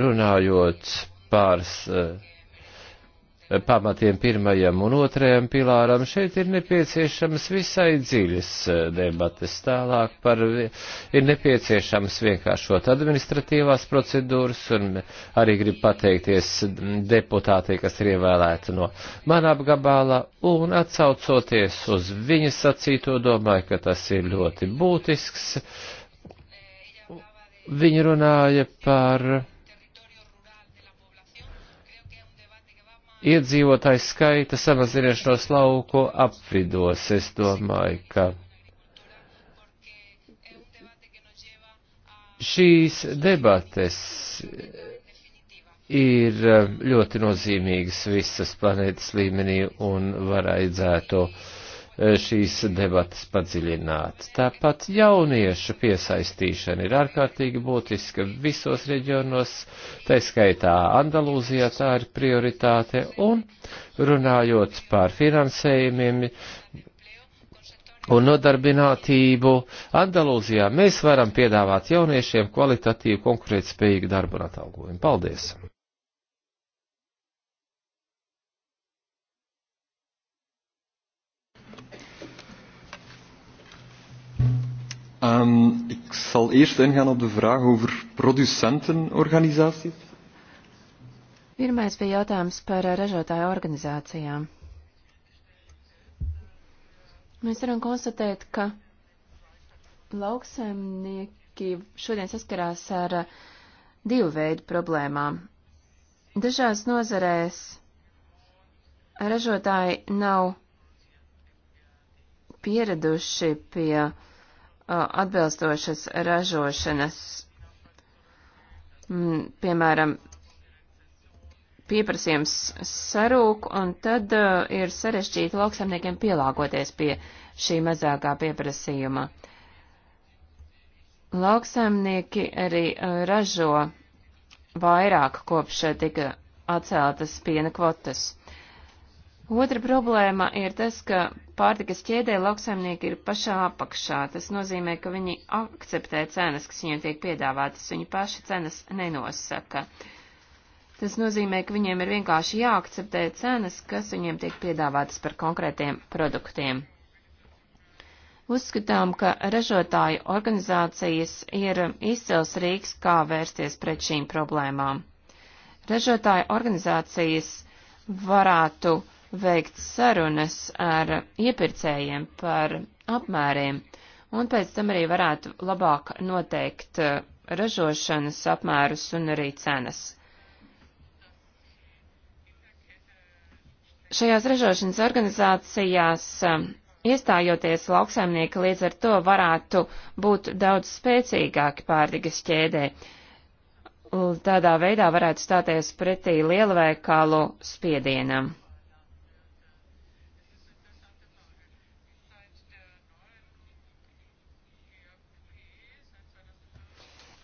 runājot pāris uh, eh, pamatiem pirmajam un otrajam pilāram, šeit ir nepieciešamas visai dziļas e, debates. Tālāk par, ir nepieciešams vienkāršot administratīvās procedūras un arī grib pateikties deputātei, kas ir ievēlēta no man apgabala un atsaucoties uz viņas sacīto, domāju, ka tas ir ļoti būtisks. Viņa runāja par iedzīvotāju skaita samazināšanos lauku apvidos. Es domāju, ka šīs debates ir ļoti nozīmīgas visas planētas līmenī un var aidzētu uh, Eh, šīs debatas padziļināt. Tāpat jauniešu piesaistīšana ir ārkārtīgi būtiska visos reģionos, tā skaitā Andalūzijā tā ir prioritāte, un runājot par finansējumiem un nodarbinātību, Andalūzijā mēs varam piedāvāt jauniešiem kvalitatīvu konkurētspējīgu darbu un atalgojumu. Paldies! Um, ik zal eerst ingaan op de vraag over producentenorganisaties. Pirmais bija jautājums par eh, ražotāju organizācijām. Mēs varam konstatēt, ka lauksaimnieki šodien saskarās ar eh, divu veidu problēmām. Dažās nozarēs ražotāji nav pieraduši pie uh, atbilstošas ražošanas, m, mm, piemēram, pieprasījums sarūk, un tad uh, ir sarežģīti lauksamniekiem pielāgoties pie šī mazākā pieprasījuma. Lauksaimnieki arī uh, ražo vairāk kopš tika atceltas piena kvotas. Otra problēma ir tas, ka pārtikas ķēdē lauksaimnieki ir pašā apakšā. Tas nozīmē, ka viņi akceptē cenas, kas viņiem tiek piedāvātas, viņi paši cenas nenosaka. Tas nozīmē, ka viņiem ir vienkārši jāakceptē cenas, kas viņiem tiek piedāvātas par konkrētiem produktiem. Uzskatām, ka ražotāju organizācijas ir izcils rīks, kā vērsties pret šīm problēmām. Ražotāju organizācijas varētu uh, veikt sarunas ar iepirkējiem par apmēriem, un pēc tam arī varētu labāk noteikt uh, ražošanas apmērus un arī cenas. Šajās ražošanas organizācijās um, Iestājoties lauksaimnieki līdz ar to varētu būt daudz spēcīgāki pārtikas ķēdē. Tādā veidā varētu stāties pretī lielveikalu spiedienam.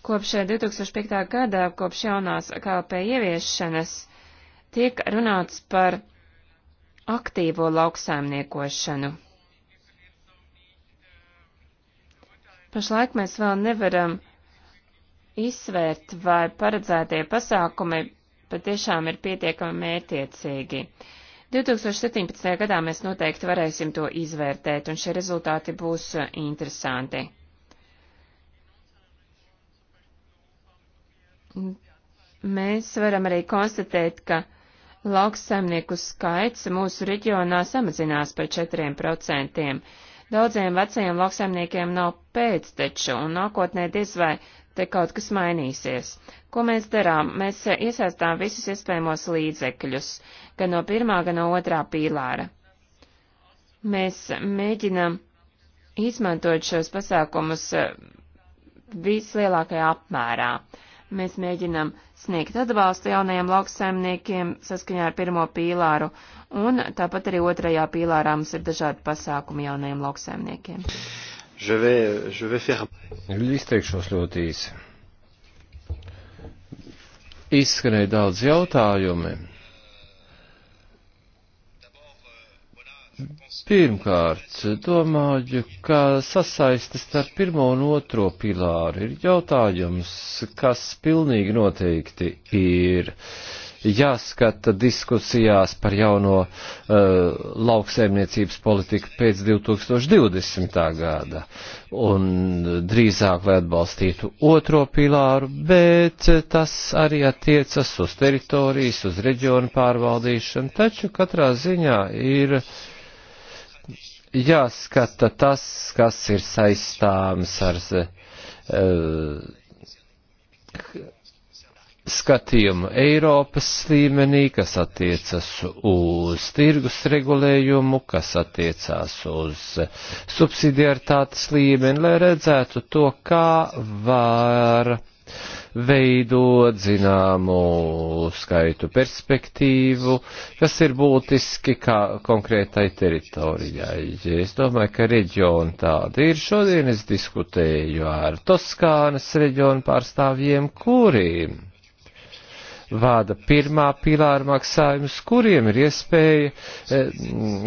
Kopš 2005. Eh, gada, kopš jaunās KLP ieviešanas, tiek runāts par aktīvo lauksaimniekošanu. Pašlaik mēs vēl nevaram izsvērt, vai paredzētie pasākumi patiešām ir pietiekami mērtiecīgi. 2017. gadā mēs noteikti varēsim to izvērtēt, un šie rezultāti būs eh, interesanti. Mēs varam arī konstatēt, ka lauksaimnieku skaits mūsu reģionā samazinās par 4%. Daudziem vecajiem lauksaimniekiem nav pēcteču, un nākotnē diez vai te kaut kas mainīsies. Ko mēs darām? Mēs iesaistām visus iespējamos līdzekļus, gan no pirmā, gan no otrā pīlāra. Mēs mēģinam izmantot šos pasākumus vislielākajā apmērā. Uh, Mēs mēģinam sniegt atbalstu jaunajiem lauksaimniekiem saskaņā ar pirmo pīlāru, un tāpat arī otrajā pīlārā mums ir dažādi pasākumi jaunajiem lauksaimniekiem. Je vais, je vais faire... Izteikšos ļoti īsi. Izskanēja daudz jautājumi Pirmkārt, domāju, ka sasaistes starp pirmo un otro pilāru ir jautājums, kas pilnīgi noteikti ir jāskata diskusijās par jauno uh, lauksaimniecības politiku pēc 2020. gada. Un drīzāk, lai atbalstītu otro pilāru, bet tas arī attiecas uz teritorijas, uz reģionu pārvaldīšanu, taču katrā ziņā ir uh, jāskata tas, kas ir saistāms ar uh, skatījumu Eiropas līmenī, kas attiecas uz tirgus regulējumu, kas attiecās uz subsidiaritātes līmeni, lai redzētu to, kā var veidot zināmu skaitu perspektīvu, kas ir būtiski kā konkrētai teritorijai. Es domāju, ka reģioni tādi ir. Šodien es diskutēju ar Toskānas reģionu pārstāvjiem, kuriem vada pirmā pilāra maksājumus, kuriem ir iespēja e,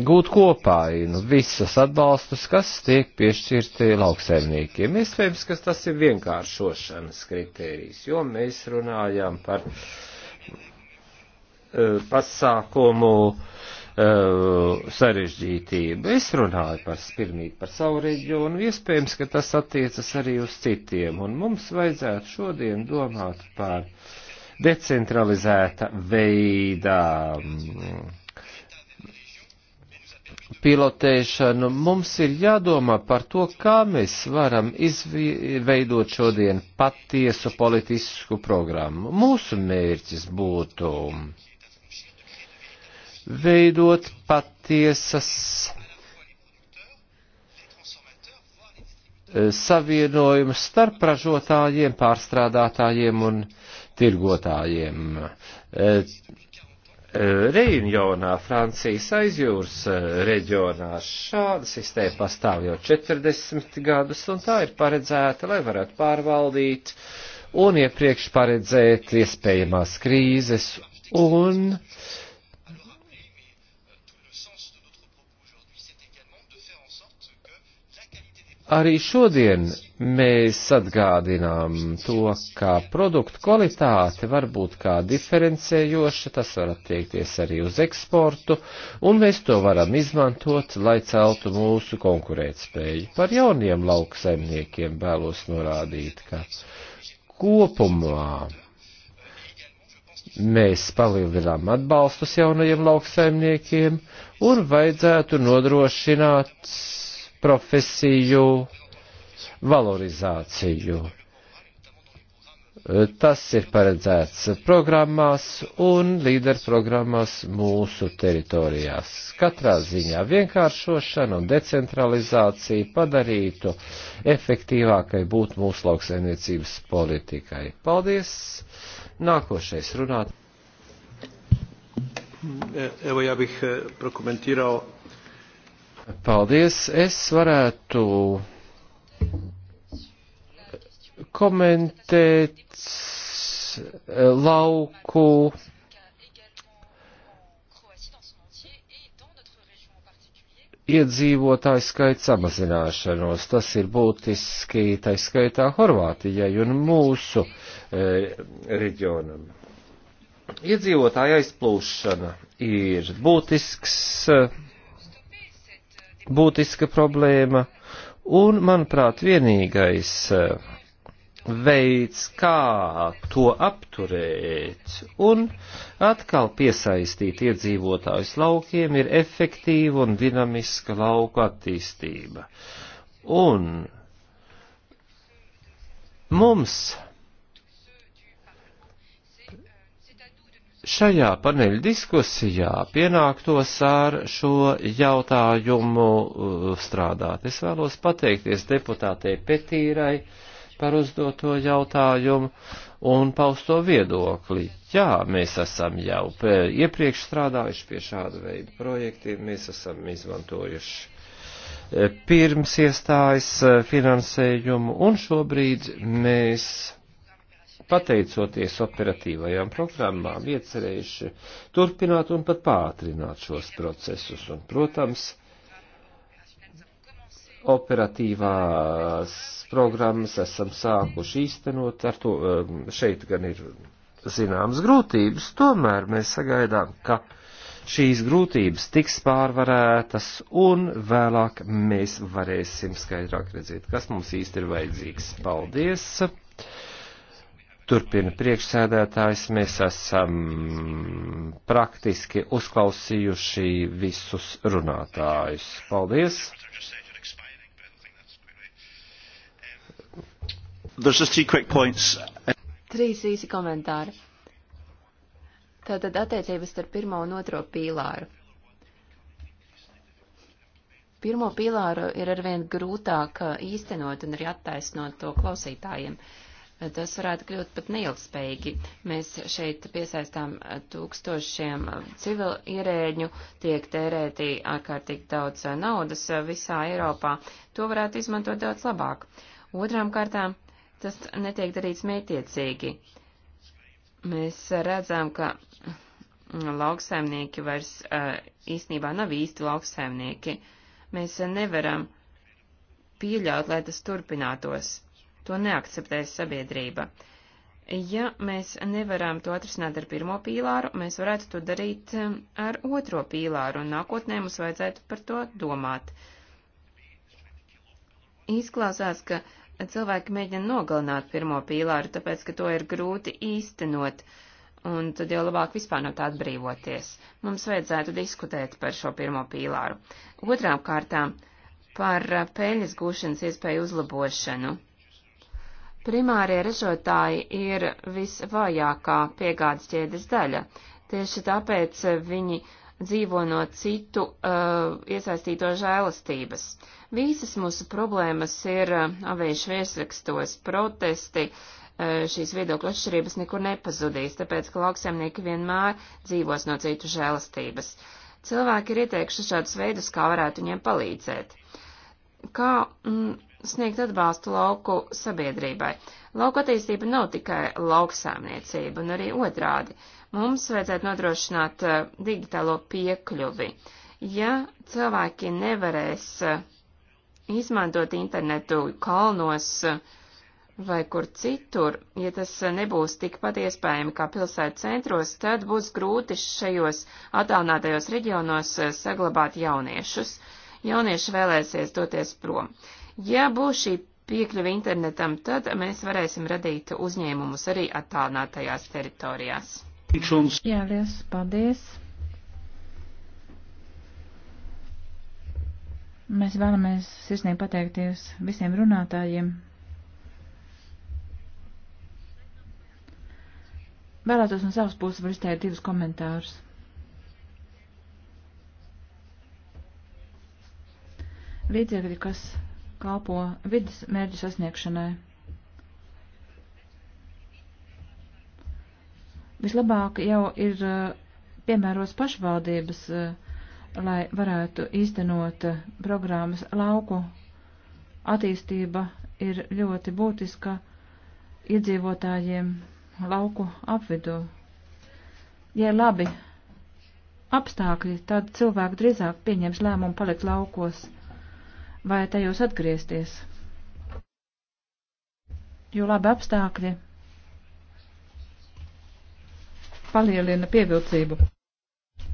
gūt kopā nu, visas atbalstus, kas tiek piešķirti lauksaimniekiem. Iespējams, ka tas ir vienkāršošanas kritērijs, jo mēs runājām par e, pasākumu eh, sarežģītība. Es runāju par spirmīt par savu reģionu, iespējams, ka tas attiecas arī uz citiem, un mums vajadzētu šodien domāt par uh, decentralizēta veidā pilotēšanu, mums ir jādomā par to, kā mēs varam izveidot šodien patiesu politisku programmu. Mūsu mērķis būtu veidot patiesas eh, savienojumus starp ražotājiem, pārstrādātājiem un tirgotājiem. Eh, eh, Reunjonā, Francijas aizjūras eh, reģionā šāda sistēma pastāv jau 40 gadus, un tā ir paredzēta, lai varētu pārvaldīt un iepriekš paredzēt iespējamās krīzes un arī šodien mēs atgādinām to, ka produktu kvalitāte var būt kā diferencējoša, tas var attiekties arī uz eksportu, un mēs to varam izmantot, lai celtu mūsu konkurētspēju. Par jauniem lauksaimniekiem vēlos norādīt, ka kopumā mēs palielinām atbalstus jaunajiem lauksaimniekiem un vajadzētu nodrošināt profesiju valorizāciju. Tas ir paredzēts programmās un līderprogrammās mūsu teritorijās. Katrā ziņā vienkāršošana un decentralizācija padarītu efektīvākai būt mūsu lauksaimniecības politikai. Paldies! Nākošais runāt. Evo, ja bih eh, prokomentirao. Paldies! Es varētu komentēt lauku iedzīvotāju skaita samazināšanos. Tas ir būtiski, tai skaitā Horvātijai un mūsu e, reģionam. Iedzīvotāja aizplūšana ir būtisks, e, būtiska problēma Un, manuprāt, vienīgais eh, veids, kā to apturēt un atkal piesaistīt iedzīvotājus laukiem, ir efektīva un dinamiska lauku attīstība. Un mums šajā paneļa diskusijā pienāktos ar šo jautājumu uh, strādāt. Es vēlos pateikties deputātei Petīrai par uzdoto jautājumu un pausto viedokli. Jā, mēs esam jau iepriekš strādājuši pie šāda veida projektiem, mēs esam izmantojuši eh, pirms iestājas eh, finansējumu un šobrīd mēs pateicoties operatīvajām programmām, iecerējuši turpināt un pat pātrināt šos procesus. Un, protams, operatīvās programmas esam sākuši īstenot, ar to um, šeit gan ir zināmas grūtības, tomēr mēs sagaidām, ka šīs grūtības tiks pārvarētas un vēlāk mēs varēsim skaidrāk redzēt, kas mums īsti ir vajadzīgs. Paldies! Turpina priekšsēdētājs, mēs esam praktiski uzklausījuši visus runātājus. Paldies! Trīs īsi komentāri. Tātad attiecības starp pirmo un otro pīlāru. Pirmo pīlāru ir arvien grūtāk uh, īstenot un arī attaisnot to klausītājiem. Uh, tas varētu kļūt pat neilgspējīgi. Mēs šeit piesaistām eh, tūkstošiem eh, civil ierēģu, tiek tērēti ārkārtīgi daudz eh, naudas visā Eiropā. To varētu izmantot daudz labāk. Otrām kārtām, tas netiek darīts mētiecīgi. Mēs redzam, ka mm, lauksaimnieki vairs īstenībā nav īsti lauksaimnieki. Mēs nevaram pieļaut, lai tas turpinātos To neakceptēs sabiedrība. Ja mēs nevaram to atrisināt ar pirmo pīlāru, mēs varētu to darīt um, ar otro pīlāru, un nākotnē mums vajadzētu par to domāt. Izklausās, ka cilvēki mēģina nogalināt pirmo pīlāru, tāpēc, ka to ir grūti īstenot, un tad jau labāk vispār no tā atbrīvoties. Mums vajadzētu diskutēt par šo pirmo pīlāru. Otrām kārtām par uh, peļņas gūšanas iespēju uzlabošanu. Primārie ražotāji ir visvājākā piegādes ķēdes daļa. Tieši tāpēc eh, viņi dzīvo no citu uh, iesaistīto žēlastības. Visas mūsu problēmas ir uh, eh, aviešu viesrakstos, protesti, uh, šīs viedokļu atšķirības nekur nepazudīs, tāpēc, ka lauksaimnieki vienmēr dzīvos no citu žēlastības. Cilvēki ir ieteikuši šādus veidus, kā varētu viņiem palīdzēt. Kā mm, sniegt atbalstu lauku sabiedrībai. Lauka attīstība nav tikai lauksāmniecība, un arī otrādi. Mums vajadzētu nodrošināt uh, digitālo piekļuvi. Ja cilvēki nevarēs uh, izmantot internetu kalnos uh, vai kur citur, ja tas nebūs tikpat iespējami kā pilsētu centros, tad būs grūti šajos attālinātajos reģionos saglabāt jauniešus. Jaunieši vēlēsies doties prom. Uh, Ja būs šī piekļuve internetam, tad mēs varēsim radīt uzņēmumus arī attālinātajās teritorijās. Jā, liels paldies! Mēs vēlamies sirsnīgi pateikties visiem runātājiem. Vēlētos no savas puses var izteikt divus komentārus. Līdzekļi, kas kalpo vidas mērķu sasniegšanai. Vislabāk jau ir uh, piemēros pašvaldības, uh, lai varētu īstenot uh, programmas lauku attīstība ir ļoti būtiska iedzīvotājiem lauku apvidū. Ja labi apstākļi, tad cilvēki drīzāk pieņems lēmumu palikt laukos vai tajos atgriezties. Jo labi apstākļi palielina pievilcību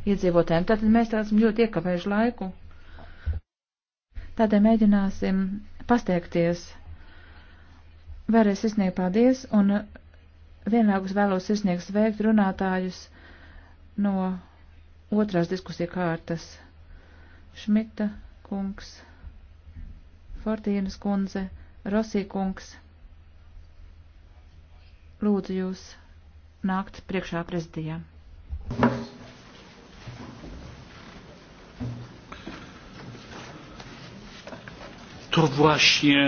iedzīvotājiem. Tātad mēs esam ļoti iekavējuši laiku. Tādēļ mēģināsim pasteikties. Vēlreiz izsniegt paldies un vienlaikus vēlos izsniegt sveikt runātājus no otrās diskusija kārtas. Šmita kungs. Fortīnas kundze, Rosīkungs, lūdzu jūs nākt priekšā prezidijā. To właśnie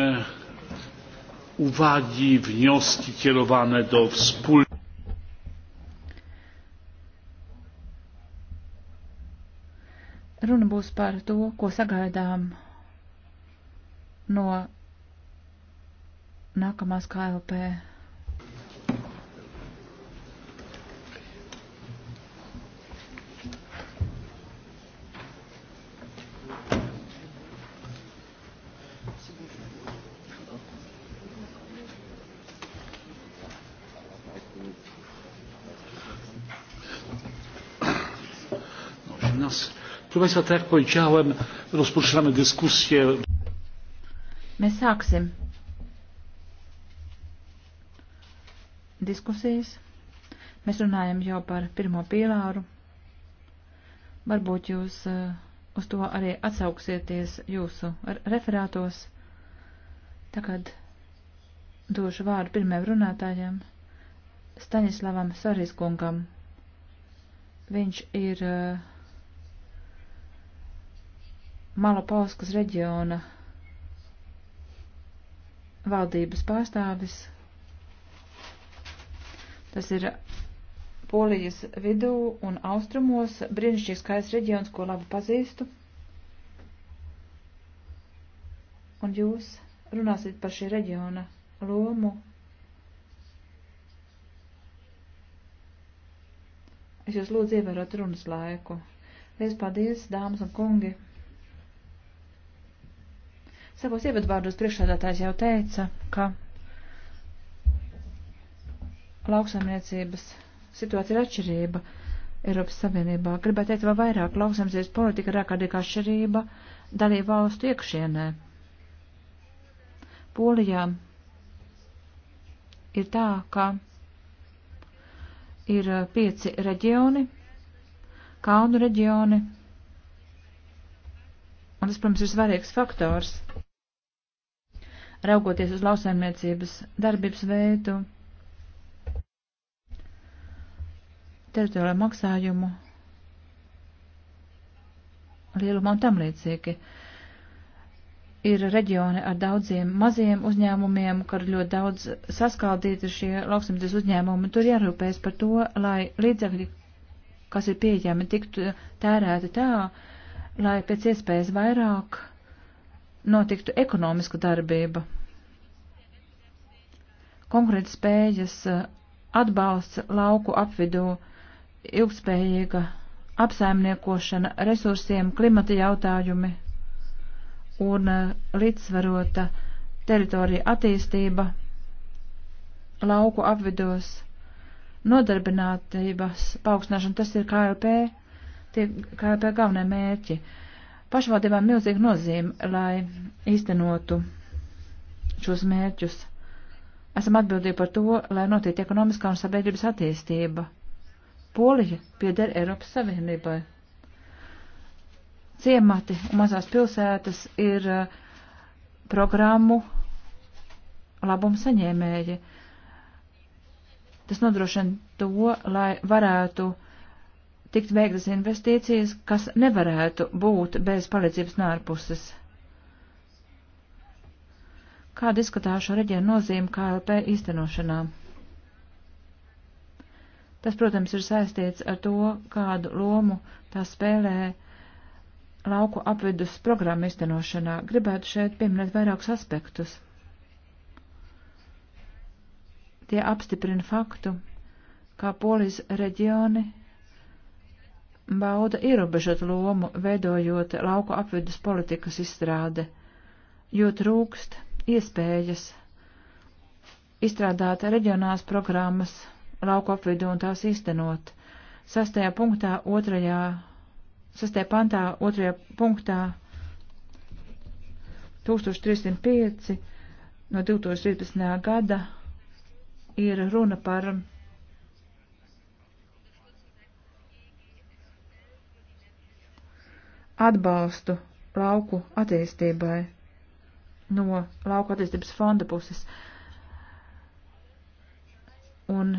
uwagi, wnioski kierowane do wspólnej. Runa būs par to, ko sagaidām no nākamās KLP. proszę państwa tak jak powiedziałem rozpoczynamy dyskusję Mēs sāksim diskusijas. Mēs runājam jau par pirmo pīlāru. Varbūt jūs eh, uz to arī atsauksieties jūsu referātos. Tagad došu vārdu pirmajam runātājam Staņislavam Sariskungam. Viņš ir eh, Malopolskas reģiona valdības pārstāvis. Tas ir Polijas vidū un austrumos brīnišķīgs skaists reģions, ko labi pazīstu. Un jūs runāsiet par šī reģiona lomu. Es jūs lūdzu ievērot runas laiku. Lies paldies, dāmas un kungi! Savos ievadvārdos priekšsēdētājs jau teica, ka lauksaimniecības situācija ir atšķirība Eiropas Savienībā. Gribētu teikt vēl vairāk, lauksaimniecības politika ir ārkārtīgi atšķirība dalību valstu iekšienē. Polijā ir tā, ka ir pieci reģioni, kalnu reģioni, un tas, protams, ir svarīgs faktors raugoties uz lauksaimniecības darbības veidu, teritoriālo maksājumu lielumā un tam līdzīgi. Ir reģioni ar daudziem maziem uzņēmumiem, kur ļoti daudz saskaldīti šie lauksimties uzņēmumi. Tur jārūpējas par to, lai līdzekļi, kas ir pieejami, tiktu tērēti tā, lai pēc iespējas vairāk notiktu ekonomiska darbība. Konkrēti spējas eh, atbalsts lauku apvidū, ilgspējīga apsaimniekošana resursiem, klimata jautājumi un eh, līdzsvarota teritorija attīstība lauku apvidos, nodarbinātības paaugstināšana, tas ir KLP, tie KLP galvenie mērķi. Uh, pašvaldībām milzīga nozīme, lai īstenotu šos mērķus. Esam atbildīgi par to, lai notiek ekonomiskā un sabiedrības attīstība. Polija pieder Eiropas Savienībai. Ciemati un mazās pilsētas ir eh, programmu labumu saņēmēji. Tas nodrošina to, lai varētu uh, tikt veiktas investīcijas, kas nevarētu būt bez palīdzības no ārpuses. Kāda izskatās šo reģionu nozīme KLP īstenošanā? Tas, protams, ir saistīts ar to, kādu lomu tā spēlē lauku apvidus programmu iztenošanā. Gribētu šeit pieminēt vairākus aspektus. Tie apstiprina faktu, kā polijas reģioni bauda ierobežot lomu, veidojot lauku apvidus politikas izstrāde, jo trūkst iespējas izstrādāt reģionālās programmas lauku apvidu un tās īstenot. Sastajā punktā, otrajā, sastajā pantā, otrajā punktā 1305 no 2013. gada ir runa par atbalstu lauku attīstībai no lauku attīstības fonda puses. Un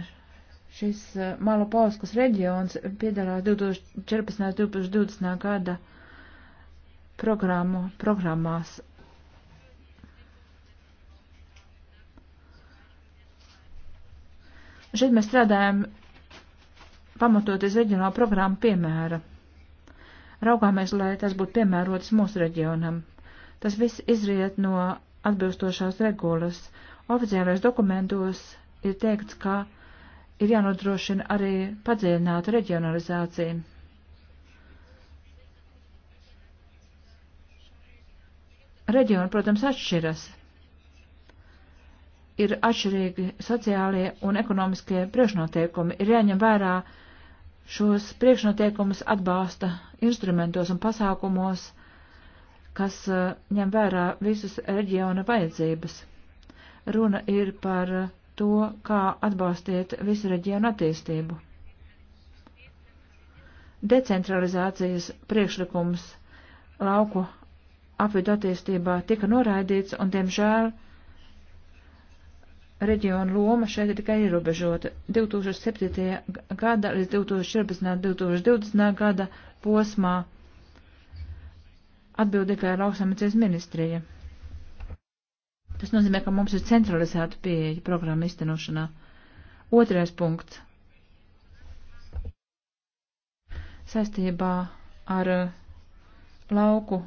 šis eh, Malopolskas reģions piedalās 2014. 2020. gada programmu, programmās. Šeit mēs strādājam pamatoties reģionālo programmu piemēra raugāmies, lai tas būtu piemērots mūsu reģionam. Tas viss izriet no atbilstošās regulas. Oficiālais dokumentos ir teikts, ka ir jānodrošina arī padziļināta reģionalizācija. Reģioni, protams, atšķiras. Ir atšķirīgi sociālie un ekonomiskie priekšnoteikumi. Ir jāņem vērā uh, šos priekšnoteikumus atbalsta instrumentos un pasākumos, kas eh, ņem vērā visas reģiona vajadzības. Runa ir par to, kā atbalstīt visu reģionu attīstību. Decentralizācijas priekšlikums lauku apvidu attīstībā tika noraidīts un, diemžēl, reģiona loma šeit ir tikai ierobežota. 2007. gada līdz 2014. 2020. gada posmā atbildīgā ir lauksamniecības ministrija. Tas nozīmē, ka mums ir centralizēta pieeja programma iztenošanā. Otrais punkts. Saistībā ar uh, lauku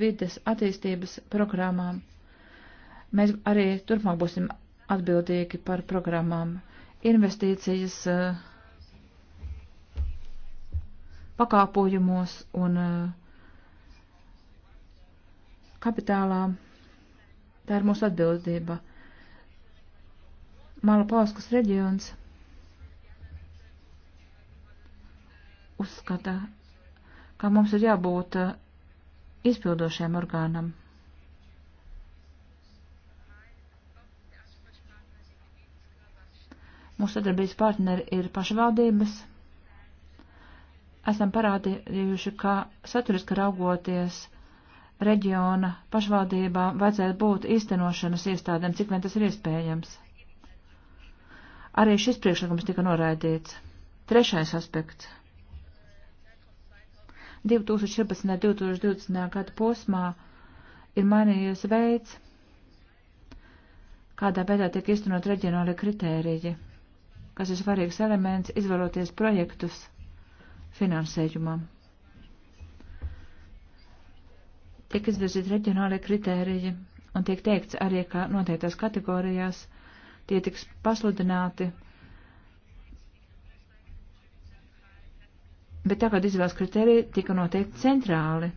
vides attīstības programmām Mēs arī turpmāk būsim atbildīgi par programmām. Investīcijas eh, pakāpojumos un eh, kapitālā. Tā ir mūsu atbildība. Malapauskas reģions uzskata, ka mums ir jābūt eh, izpildošajam orgānam. Mūsu sadarbības partneri ir pašvaldības. Esam parādījuši, ka saturiski raugoties reģiona pašvaldībām vajadzētu būt īstenošanas iestādēm, cik vien tas ir iespējams. Arī šis priekšlikums tika noraidīts. Trešais aspekts. 2014. un 2020. gada posmā ir mainījies veids, kādā veidā tiek iztenot reģionālie kritēriji kas ir svarīgs elements izvēloties projektus finansējumam. Tiek izvirzīti reģionālie kritēriji un tiek teikts arī, ka noteiktās kategorijās tie tiks pasludināti, bet tagad izvēles kritēriji tika noteikti centrāli.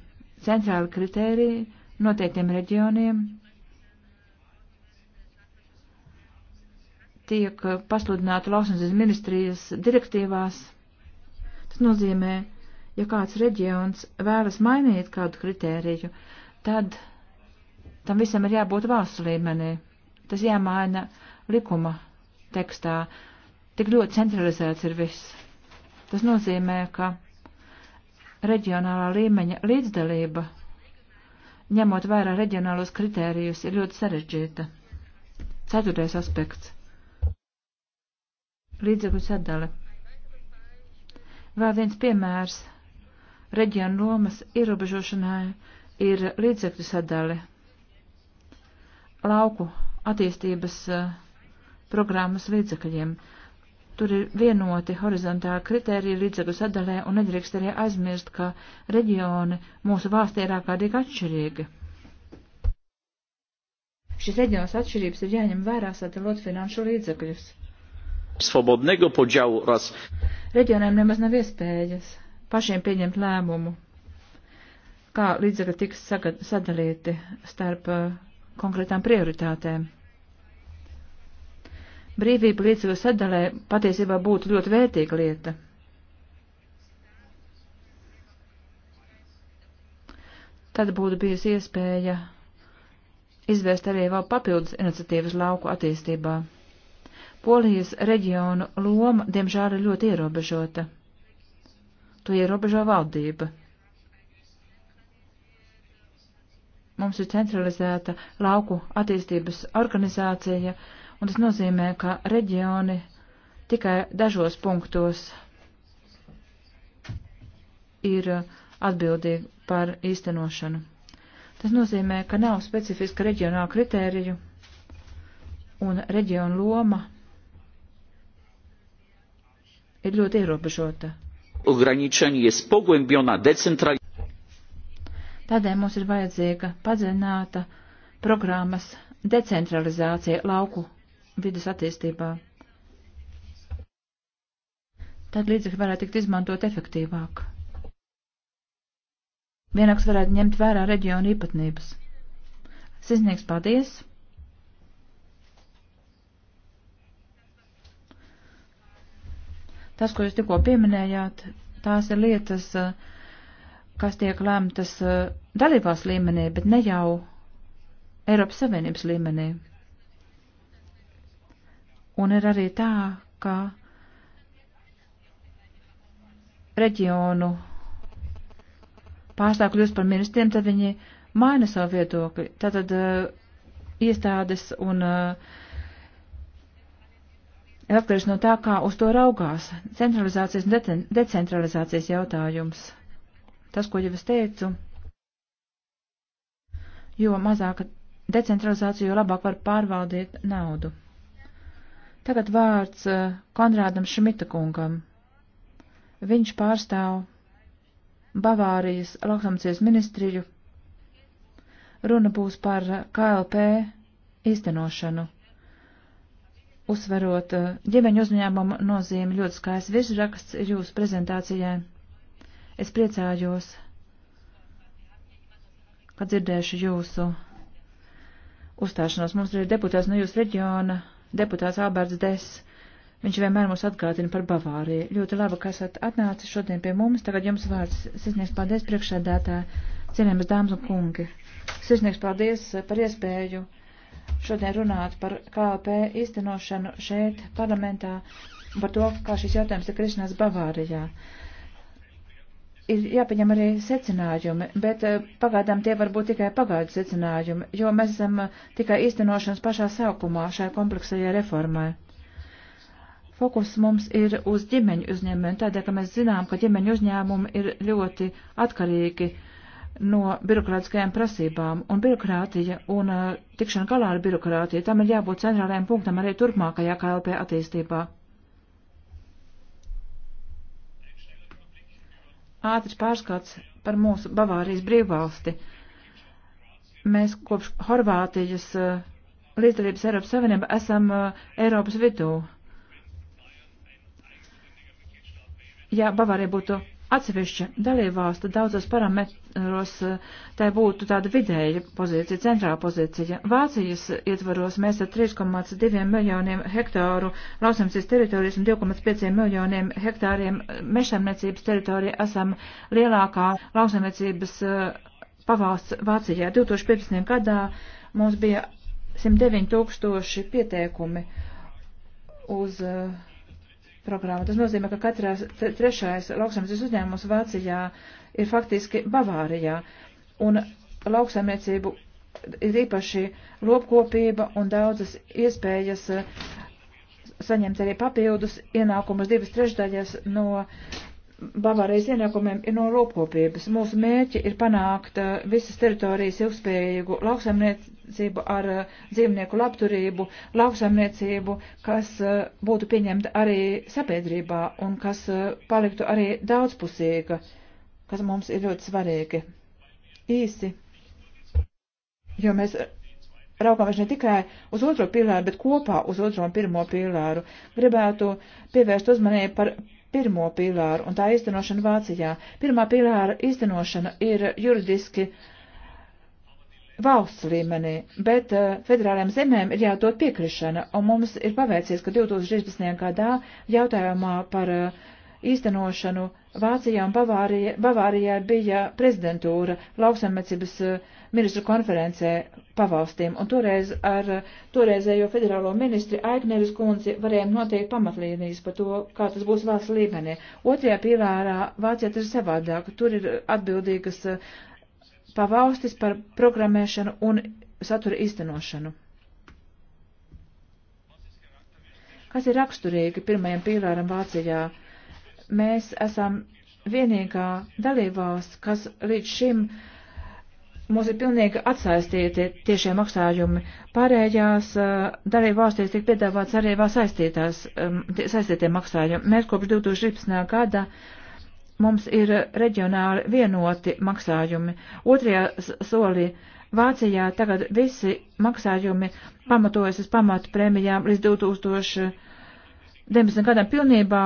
Centrāli kritēriji noteiktiem reģioniem tiek pasludināta lauksnes ministrijas direktīvās. Tas nozīmē, ja kāds reģions vēlas mainīt kādu kritēriju, tad tam visam ir jābūt valsts līmenī. Tas jāmaina likuma tekstā. Tik ļoti centralizēts ir viss. Tas nozīmē, ka reģionālā līmeņa līdzdalība, ņemot vērā reģionālos kritērijus, ir ļoti sarežģīta. Ceturtais aspekts līdzekļu sadale. Vēl viens piemērs reģionu lomas ierobežošanai ir līdzekļu sadale. Lauku attīstības eh, programmas līdzekļiem. Tur ir vienoti horizontāli kriteriji līdzekļu sadalē un nedrīkst arī aizmirst, ka reģioni mūsu valstī ir ārkārtīgi atšķirīgi. Šis reģions atšķirības ir jāņem vērā sadalot finanšu līdzekļus svobodnego podziału oraz. Reģioniem nemaz nav iespējas pašiem pieņemt lēmumu, kā līdzekļi tiks sadalīti starp uh, konkrētām prioritātēm. Brīvība līdzekļu sadalē patiesībā būtu ļoti vērtīga lieta. Tad būtu bijusi iespēja izvērst arī vēl papildus iniciatīvas lauku attīstībā. Polijas reģionu loma, diemžēl, ir ļoti ierobežota. To ierobežo valdība. Mums ir centralizēta lauku attīstības organizācija, un tas nozīmē, ka reģioni tikai dažos punktos ir atbildīgi par īstenošanu. Tas nozīmē, ka nav specifiska reģionāla kritēriju un reģionu loma ir ļoti ierobežota. Tādēļ mums ir vajadzīga padziļināta programmas decentralizācija lauku vidas attīstībā. Tad līdzekļi varētu tikt izmantot efektīvāk. Vienāks varētu ņemt vērā reģionu īpatnības. Sisnieks, paldies! Tas, ko jūs tikko pieminējāt, tās ir lietas, eh, kas tiek lēmtas eh, dalībās līmenī, bet ne jau Eiropas Savienības līmenī. Un ir arī tā, ka reģionu pārstāvju kļūst par ministriem, tad viņi maina savu viedokli. Tātad uh, iestādes un uh, ir atkarīgs no tā, kā uz to raugās. Centralizācijas un decentralizācijas jautājums. Tas, ko jau es teicu, jo mazāka decentralizācija, jo labāk var pārvaldīt naudu. Tagad vārds eh, Konrādam Šmita kungam. Viņš pārstāv Bavārijas lauksamcies ministriju. Runa būs par eh, KLP īstenošanu uzsverot eh, ģimeņu uzņēmumu nozīmi ļoti skaists virsraksts jūsu prezentācijai. Es priecājos, ka dzirdēšu jūsu uzstāšanos. Mums ir deputāts no jūsu reģiona, deputāts Alberts Des. Viņš vienmēr mūs atgādina par Bavāriju. Ļoti labi, ka esat atnācis šodien pie mums. Tagad jums vārds sisnieks paldies priekšsēdētā, cienījamas dāmas un kungi. Sisnieks paldies par iespēju šodien runāt par KLP īstenošanu šeit parlamentā, par to, kā šis jautājums tiek risinās Bavārijā. Ir jāpieņem arī secinājumi, bet eh, pagaidām tie var būt tikai pagaidu secinājumi, jo mēs esam eh, tikai īstenošanas pašā sākumā šai kompleksajai reformai. Fokus mums ir uz ģimeņu uzņēmumiem, tādēļ, ka mēs zinām, ka ģimeņu uzņēmumi ir ļoti atkarīgi no no birokrātiskajām prasībām, un birokrātija un uh, tikšana galā ar birokrātiju, tam ir jābūt centrālajiem punktam arī turpmākajā KLP attīstībā. Ātris pārskats par mūsu Bavārijas brīvvalsti. Mēs kopš Horvātijas uh, līdzdalības Eiropas Savienība esam uh, Eiropas vidū. Ja Bavārija būtu Atsevišķi dalībvalstu daudzos parametros eh, tai būtu tāda vidēja pozīcija, centrāla pozīcija. Vācijas ietvaros mēs ar 3,2 miljoniem hektāru lausamsīs teritorijas un 2,5 miljoniem hektāriem mešamniecības teritorija esam lielākā lausamniecības eh, pavalsts Vācijā. 2015. gadā mums bija 109 tūkstoši pieteikumi uz uh, programma. Tas nozīmē, ka katrās trešais lauksaimniecības uzņēmums Vācijā ir faktiski Bavārijā. Un lauksaimniecību ir īpaši lopkopība un daudzas iespējas eh, saņemt arī papildus ienākumus divas trešdaļas no Bavārijas ienākumiem ir no lopkopības. Mūsu mērķi ir panākt uh, visas teritorijas ilgspējīgu lauksaimniecību ar uh, dzīvnieku labturību, lauksaimniecību, kas uh, būtu pieņemta arī sabiedrībā un kas paliktu arī daudzpusīga, kas mums ir ļoti svarīgi. Īsi, jo mēs raugāmies ne tikai uz otro pīlāru, bet kopā uz otro un pirmo pīlāru. Gribētu pievērst uzmanību par pirmo pilāru un tā īstenošanu Vācijā. Pirmā pilāra īstenošana ir juridiski valsts līmenī, bet uh, federālajām zemēm ir jādod piekrišana, un mums ir paveicies, ka 2016. gadā jautājumā par uh, eh, īstenošanu Vācijā un Bavārija, Bavārijā bija prezidentūra lauksaimniecības uh, ministru konferencē pavalstīm, un toreiz ar toreizējo federālo ministri Aigneris kundzi varējām noteikt pamatlīnijas par to, kā tas būs valsts līmenī. Otrajā pīlārā Vācijā tas ir savādāk, tur ir atbildīgas eh, pavalstis par programmēšanu un satura īstenošanu. Kas ir raksturīgi pirmajam pīlāram Vācijā? Mēs esam vienīgā dalībvalsts, kas līdz šim uh, mums ir pilnīgi atsaistīti tiešie maksājumi. Pārējās darīja valstīs tiek piedāvāts arī vēl saistītās, saistītie maksājumi. Mēs kopš 2017. gada mums ir reģionāli vienoti maksājumi. Otrajā solī Vācijā tagad visi maksājumi pamatojas uz pamatu prēmijām līdz 2019. gadam pilnībā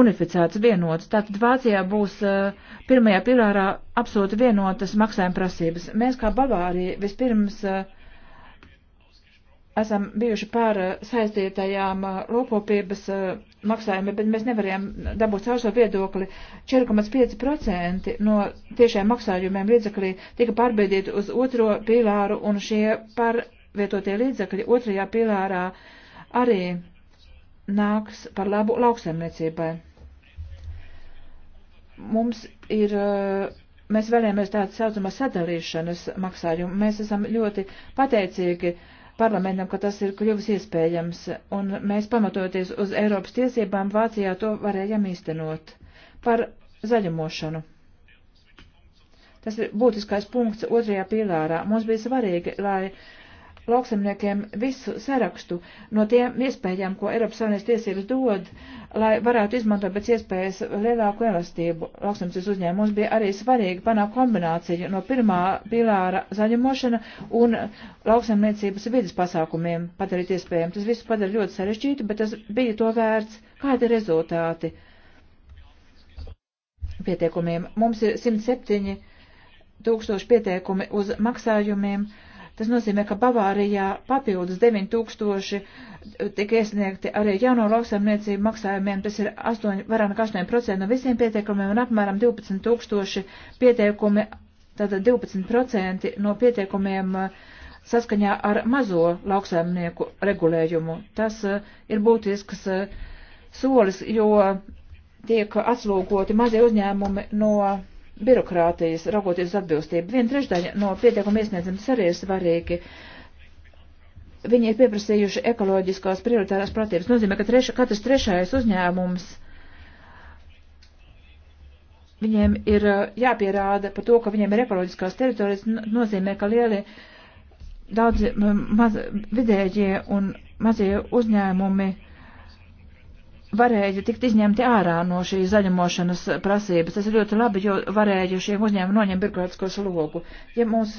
unificēts, vienots. Tātad Vācijā būs uh, pirmajā pilārā absolūti vienotas maksājuma prasības. Mēs kā Bavārija vispirms uh, esam bijuši pār uh, saistītajām lopkopības maksājumi, bet mēs nevarējām dabūt savu viedokli. 4,5% no tiešiem maksājumiem līdzeklī tika pārbēdīti uz otro pīlāru un šie pārvietotie līdzekļi otrajā pīlārā arī nāks par labu lauksaimniecībai. Mums ir, eh, mēs vēlamies tādu saucamā sadalīšanas maksājumu. Mēs esam ļoti pateicīgi parlamentam, ka tas ir kļuvis iespējams, un mēs pamatoties uz Eiropas tiesībām Vācijā to varējām īstenot par zaļumošanu. Tas ir būtiskais punkts otrajā pīlārā. Mums bija svarīgi, lai lauksemniekiem visu sarakstu no tiem iespējām, ko Eiropas Savienības tiesības dod, lai varētu izmantot pēc iespējas lielāku elastību. Lauksemniecības uzņēmums bija arī svarīgi panākt kombināciju no pirmā pilāra zaļumošana un lauksemniecības vidas pasākumiem padarīt iespējām. Tas viss padara ļoti sarežģītu, bet tas bija to vērts. Kādi ir rezultāti? Pieteikumiem. Mums ir 107 tūkstoši pieteikumi uz maksājumiem. Uh, Tas nozīmē, ka Bavārijā papildus 9000 tika iesniegti arī jauno lauksaimniecību maksājumiem. Tas ir 8, vairāk nekā 8% no visiem pieteikumiem un apmēram 12 tūkstoši pieteikumi, tātad 12% no pieteikumiem uh, saskaņā ar mazo lauksaimnieku regulējumu. Tas uh, ir būtisks uh, solis, jo tiek atslūgoti mazie uzņēmumi no birokrātijas, raugoties atbilstību. Viena trešdaļa no pieteikuma iesniedzams arī ir svarīgi. Viņi ir pieprasījuši ekoloģiskās prioritārās pratības. Nozīmē, ka treša, katrs trešais uzņēmums viņiem ir uh, jāpierāda par to, ka viņiem ir ekoloģiskās teritorijas. Nozīmē, ka lieli daudzi maz, vidējie un mazie uzņēmumi varēja tikt izņemti ārā no šī zaļumošanas prasības. Tas ir ļoti labi, jo varēja šiem uzņēmumiem noņemt birokrātisko slogu. Ja mums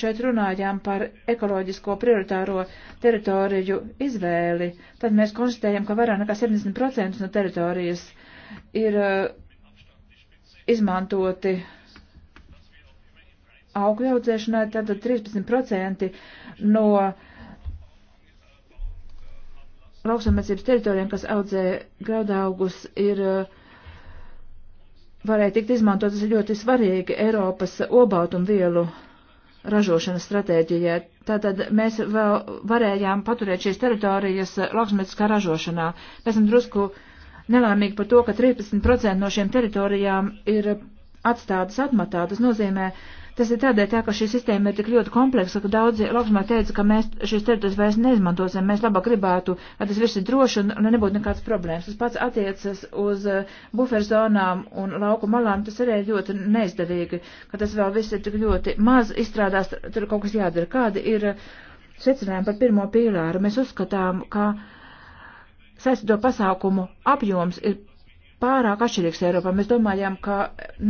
šeit runājām par ekoloģisko prioritāro teritoriju izvēli, tad mēs konstatējam, ka vairāk nekā 70% no teritorijas ir eh, izmantoti augļaudzēšanai, tad 13% no uh, lauksamniecības teritorijām, kas audzē graudaugus, ir eh, varēja tikt izmantot. Tas ir ļoti svarīgi Eiropas obautumvielu ražošanas stratēģijai. Tātad mēs vēl varējām paturēt šīs teritorijas eh, lauksamnieciskā ražošanā. Mēs esam drusku nelēmīgi par to, ka 13% no šiem teritorijām ir atstātas atmatā. Tas nozīmē, uh, Tas ir tādēļ, tā, ka šī sistēma ir tik ļoti kompleksa, ka daudzi lauksmā teica, ka mēs šīs teritorijas vairs neizmantosim, mēs labāk gribētu, lai tas viss ir droši un nebūtu nekāds problēmas. Tas pats attiecas uz uh, buferzonām un lauku malām, tas arī ir ļoti neizdevīgi, ka tas vēl viss ir tik ļoti maz izstrādās, tur kaut kas jādara. Kādi ir uh, secinājumi par pirmo pīlāru? Mēs uzskatām, ka saistīto pasākumu apjoms ir pārāk atšķirīgs Eiropā. Mēs domājām, ka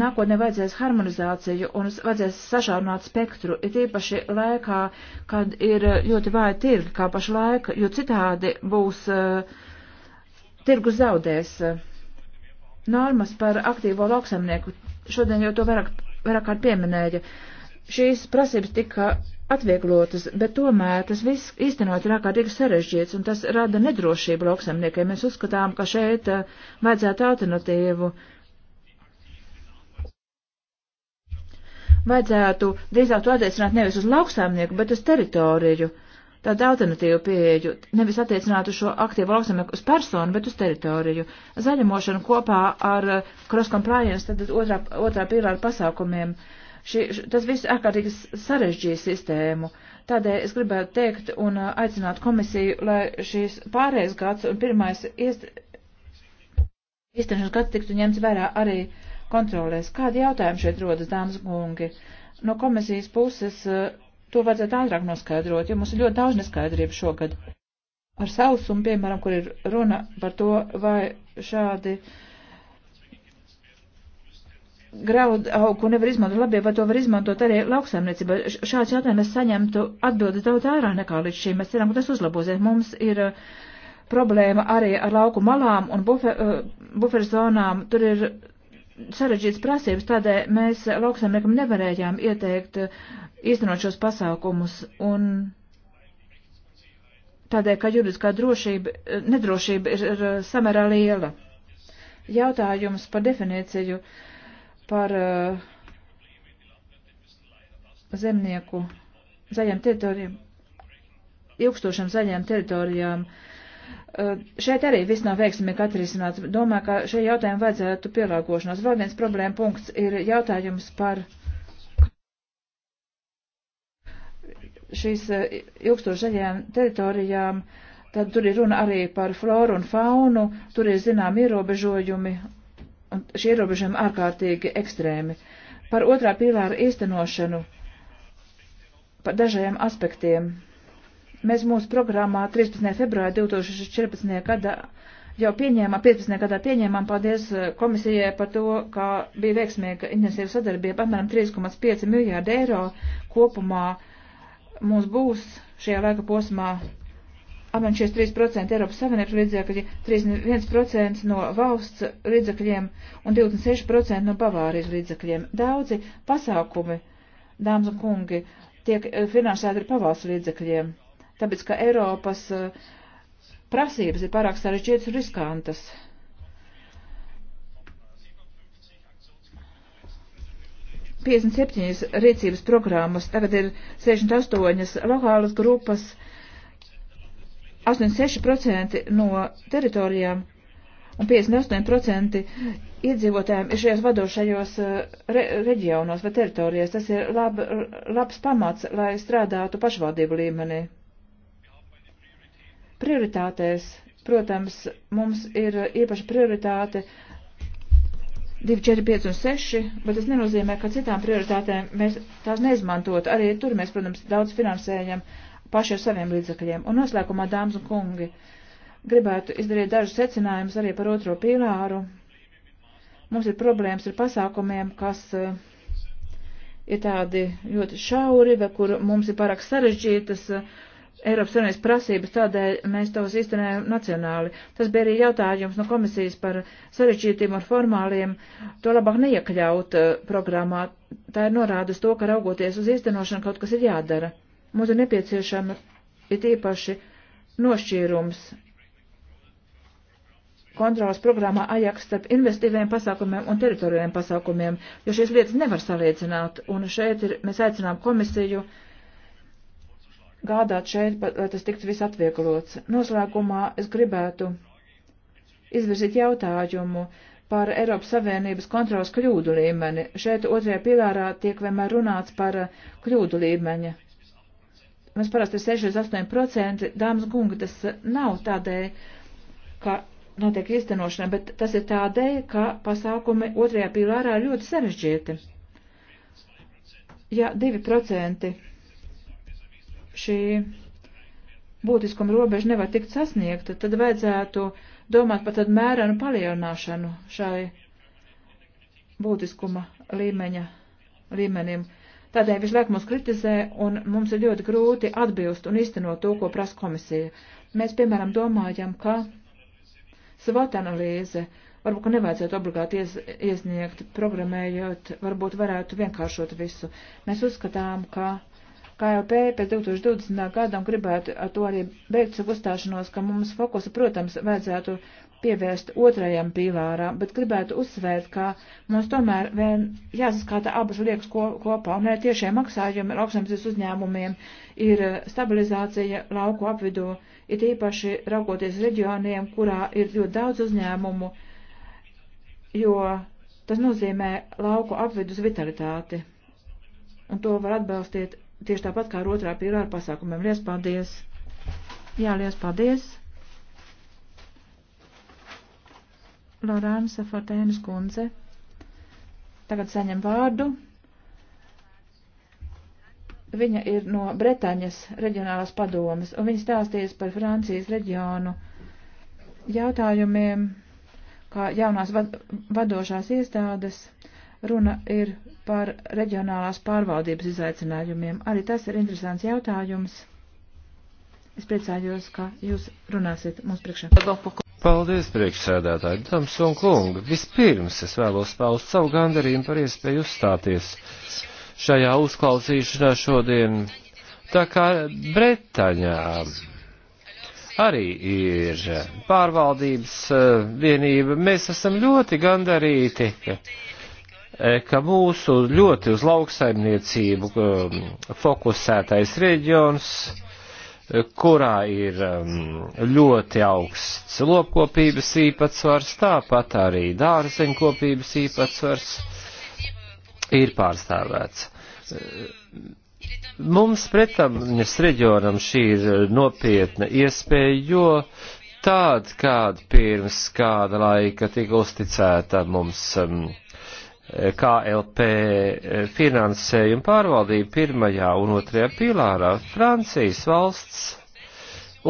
nākotnē vajadzēs harmonizāciju un vajadzēs sašaurināt spektru, it īpaši laikā, kad ir ļoti vāja tirgi, kā pašlaik, jo citādi būs uh, tirgus zaudēs. Eh, normas par aktīvo lauksamnieku šodien jau to vairāk, vairāk kārt pieminēja. Šīs prasības tika atvieglotas, bet tomēr tas viss īstenot ir ārkārtīgi sarežģīts, un tas rada nedrošību lauksamniekiem. Mēs uzskatām, ka šeit eh, vajadzētu alternatīvu. Vajadzētu drīzāk to attiecināt nevis uz lauksaimnieku, bet uz teritoriju. Tāda alternatīva pieeju nevis attiecinātu šo aktīvu lauksaimnieku uz personu, bet uz teritoriju. Zaļumošana kopā ar eh, cross compliance, tad otrā, otrā pīlāra pasākumiem. Uh, Ši, š, tas viss ārkārtīgi sarežģīja sistēmu. Tādēļ es gribētu teikt un aicināt komisiju, lai šīs pārējais gads un pirmais iest, īstenošanas gads tiktu ņemts vērā arī kontrolēs. Kādi jautājumi šeit rodas, dāmas kungi? No komisijas puses to vajadzētu ātrāk noskaidrot, jo mums ir ļoti daudz neskaidrību šogad. Ar sausumu, piemēram, kur ir runa par to, vai šādi. Uh, graudu augu nevar izmantot labie, vai to var izmantot arī lauksaimniecībā. Šāds jautājums mēs saņemtu atbildi daudz ārā nekā līdz šim. Mēs ceram, ka tas uzlabosies. Mums ir uh, problēma arī ar lauku malām un bufe, uh, buferzonām. Tur ir sarežģītas prasības, tādēļ mēs lauksaimniekam nevarējām ieteikt uh, īstenot šos pasākumus. Un tādēļ, ka juridiskā drošība, nedrošība ir, ir samērā liela. Jautājums par definīciju. Uh, par uh, zemnieku zaļiem teritorijām, ilgstošiem zaļiem teritorijām. Uh, šeit arī viss nav veiksmīgi atrisināts. Domāju, ka šie jautājumi vajadzētu pielāgošanos. Vēl viens problēma punkts ir jautājums par šīs eh, ilgstošajām teritorijām, tad tur ir runa arī par floru un faunu, tur ir zinām ierobežojumi un šie ierobežojumi ārkārtīgi ekstrēmi. Par otrā pīlāra īstenošanu, par dažajiem aspektiem. Mēs mūsu programmā 13. februāra 2014. gadā jau pieņēmām, 15. gadā pieņēmām, paldies eh, komisijai par to, ka bija veiksmīga intensīva sadarbība, apmēram 3,5 miljārdi eiro kopumā mums būs šajā laika posmā apmēram 43% Eiropas Savienības līdzekļi, 31% no valsts līdzekļiem un 26% no Bavārijas līdzekļiem. Daudzi pasākumi, dāmas un kungi, tiek eh, finansēti ar pavalsts līdzekļiem, tāpēc ka Eiropas eh, prasības ir pārāk sarežģītas un riskantas. Piecdesmit septiņas rīcības programmas, tagad ir sešdesmit astoņas lokālas grupas, uh, 86% no teritorijām un 58% iedzīvotājiem ir šajos vadošajos uh, re reģionos vai teritorijās. Tas ir lab, labs pamats, lai strādātu pašvaldību līmenī. Prioritātēs, protams, mums ir īpaša prioritāte 2, 4, 5 un 6, bet tas nenozīmē, ka citām prioritātēm mēs tās neizmantot. Arī tur mēs, protams, daudz finansējam paši ar saviem līdzakļiem. Un noslēgumā, dāmas un kungi, gribētu izdarīt dažus secinājumus arī par otro pīlāru. Mums ir problēmas ar pasākumiem, kas eh, ir tādi ļoti šauri, vai kur mums ir pārāk sarežģītas eh, Eiropas Savienības prasības, tādēļ mēs tos īstenējam nacionāli. Tas bija arī jautājums no komisijas par sarežģītiem un formāliem. To labāk neiekļaut eh, programmā. Tā ir norāda uz to, ka raugoties uz īstenošanu kaut kas ir jādara. Mums ir nepieciešama ir īpaši nošķīrums kontrolas programmā AJAX starp investīviem pasākumiem un teritorijiem pasākumiem, jo šīs lietas nevar salīdzināt. Un šeit ir, mēs aicinām komisiju gādāt šeit, lai tas tiktu viss atvieglots. Noslēgumā es gribētu izvirzīt jautājumu par Eiropas Savienības kontrolas kļūdu līmeni. Šeit otrajā pilārā tiek vienmēr runāts par kļūdu līmeņa Mēs parasti 6 līdz 8% dāmas gunga tas nav tādēļ, ka notiek īstenošana, bet tas ir tādēļ, ka pasākumi otrajā pīlārā ir ļoti sarežģīti. Ja 2% šī būtiskuma robeža nevar tikt sasniegta, tad vajadzētu domāt par tādu mērenu palielināšanu šai būtiskuma līmeņa, līmenim. Tādēļ visu laiku mūs kritizē, un mums ir ļoti grūti atbilst un iztenot to, ko prasa komisija. Mēs, piemēram, domājam, ka SWOT analīze varbūt, ka nevajadzētu obligāti ies, iesniegt, programmējot, varbūt varētu vienkāršot visu. Mēs uzskatām, ka KLP pēc 2020. gadam gribētu ar to arī beigt savu uzstāšanos, ka mums fokusu, protams, vajadzētu pievērst otrajam pīlāram, bet gribētu uzsvērt, ka mums tomēr vien jāsaskata abas liekas ko, kopā, un ne tiešie maksājumi lauksaimniecības uzņēmumiem ir eh, stabilizācija lauku apvidū, ir īpaši raugoties reģioniem, kurā ir ļoti daudz uzņēmumu, jo tas nozīmē lauku apvidus vitalitāti, un to var atbalstīt tieši tāpat kā ar otrā pīlāra pasākumiem. Lies paldies! Jā, lies paldies! Lorānsa Fortēnas kundze tagad saņem vārdu. Viņa ir no Bretaņas reģionālās padomas, un viņa stāstīs par Francijas reģionu jautājumiem, kā jaunās vadošās iestādes. Runa ir par reģionālās pārvaldības izaicinājumiem. Arī tas ir interesants jautājums. Es priecājos, ka jūs runāsiet mums priekšā. Paldies, priekšsēdētāji, dāmas un kungi. Vispirms es vēlos paust savu gandarījumu par iespēju uzstāties šajā uzklausīšanā šodien. Tā kā Bretaņā arī ir pārvaldības eh, vienība, mēs esam ļoti gandarīti, eh, ka mūsu ļoti uz lauksaimniecību eh, fokusētais reģions kurā ir um, ļoti augsts lopkopības īpatsvars, tāpat arī dārzeņkopības īpatsvars ir pārstāvēts. Mums pretamņas reģionam šī ir nopietna iespēja, jo tāda, kāda pirms kāda laika tika uzticēta mums um, KLP eh, finansējuma pārvaldību pirmajā un otrajā pilārā Francijas valsts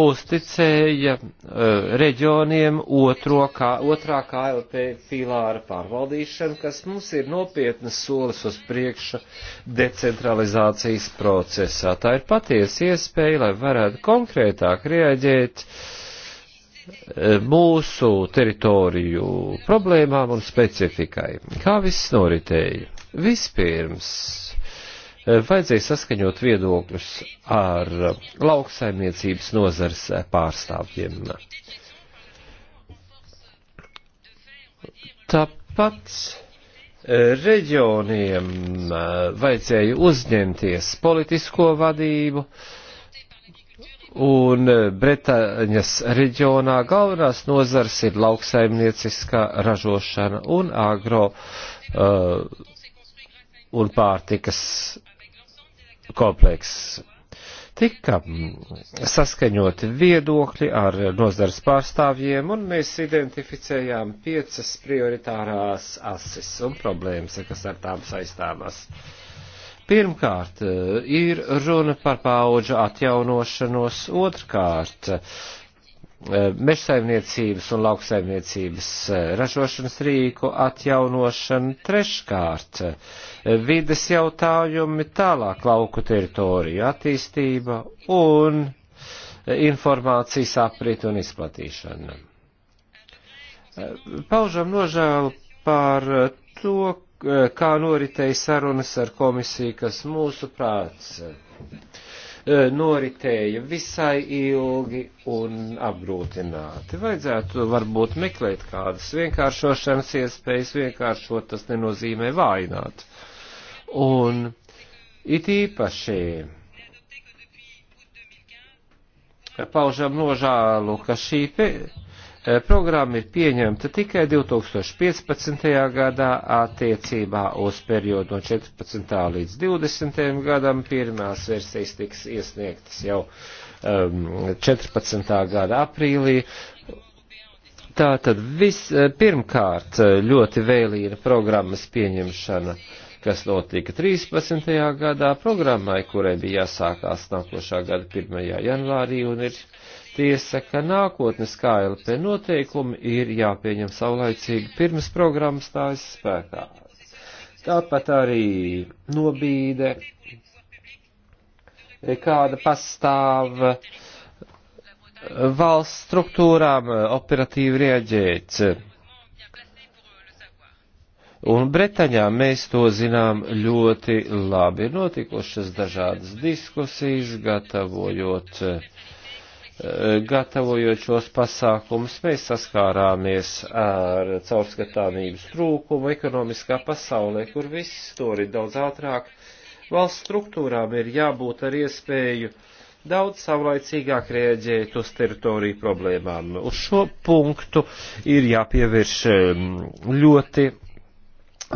uzticēja uh, reģioniem otro, kā, otrā KLP pilāra pārvaldīšanu, kas mums ir nopietnas solis uz priekšu decentralizācijas procesā. Tā ir patiesa iespēja, lai varētu konkrētāk rieģēt uh, mūsu teritoriju problēmām un specifikai. Kā viss noritēja? Vispirms eh, vajadzēja saskaņot viedokļus ar eh, lauksaimniecības nozars eh, pārstāvjiem. Tāpat reģioniem vajadzēja uzņemties politisko vadību, uh, un eh, Bretaņas reģionā galvenās nozars ir lauksaimnieciskā ražošana un agro uh, un pārtikas komplekss. Tika mm, saskaņoti viedokļi ar nozars pārstāvjiem, un mēs identificējām piecas prioritārās asis un problēmas, kas ar tām saistāmas. Uh, Pirmkārt, eh, ir runa par paudžu atjaunošanos, otrkārt, eh, mežsaimniecības un lauksaimniecības eh, ražošanas rīku atjaunošana, treškārt, vides jautājumi, tālāk lauku teritoriju attīstība un informācijas aprit un izplatīšana. Paužam nožēlu par to, kā noritēja sarunas ar komisiju, kas mūsu prāts e, noritēja visai ilgi un apgrūtināti. Vajadzētu varbūt meklēt kādas vienkāršošanas iespējas, vienkāršot tas nenozīmē vājināt. Un it īpaši paužam nožālu, ka šī Eh, programma ir pieņemta tikai 2015. gadā attiecībā uz periodu no 14. līdz 20. gadam. Pirmās versijas tiks iesniegtas jau um, ehm, 14. gada aprīlī. Tātad vis, eh, pirmkārt eh, ļoti vēlīna programmas pieņemšana kas notika 13. gadā programmai, kurai bija jāsākās nākošā gada 1. janvārī un ir Tiesa, ka nākotnes KLP noteikumi ir jāpieņem saulaicīgi pirms programmas stājas spēkā. Tāpat arī nobīde, e, kāda pastāv e, valsts struktūrām e, operatīvi rieģēt. Un Bretaņā mēs to zinām ļoti labi. Ir notikušas dažādas diskusijas, gatavojot uh, gatavojot šos pasākumus, mēs saskārāmies ar caurskatāmības trūkumu ekonomiskā pasaulē, kur viss to ir daudz ātrāk. Valsts struktūrām ir jābūt ar iespēju daudz savlaicīgāk rēģēt uz teritoriju problēmām. Uz šo punktu ir jāpievērš um, ļoti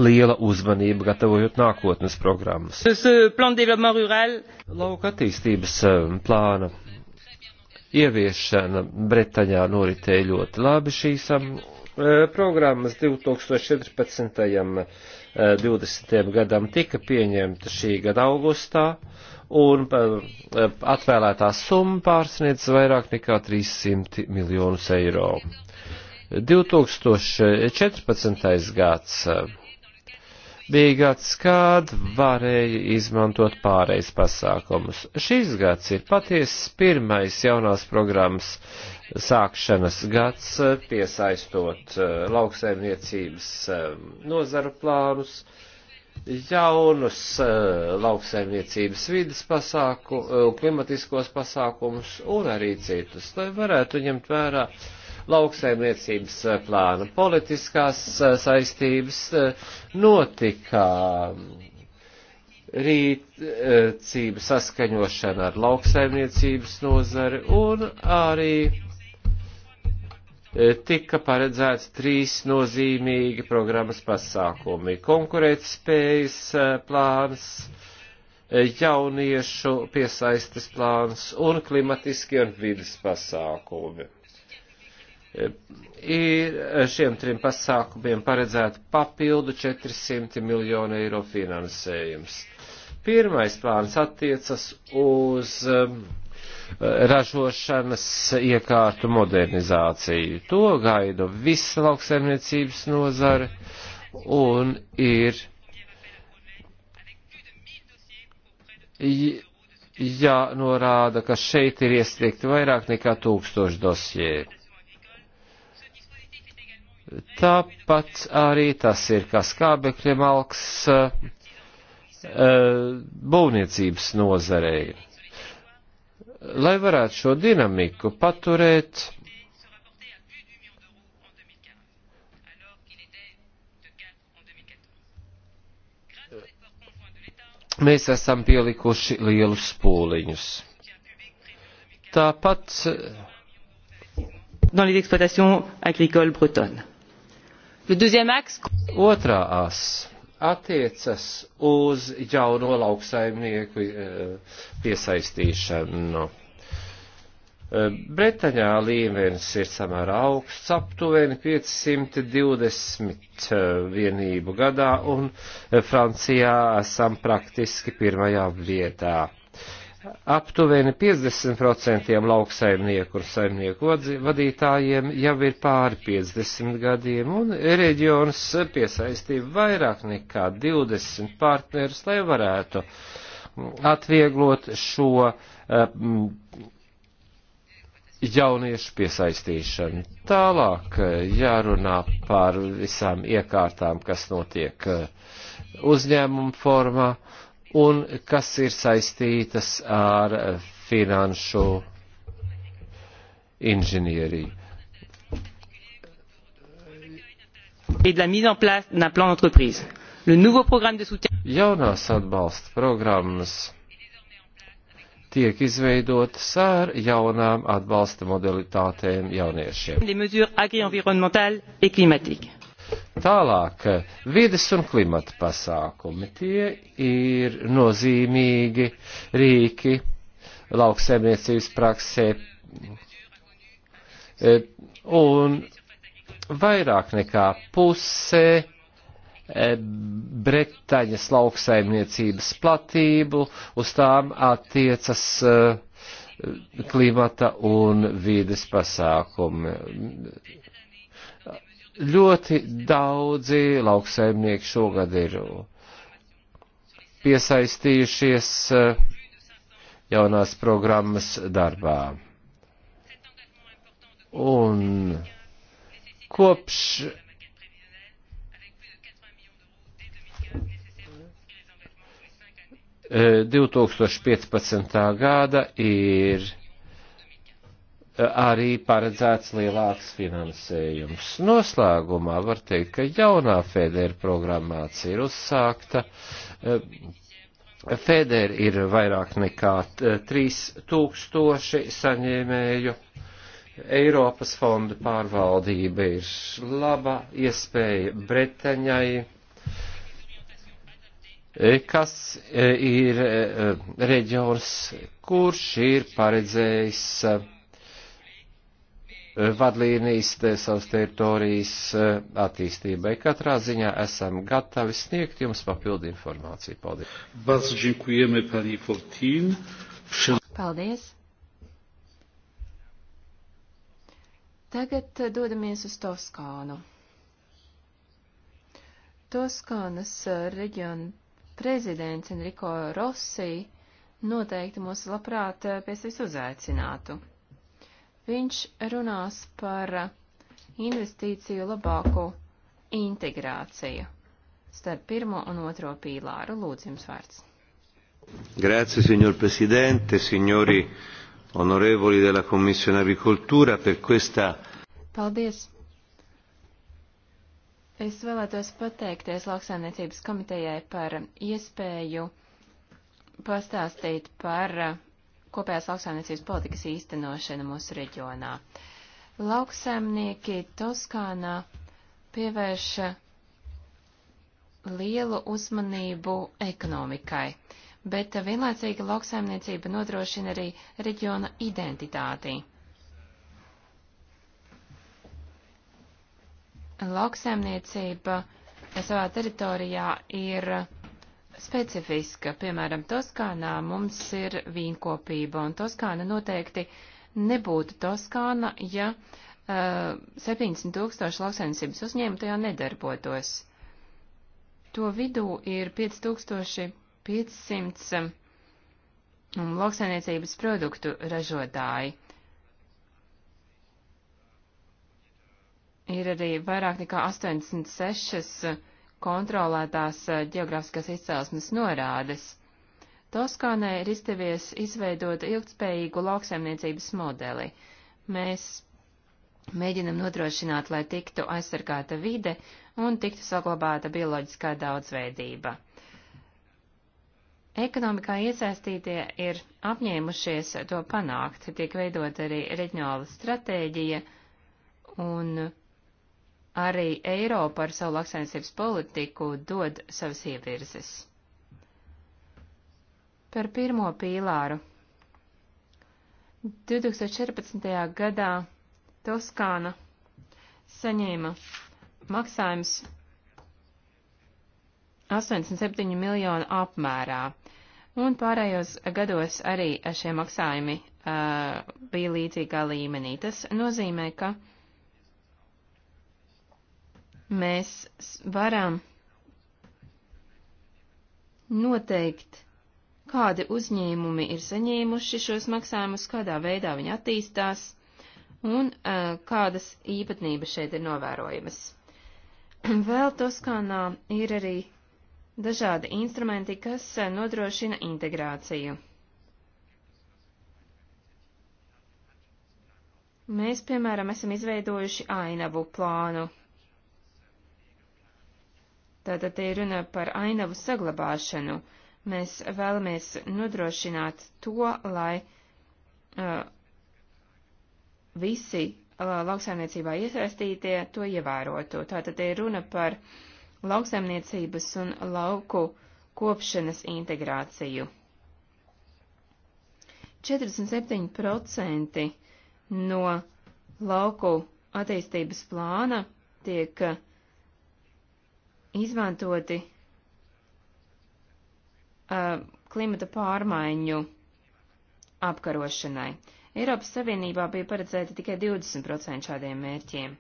liela uzmanība gatavojot nākotnes programmas. Lauka attīstības um, plāna ieviešana Bretaņā noritēja ļoti labi šīs e, programmas 2014. 20. E, gadam tika pieņemta šī gada augustā, un e, atvēlētā summa pārsniedz vairāk nekā 300 miljonus eiro. 2014. gads bija gads, kad varēja izmantot pārejas pasākumus. Šis gads ir patiesi pirmais jaunās programmas sākšanas gads, piesaistot eh, lauksaimniecības eh, nozaru plānus, jaunus eh, lauksaimniecības vidas pasāku, klimatiskos pasākumus un arī citus, lai varētu ņemt vērā uh, lauksaimniecības eh, plāna. Politiskās eh, saistības eh, notika mm, rīcība saskaņošana ar lauksaimniecības nozari un arī tika paredzēts trīs nozīmīgi programmas pasākumi - konkurētspējas plāns, jauniešu piesaistes plāns un klimatiskie un vidas pasākumi ir eh, šiem trim pasākumiem paredzēta papildu 400 miljonu eiro finansējums. Pirmais plāns attiecas uz um, eh, ražošanas iekārtu modernizāciju. To gaidu visa lauksaimniecības nozare un ir jānorāda, ka šeit ir iesniegti vairāk nekā tūkstoši dosieru Tāpat arī tas ir kā skābekļa malks eh, būvniecības nozarei. Lai varētu šo dinamiku paturēt, mēs esam pielikuši lielus pūliņus. Tāpat dans les exploitations agricoles bretonnes. Otrā as attiecas uz jauno lauksaimnieku eh, piesaistīšanu. Eh, Bretaņā līmenis ir samērā augsts, aptuveni 520 eh, vienību gadā, un Francijā esam praktiski pirmajā vietā aptuveni 50% lauksaimnieku un saimnieku vadītājiem jau ir pāri 50 gadiem, un reģions piesaistīja vairāk nekā 20 partnerus, lai varētu atvieglot šo um, jauniešu piesaistīšanu. Tālāk eh, jārunā par visām iekārtām, kas notiek eh, uzņēmumu formā un kas ir saistītas ar finanšu inženieriju. et de la mise en place d'un plan d'entreprise. Le nouveau programme de soutien. Jaunās atbalsta programmas tiek izveidotas ar jaunām atbalsta modalitātēm jauniešiem. Des mesures agri-environnementales et climatiques Tālāk, vides un klimata pasākumi. Tie ir nozīmīgi rīki lauksaimniecības praksē. E, un vairāk nekā pusē e, Bretaņas lauksaimniecības platību uz tām attiecas e, klimata un vides pasākumi ļoti daudzi lauksaimnieki šogad ir piesaistījušies eh, jaunās programmas darbā. Un kopš e, eh, 2015. gada ir arī paredzēts lielāks finansējums. Noslēgumā var teikt, ka jaunā fēdera programmācija ir uzsākta. Fēdera ir vairāk nekā 3000 saņēmēju. Eiropas fonda pārvaldība ir laba iespēja Bretaņai e, kas e, ir e, reģions, kurš ir paredzējis vadlīnijas te savas teritorijas e, attīstībai. Katrā ziņā esam gatavi sniegt jums papildu informāciju. Paldies! Paldies! Tagad dodamies uz Toskānu. Toskānas e, reģiona prezidents Enrico Rossi noteikti mūs labprāt e, pie sevis uzaicinātu. Viņš runās par investīciju labāku integrāciju starp pirmo un otro pīlāru. Lūdzu, jums vārds. Grazie, signor Presidente, signori onorevoli della Commissione Agricoltura, per questa. Paldies. Es vēlētos pateikties lauksaimniecības komitejai par iespēju pastāstīt par kopējās lauksaimniecības politikas īstenošana mūsu reģionā. Lauksaimnieki Toskānā pievērš lielu uzmanību ekonomikai, bet vienlaicīgi lauksaimniecība nodrošina arī reģiona identitāti. Lauksaimniecība savā teritorijā ir specifiska. Piemēram, Toskānā mums ir vīnkopība, un Toskāna noteikti nebūtu Toskāna, ja uh, eh, 70 tūkstoši lauksainicības uzņēmumu tajā nedarbotos. To vidū ir 5500 um, lauksainiecības produktu ražotāji. Ir arī vairāk nekā 86 kontrolētās eh, geogrāfiskās izcelsmes norādes. Toskānai ir izdevies izveidot ilgtspējīgu lauksaimniecības modeli. Mēs mēģinam nodrošināt, lai tiktu aizsargāta vide un tiktu saglabāta bioloģiskā daudzveidība. Ekonomikā iesaistītie ir apņēmušies to panākt, tiek veidot arī reģionāla stratēģija, un arī Eiropa ar savu lauksainiecības politiku dod savas ievirzes. Par pirmo pīlāru. 2014. gadā Toskāna saņēma maksājums 87 miljonu apmērā, un pārējos gados arī šie maksājumi uh, bija līdzīgā līmenī. Tas nozīmē, ka uh, mēs varam noteikt, kādi uzņēmumi ir saņēmuši šos maksājumus, kādā veidā viņi attīstās un uh, kādas īpatnības šeit ir novērojamas. Vēl Toskānā ir arī dažādi instrumenti, kas nodrošina integrāciju. Mēs, piemēram, esam izveidojuši ainavu plānu, Tātad te ir runa par ainavu saglabāšanu. Mēs vēlamies nodrošināt to, lai uh, visi uh, lauksaimniecībā iesaistītie to ievērotu. Tātad te ir runa par lauksaimniecības un lauku kopšanas integrāciju. 47% no lauku attīstības plāna tiek uh, izmantoti uh, klimata pārmaiņu apkarošanai. Eiropas Savienībā bija paredzēta tikai 20% šādiem mērķiem.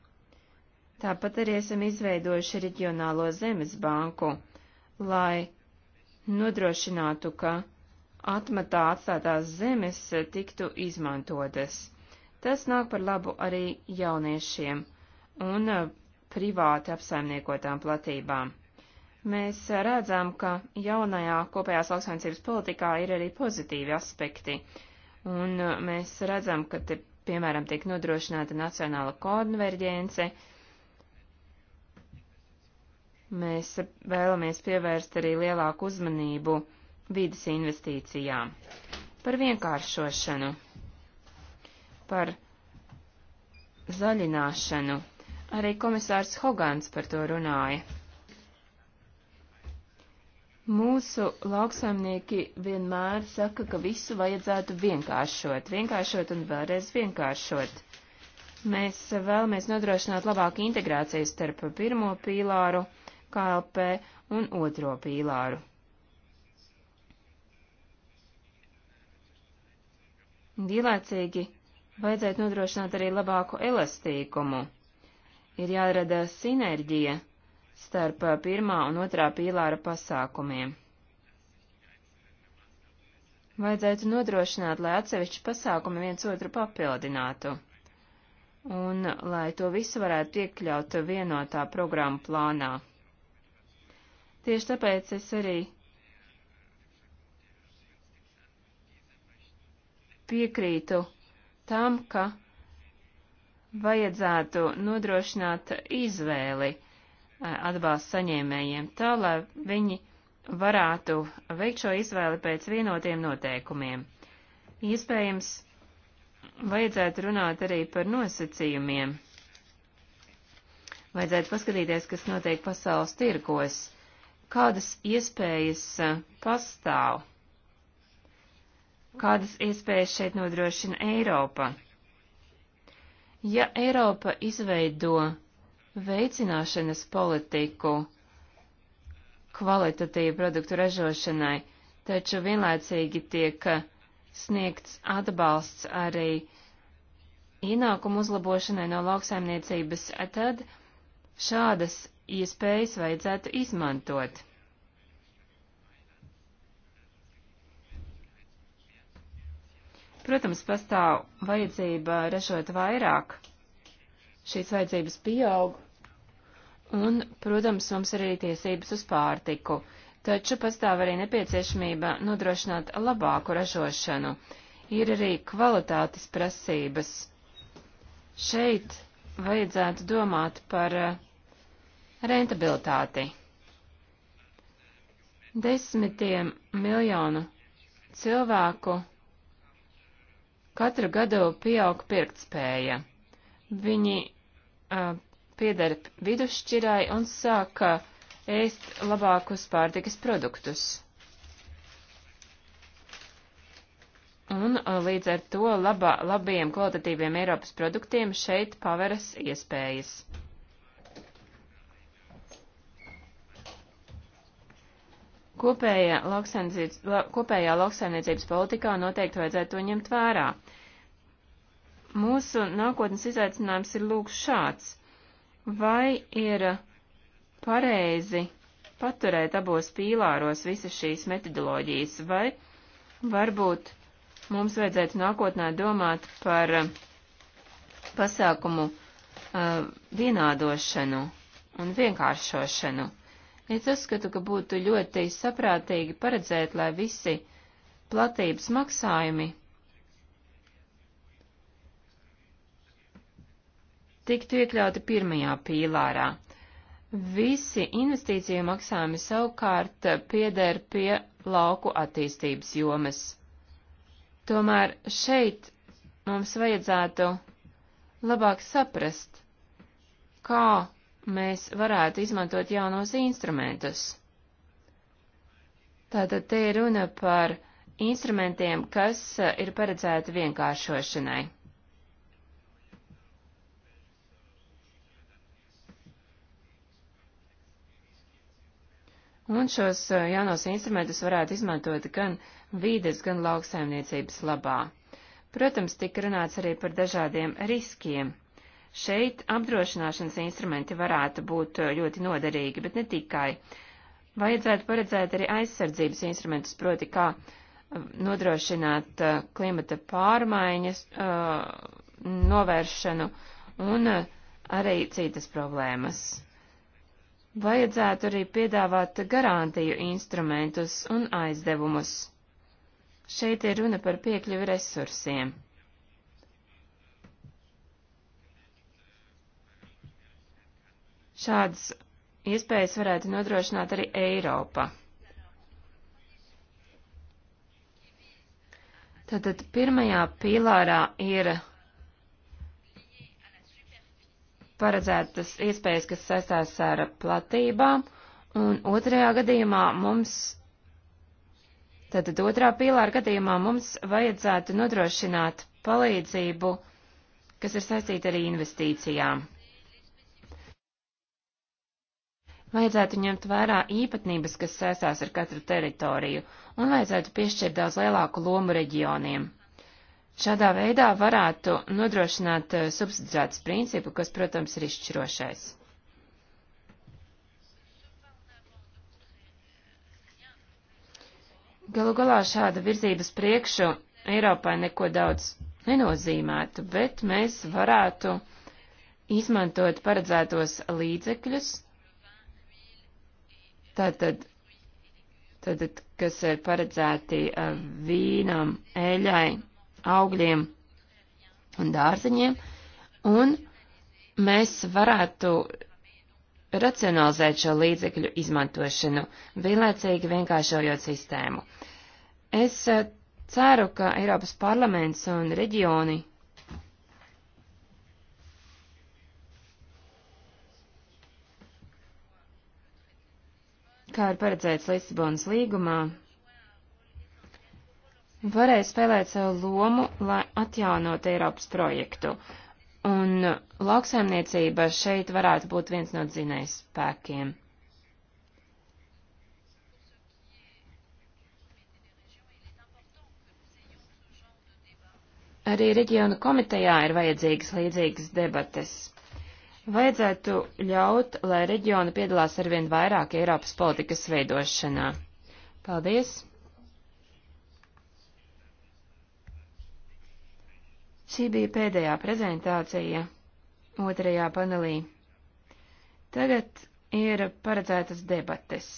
Tāpat arī esam izveidojuši reģionālo zemes banku, lai nodrošinātu, ka atmatā atstātās zemes tiktu izmantotas. Tas nāk par labu arī jauniešiem un privāti apsaimniekotām platībām. Mēs redzam, ka jaunajā kopējās lauksaimniecības politikā ir arī pozitīvi aspekti, un mēs redzam, ka, te, piemēram, tiek nodrošināta nacionāla konverģence. Mēs vēlamies pievērst arī lielāku uzmanību vidas investīcijām, par vienkāršošanu, par zaļināšanu Arī komisārs Hogans par to runāja. Mūsu lauksaimnieki vienmēr saka, ka visu vajadzētu vienkāršot, vienkāršot un vēlreiz vienkāršot. Mēs vēlamies nodrošināt labāku integrāciju starp pirmo pīlāru, KLP un otro pīlāru. Dīlēcīgi vajadzētu nodrošināt arī labāku elastīkumu. Ir jārada sinerģija starp pirmā un otrā pīlāra pasākumiem. Vajadzētu nodrošināt, lai atsevišķi pasākumi viens otru papildinātu, un lai to visu varētu iekļaut vienotā programma plānā. Tieši tāpēc es arī piekrītu tam, ka vajadzētu nodrošināt izvēli eh, atbalsta saņēmējiem tā, lai viņi varētu veikt šo izvēli pēc vienotiem noteikumiem. Iespējams, vajadzētu runāt arī par nosacījumiem. Vajadzētu paskatīties, kas notiek pasaules tirgos, kādas iespējas eh, pastāv, kādas iespējas šeit nodrošina Eiropa. Ja Eiropa izveido veicināšanas politiku kvalitatīvu produktu ražošanai, taču vienlaicīgi tiek sniegts atbalsts arī ienākumu uzlabošanai no lauksaimniecības, tad šādas iespējas vajadzētu izmantot. Protams, pastāv vajadzība ražot vairāk, šīs vajadzības pieaug, un, protams, mums ir arī tiesības uz pārtiku, taču pastāv arī nepieciešamība nodrošināt labāku ražošanu. Ir arī kvalitātes prasības. Šeit vajadzētu domāt par eh, rentabilitāti. Desmitiem miljonu cilvēku Katru gadu pieaug pirktspēja. Viņi uh, piedara vidusšķirai un sāka ēst labākus pārtikas produktus. Un līdz ar to labā, labiem kvalitatīviem Eiropas produktiem šeit paveras iespējas. Kopējā lauksainiecības, kopējā lauksainiecības politikā noteikti vajadzētu to ņemt vērā. Mūsu nākotnes izaicinājums ir lūk šāds. Vai ir pareizi paturēt abos pīlāros visas šīs metodoloģijas, vai varbūt mums vajadzētu nākotnē domāt par eh, pasākumu uh, vienādošanu un vienkāršošanu. Es uzskatu, ka būtu ļoti saprātīgi paredzēt, lai visi platības maksājumi tiktu iekļauti pirmajā pīlārā. Visi investīciju maksājumi savukārt pieder pie lauku attīstības jomas. Tomēr šeit mums vajadzētu labāk saprast, kā mēs varētu izmantot jaunos instrumentus. Tātad te ir runa par instrumentiem, kas eh, ir paredzēti vienkāršošanai. Un šos eh, jaunos instrumentus varētu izmantot gan vīdes, gan lauksaimniecības labā. Protams, tika runāts arī par dažādiem riskiem Šeit apdrošināšanas instrumenti varētu būt eh, ļoti noderīgi, bet ne tikai. Vajadzētu paredzēt arī aizsardzības instrumentus, proti kā eh, nodrošināt eh, klimata pārmaiņas novēršanu un arī citas problēmas. Vajadzētu arī piedāvāt garantiju instrumentus un aizdevumus. Šeit ir runa par piekļuvi resursiem. Šādas iespējas varētu nodrošināt arī Eiropa. Tātad pirmajā pīlārā ir paredzētas iespējas, kas saistās ar platībām, un otrajā gadījumā mums, tātad otrā pīlāra gadījumā mums vajadzētu nodrošināt palīdzību, kas ir saistīta ar investīcijām. Vajadzētu ņemt vērā īpatnības, kas saistās ar katru teritoriju, un vajadzētu piešķirt daudz lielāku lomu reģioniem. Šādā veidā varētu nodrošināt eh, subsidizētas principu, kas, protams, ir izšķirošais. Galu galā šāda virzības priekšu Eiropai neko daudz nenozīmētu, bet mēs varētu izmantot paredzētos līdzekļus Tātad, tātad kas ir paredzēti vīnam, eļai, augļiem un dārziņiem, un mēs varētu racionalizēt šo līdzekļu izmantošanu, vienlaicīgi vienkāršojot sistēmu. Es ceru, ka Eiropas parlaments un reģioni kā ir paredzēts Lisabonas līgumā, varēja spēlēt savu lomu, lai atjaunot Eiropas projektu. Un lauksaimniecība šeit varētu būt viens no dzinējs spēkiem. Arī reģionu komitejā ir vajadzīgas līdzīgas debates. Vajadzētu ļaut, lai reģioni piedalās arvien vairāk Eiropas politikas veidošanā. Paldies! Šī bija pēdējā prezentācija otrajā panelī. Tagad ir paredzētas debates.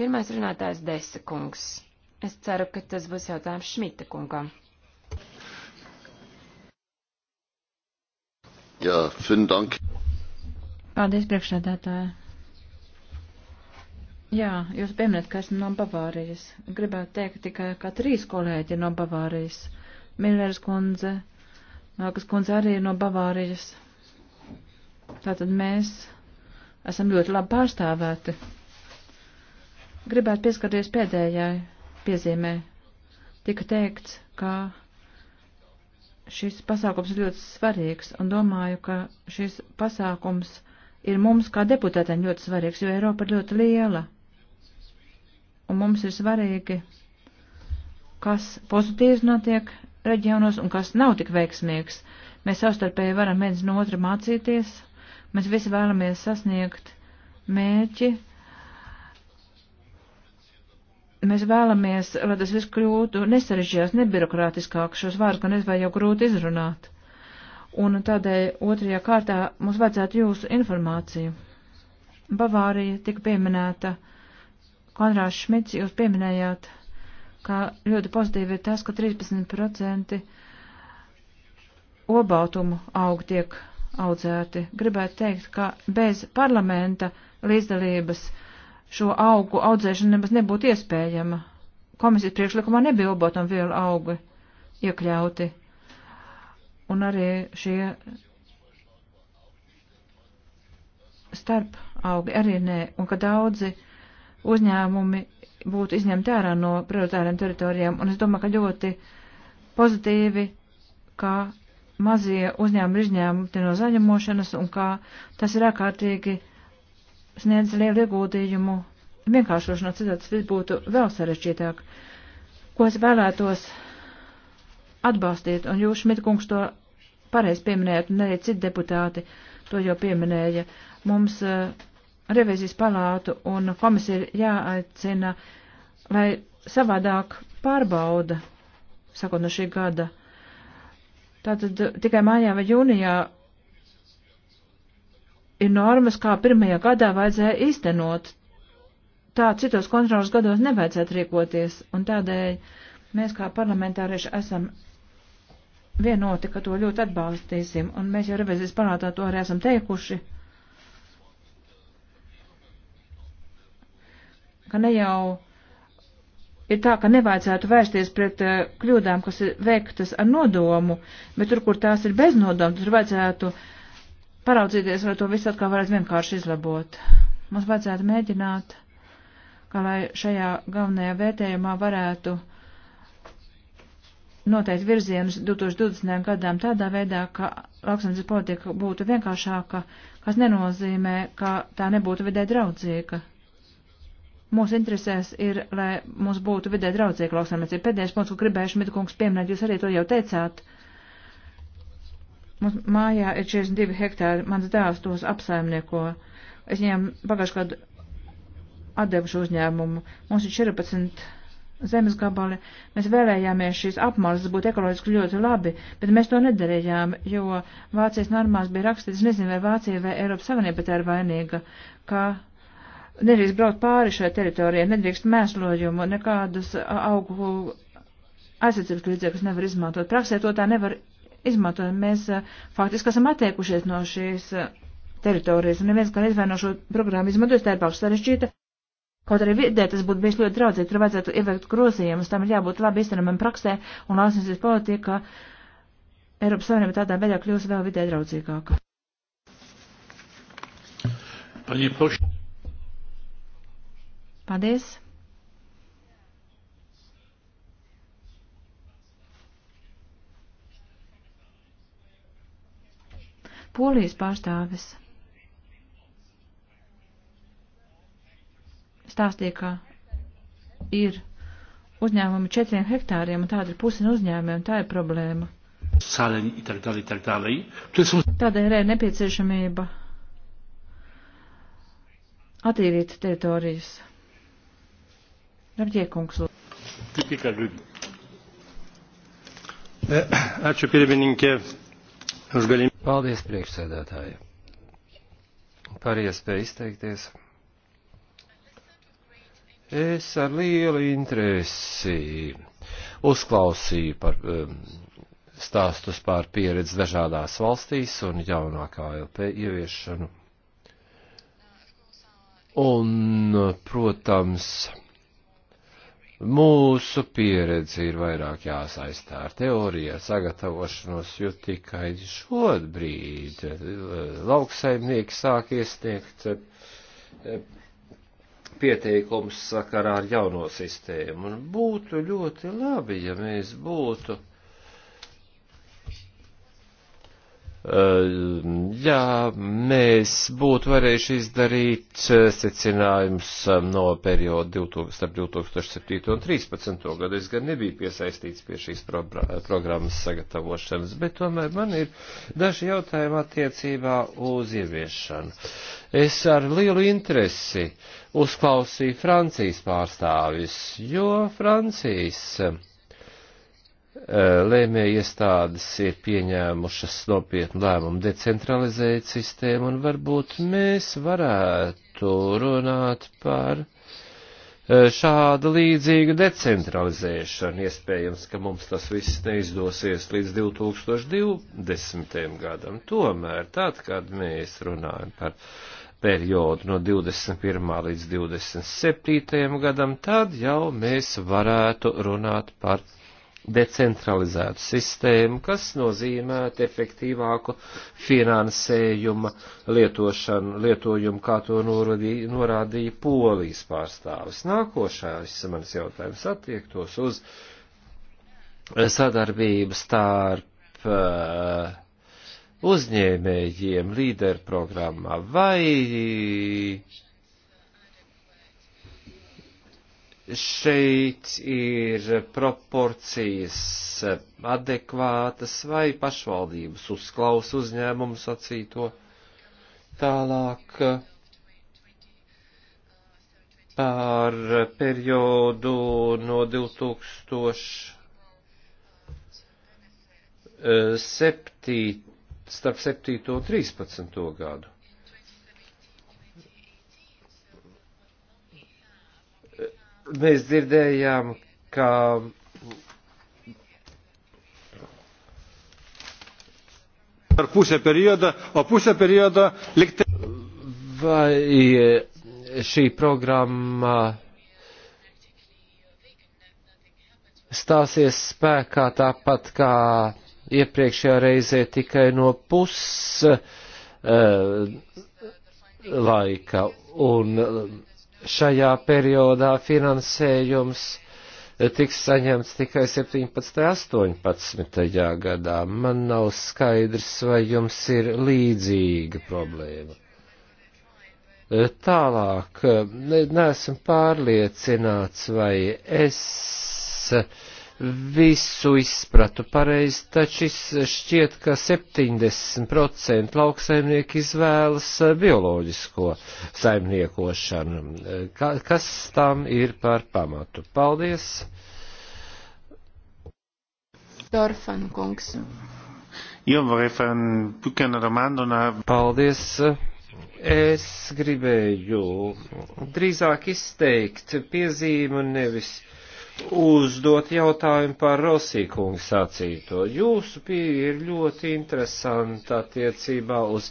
Pirmais runātājs Desa kungs. Es ceru, ka tas būs jautājums Šmita kungam. Jā, fin dank. Paldies, priekšsēdētāji. Jā, jūs pieminat, ka esmu no Bavārijas. Gribētu teikt tikai, ka trīs kolēģi ir no Bavārijas. Millers kundze, Nākas kundze arī ir no Bavārijas. Tātad mēs esam ļoti labi pārstāvēti. Gribētu pieskarties pēdējai piezīmē. Tika teikts, ka šis pasākums ir ļoti svarīgs un domāju, ka šis pasākums ir mums kā deputātiem ļoti svarīgs, jo Eiropa ir ļoti liela. Un mums ir svarīgi, kas pozitīvs notiek reģionos un kas nav tik veiksmīgs. Mēs savstarpēji varam viens no otra mācīties, mēs visi vēlamies sasniegt mērķi, mēs vēlamies, lai tas viss kļūtu nesarežģījās, nebirokrātiskāks šos vārdus, gan es vai jau grūti izrunāt. Un tādēļ otrajā kārtā mums vajadzētu jūsu informāciju. Bavārija tika pieminēta, Konrāds Šmits, jūs pieminējāt, ka ļoti pozitīvi ir tas, ka 13% obautumu aug tiek audzēti. Gribētu teikt, ka bez parlamenta līdzdalības šo augu audzēšana nemaz nebūtu iespējama. Komisijas priekšlikumā nebija obotam vielu augi iekļauti. Un arī šie starp augi arī nē, un ka daudzi uzņēmumi būtu izņemti ārā no prioritāriem teritorijām, un es domāju, ka ļoti pozitīvi, ka mazie uzņēmumi ir izņēmumi no zaļumošanas, un ka tas ir ārkārtīgi sniedz lielu ieguldījumu vienkāršošanā, citāds viss būtu vēl sarežģītāk. Ko es vēlētos atbalstīt, un jūs, Šmitkungs, to pareizi pieminējat, un arī citi deputāti to jau pieminēja. Mums uh, revizijas palātu un komisija ir jāaicina, lai savādāk pārbauda, sakot no šī gada. Tātad tikai mājā vai jūnijā ir normas, kā pirmajā gadā vajadzēja iztenot. Tā citos kontrolas gados nevajadzētu rīkoties, un tādēļ mēs kā parlamentārieši esam vienoti, ka to ļoti atbalstīsim, un mēs jau revizijas palātā to arī esam teikuši, ka ne jau ir tā, ka nevajadzētu vērsties pret uh, kļūdām, kas ir veiktas ar nodomu, bet tur, kur tās ir bez nodomu, tur vajadzētu uh, paraudzīties, vai to visu atkal varētu vienkārši izlabot. Mums vajadzētu mēģināt, kā lai šajā galvenajā vērtējumā varētu noteikt virzienus 2020. gadām tādā veidā, ka lauksaimniecības politika būtu vienkāršāka, kas nenozīmē, ka tā nebūtu vidē draudzīga. Mūsu interesēs ir, lai mums būtu vidē draudzīga lauksaimniecība. Pēdējais punkts, ko gribēju Šmitkungs pieminēt, jūs arī to jau teicāt. Uh, Mums mājā ir 42 hektāri, mans dēls tos apsaimnieko. Es viņam pagājušajā gadu atdevu šo uzņēmumu. Mums ir 14 zemes gabali. Mēs vēlējāmies šīs apmales būt ekoloģiski ļoti labi, bet mēs to nedarījām, jo Vācijas normās bija rakstīts, nezinu, vai Vācija vai Eiropas Savienība tā ir vainīga, ka nedrīkst braukt pāri šai teritorijai, nedrīkst mēslojumu, nekādas augu aizsardzības līdzekļus nevar izmantot. Praksē to tā nevar izmantojam. Mēs eh, faktiski esam attiekušies no šīs eh, teritorijas, un neviens, kā nezvēno šo programmu izmantojis, tā ir paši sarežģīta. Kaut arī vidē tas būtu bijis ļoti draudzīgi, tur vajadzētu ievērkt grozījumus, tam ir jābūt labi iztenamam praksē, un lauksnesīs politika Eiropas Savienība tādā veidā kļūs vēl vidē draudzīgāka. Paldies! Polijas pārstāvis stāstīja, ka ir uzņēmumi četriem hektāriem, un tāda ir pusi no uzņēmumiem, tā ir problēma. Tādēļ ir nepieciešamība attīrīt teritorijas. Rabģiekungs. Tikai gudri. Eh, ačiū pirmininkė už galimybę. Paldies priekšsēdētāji par iespēju izteikties. Es ar lielu interesi uzklausīju par um, stāstus par pieredzi dažādās valstīs un jaunākā LP ieviešanu. Un, protams, Mūsu pieredze ir vairāk jāsaistā ar teorijā sagatavošanos, jo tikai šobrīd eh, lauksaimnieki sāk iesniegt eh, pieteikumus sakarā ar jauno sistēmu. Un būtu ļoti labi, ja mēs būtu Eh, ja mēs būtu varējuši izdarīt eh, secinājumus eh, no perioda 2000, starp 2007 un 2013 gadu, es gan nebiju piesaistīts pie šīs programmas sagatavošanas, bet tomēr man ir daži jautājumi attiecībā uz ieviešanu. Es ar lielu interesi uzklausīju Francijas pārstāvis, jo Francijas Eh, lēmēja iestādes ir pieņēmušas nopietnu lēmumu decentralizēt sistēmu, un varbūt mēs varētu runāt par eh, šādu līdzīgu decentralizēšanu. Iespējams, ka mums tas viss neizdosies līdz 2020. gadam. Tomēr, tad, kad mēs runājam par periodu no 21. līdz 27. gadam, tad jau mēs varētu runāt par decentralizētu sistēmu, kas nozīmē efektīvāku finansējuma lietošanu, lietojumu, kā to norādīja, norādīja polijas pārstāvis. Nākošais manis jautājums attiektos uz sadarbību starp uh, uzņēmējiem līderprogrammā vai šeit ir proporcijas adekvātas vai pašvaldības uzklaus uzņēmumu sacīto. Tālāk par periodu no 2000 7, eh, starp 7 un 13 gadu. mēs dzirdējām, ka ar pusę periodą, o pusę periodo likti. Vai šī programma stāsies spēkā tāpat kā iepriekšējā reizē tikai no pus uh, eh, laika un uh, šajā periodā finansējums eh, tiks saņemts tikai 17. 18. gadā. Man nav skaidrs, vai jums ir līdzīga problēma. Eh, tālāk, eh, neesmu pārliecināts, vai es visu izpratu pareizi, taču šķiet, ka 70% lauksaimnieku izvēlas eh, bioloģisko saimniekošanu. Eh, ka, kas tam ir par pamatu? Paldies! Dorfan kungs. Paldies! Es gribēju drīzāk izteikt piezīmu nevis uzdot jautājumu par Rosīkungu sacīto. Jūsu pieeja ir ļoti interesanta attiecībā uz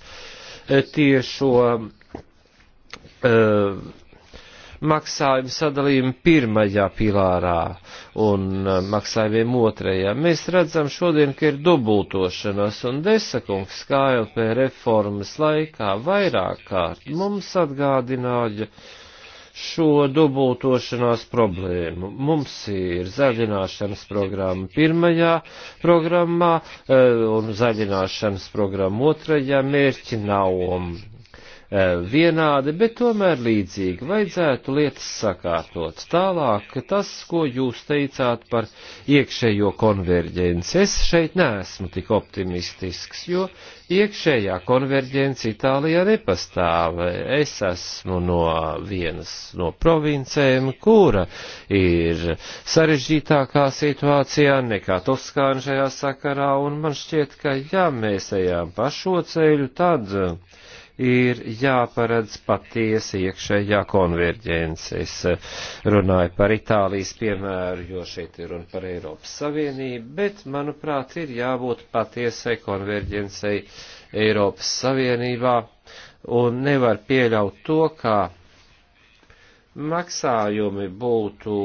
e, tiešo uh, maksājumu sadalījumu pirmajā pilārā un e, maksājumiem otrajā. Mēs redzam šodien, ka ir dubultošanas un desakungs KLP reformas laikā vairāk kārt mums atgādināja, uh, šo dubultošanās problēmu. Mums ir zaļināšanas programma pirmajā programmā eh, un zaļināšanas programma otrajā mērķi nav Eh, vienādi, bet tomēr līdzīgi. Vajadzētu lietas sakārtot. Tālāk tas, ko jūs teicāt par iekšējo konverģenci. Es šeit neesmu tik optimistisks, jo iekšējā konverģence Itālijā nepastāv. Es esmu no vienas no provincēm, kura ir sarežģītākā situācijā nekā Toskāna šajā sakarā, un man šķiet, ka ja mēs ejām pa šo ceļu, tad uh, ir jāparedz patiesa iekšējā konverģence. Es eh, runāju par Itālijas piemēru, jo šeit ir runa par Eiropas Savienību, bet, manuprāt, ir jābūt patiesai konverģencei Eiropas Savienībā un nevar pieļaut to, kā maksājumi būtu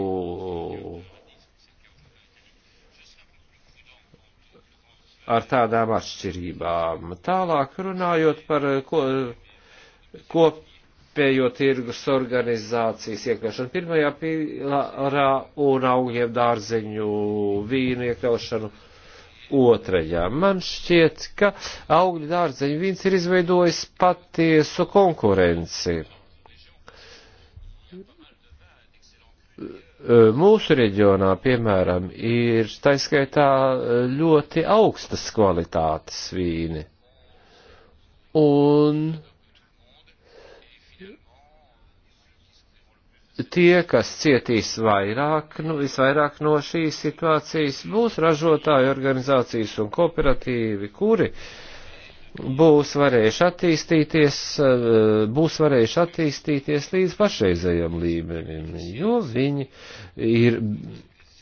ar tādām atšķirībām. Tālāk runājot par eh, ko, eh, kopējo tirgus organizācijas iekļaušanu pirmajā pilārā un augļiem dārzeņu vīnu iekļaušanu otrajā. Man šķiet, ka augļu dārzeņu vīns ir izveidojis patiesu konkurenci mūsu reģionā, piemēram, ir taiskaitā ļoti augstas kvalitātes vīni. Un tie, kas cietīs vairāk, nu, visvairāk no šīs situācijas, būs ražotāju organizācijas un kooperatīvi, kuri uh, būs varējuši attīstīties, eh, būs varējuši attīstīties līdz pašreizējam līmenim, jo viņi ir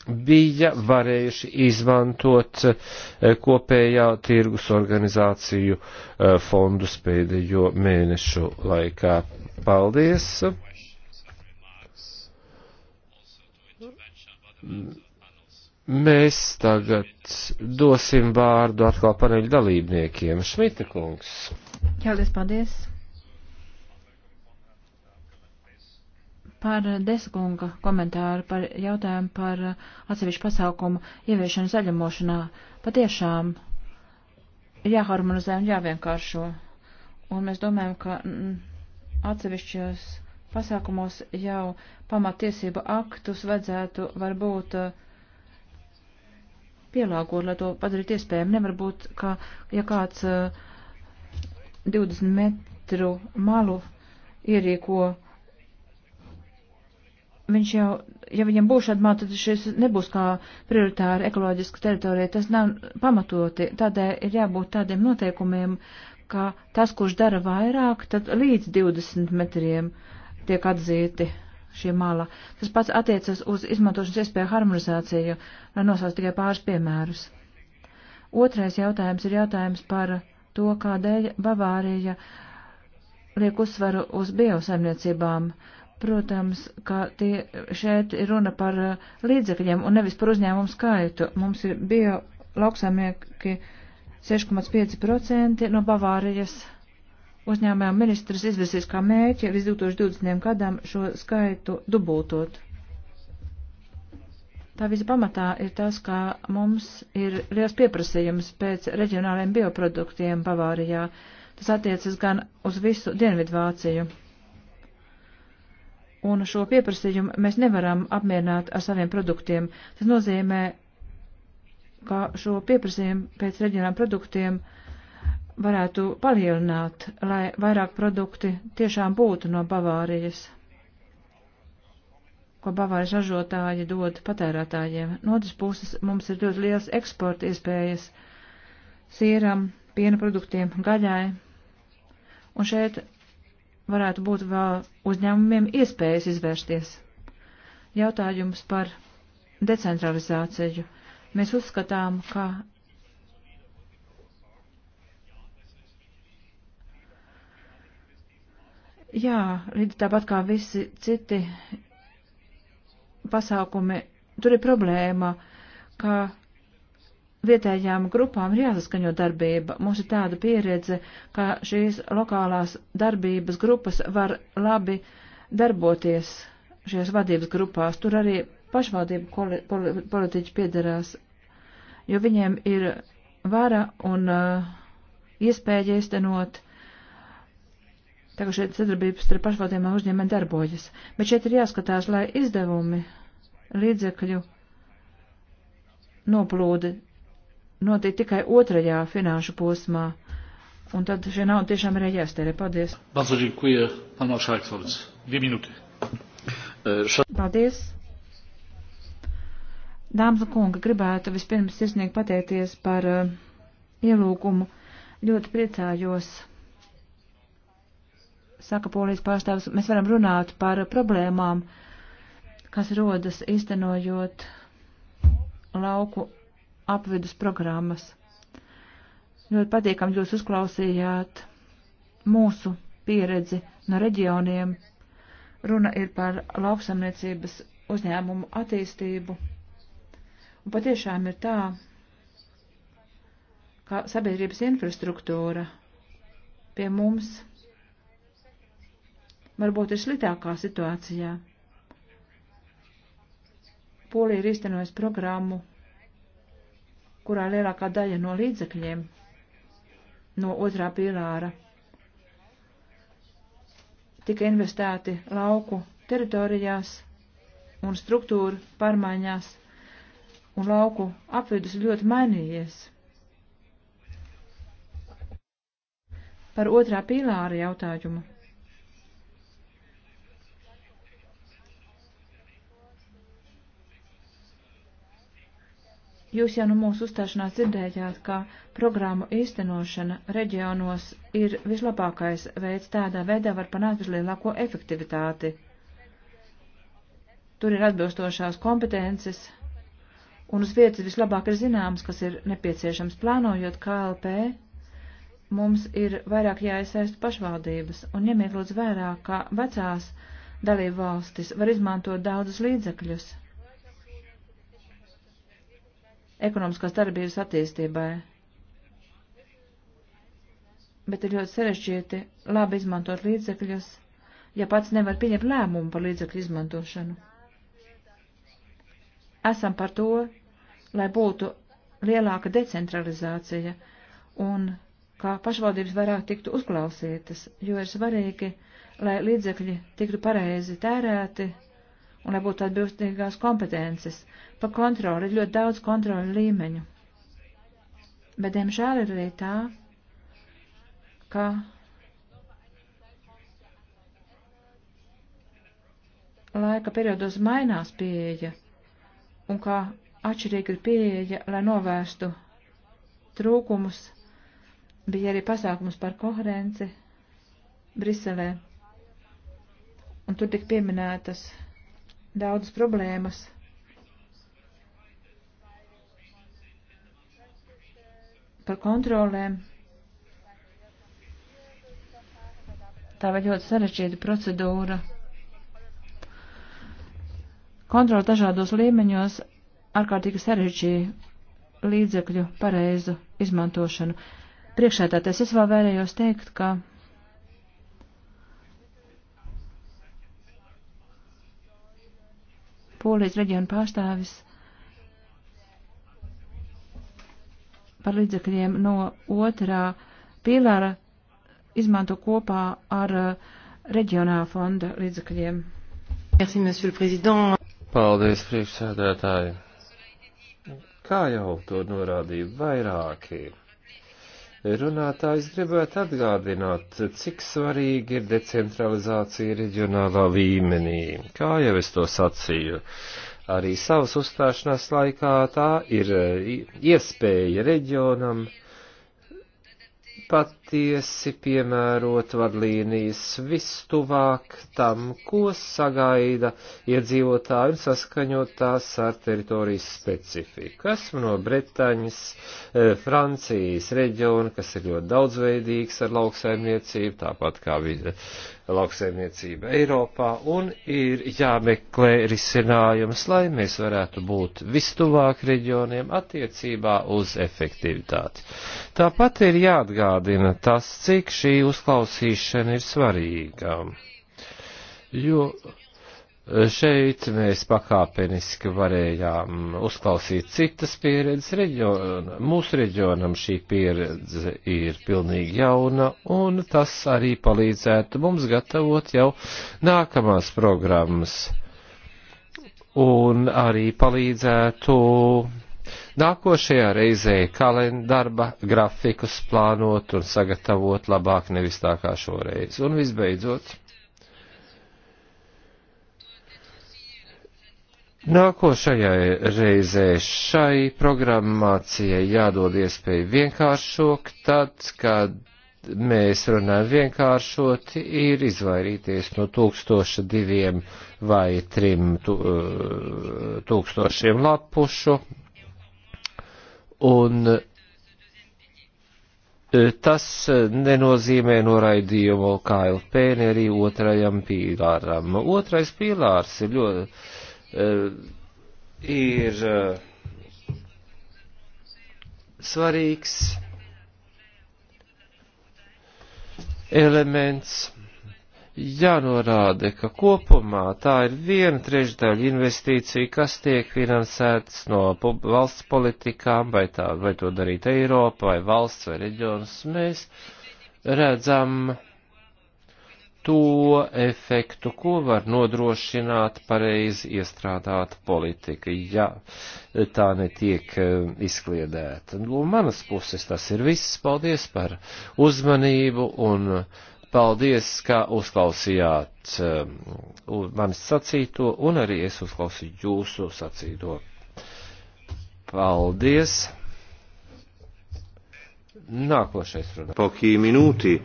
bija varējuši izmantot eh, kopējā tirgus organizāciju eh, fondus pēdējo mēnešu laikā. Paldies! Mēs tagad dosim vārdu atkal paneļu dalībniekiem. Šmita kungs. Jā, liels paldies. Par deskunga komentāru, par jautājumu par atsevišķu pasākumu ieviešanu zaļumošanā. Patiešām ir jāharmonizē un jāvienkāršo. Un mēs domājam, ka mm, atsevišķos pasākumos jau pamatiesību aktus vajadzētu varbūt uh, pielāgot, lai to padarītu iespējami. Nevar būt, ka ja kāds 20 eh, metru malu ierīko, viņš jau, ja viņam būs šāda māla, tad šis nebūs kā prioritāra ekoloģiska teritorija. Tas nav pamatoti. Tādēļ ir jābūt tādiem noteikumiem, ka tas, kurš dara vairāk, tad līdz 20 metriem tiek atzīti šī mala. Tas pats attiecas uz izmantošanas iespēju harmonizāciju, lai nosauc tikai pāris piemērus. Otrais jautājums ir jautājums par to, kādēļ Bavārija liek uzsvaru uz biosaimniecībām. Protams, ka tie šeit ir runa par līdzekļiem un nevis par uzņēmumu skaitu. Mums ir bio lauksaimnieki 6,5% no Bavārijas Uzņēmējām ministrs izvirsīs kā mēķi līdz 2020. gadam šo skaitu dubultot. Tā visa pamatā ir tas, ka mums ir liels pieprasījums pēc reģionāliem bioproduktiem Bavārijā. Tas attiecas gan uz visu Dienvidvāciju. Un šo pieprasījumu mēs nevaram apmierināt ar saviem produktiem. Tas nozīmē, ka šo pieprasījumu pēc reģionāliem produktiem uh, varētu palielināt, lai vairāk produkti tiešām būtu no Bavārijas, ko Bavārijas ražotāji dod patērētājiem. No otras puses mums ir ļoti liels eksporta iespējas sīram, piena produktiem, gaļai. Un šeit varētu būt vēl uzņēmumiem iespējas izvērsties. Jautājums par decentralizāciju. Mēs uzskatām, ka Jā, līdz tāpat kā visi citi pasākumi, tur ir problēma, ka vietējām grupām ir jāsaskaņo darbība. Mums ir tāda pieredze, ka šīs lokālās darbības grupas var labi darboties šajās vadības grupās. Tur arī pašvaldību politiķi piedarās, jo viņiem ir vara un uh, iespēja iestenot uh, Tā kā šeit sadarbības starp pašvaldībām un uzņēmumiem darbojas. Bet šeit ir jāskatās, lai izdevumi līdzekļu noplūde notiek tikai otrajā finanšu posmā. Un tad šī nauda tiešām ir jāstērē. Paldies. Paldies. Dāmas un kungi, gribētu vispirms sirsnīgi pateikties par uh, ielūgumu. Ļoti priecājos saka polijas pārstāvis, mēs varam runāt par problēmām, kas rodas īstenojot lauku apvidus programmas. Ļoti patīkam jūs uzklausījāt mūsu pieredzi no reģioniem. Runa ir par lauksamniecības uzņēmumu attīstību. Un patiešām ir tā, ka sabiedrības infrastruktūra pie mums varbūt ir slitākā situācijā. Polija ir īstenojis programmu, kurā lielākā daļa no līdzekļiem no otrā pīlāra tika investēti lauku teritorijās un struktūru pārmaiņās, un lauku apvidus ļoti mainījies. Par otrā pīlāra jautājumu. Jūs jau no nu mūsu uzstāšanās dzirdējāt, ka programmu īstenošana reģionos ir vislabākais veids tādā veidā var panākt vislielāko efektivitāti. Tur ir atbilstošās kompetences, un uz vietas vislabāk ir zināms, kas ir nepieciešams plānojot KLP. Mums ir vairāk jāiesaist pašvaldības, un ņemiet lūdzu vērā, ka vecās dalību valstis var izmantot daudzus līdzekļus ekonomiskās darbības attīstībai. Bet ir ļoti sarežģīti labi izmantot līdzekļus, ja pats nevar pieņemt lēmumu par līdzekļu izmantošanu. Esam par to, lai būtu lielāka decentralizācija un kā pašvaldības vairāk tiktu uzklausītas, jo ir svarīgi, lai līdzekļi tiktu pareizi tērēti un lai būtu atbilstīgās kompetences. Pa kontroli ir ļoti daudz kontroli līmeņu. Bet, diemžēl, ir arī tā, ka laika periodos mainās pieeja un kā atšķirīga ir pieeja, lai novērstu trūkumus. Bija arī pasākums par koherenci Briselē, un tur tik pieminētas daudz problēmas. Par kontrolēm. Tā vai ļoti sarežģīta procedūra. Kontrola dažādos līmeņos ārkārtīgi sarežģīja līdzekļu pareizu izmantošanu. Priekšētāties es vēl vēlējos teikt, ka polijas reģiona pārstāvis par līdzekļiem no otrā pīlāra izmanto kopā ar uh, reģionāla fonda līdzekļiem. Merci, monsieur le président. Paldies, priekšsēdētāji. Kā jau to norādīja vairākie runātājs gribētu atgādināt, cik svarīgi ir decentralizācija reģionālā līmenī. Kā jau es to sacīju, arī savas uzstāšanās laikā tā ir iespēja reģionam pat patiesi piemērot vadlīnijas vistuvāk tam, ko sagaida iedzīvotāji un saskaņot tās ar teritorijas specifiku. Esmu no Bretaņas, eh, Francijas reģiona, kas ir ļoti daudzveidīgs ar lauksaimniecību, tāpat kā lauksaimniecība Eiropā, un ir jāmeklē risinājums, lai mēs varētu būt vistuvāk reģioniem attiecībā uz efektivitāti. Tāpat ir jāatgādina tas, cik šī uzklausīšana ir svarīga. Jo šeit mēs pakāpeniski varējām uzklausīt citas pieredzes reģionam. Mūsu reģionam šī pieredze ir pilnīgi jauna, un tas arī palīdzētu mums gatavot jau nākamās programmas. Un arī palīdzētu nākošajā reizē kalendarba grafikus plānot un sagatavot labāk nevis tā kā šoreiz. Un visbeidzot, Nākošajai reizē šai programmācijai jādod iespēju vienkāršot, tad, kad mēs runājam vienkāršot, ir izvairīties no tūkstoša diviem vai trim eh, tūkstošiem lapušu, Un e, tas nenozīmē noraidījumu KLP, ne arī otrajam pīlāram. Otrais pīlārs ir ļoti. E, ir e, svarīgs elements jānorāda, ka kopumā tā ir viena trešdaļa investīcija, kas tiek finansētas no valsts politikām, vai, tā, vai to darīt Eiropa, vai valsts, vai reģionus. Mēs redzam to efektu, ko var nodrošināt pareizi iestrādāt politika, ja tā netiek e, izkliedēta. No nu, manas puses tas ir viss. Paldies par uzmanību un. Paldies, ka uzklausījāt um, manis sacīto, un arī es uzklausīju jūsu sacīto. Paldies! Nākošais runā. Pochi minūti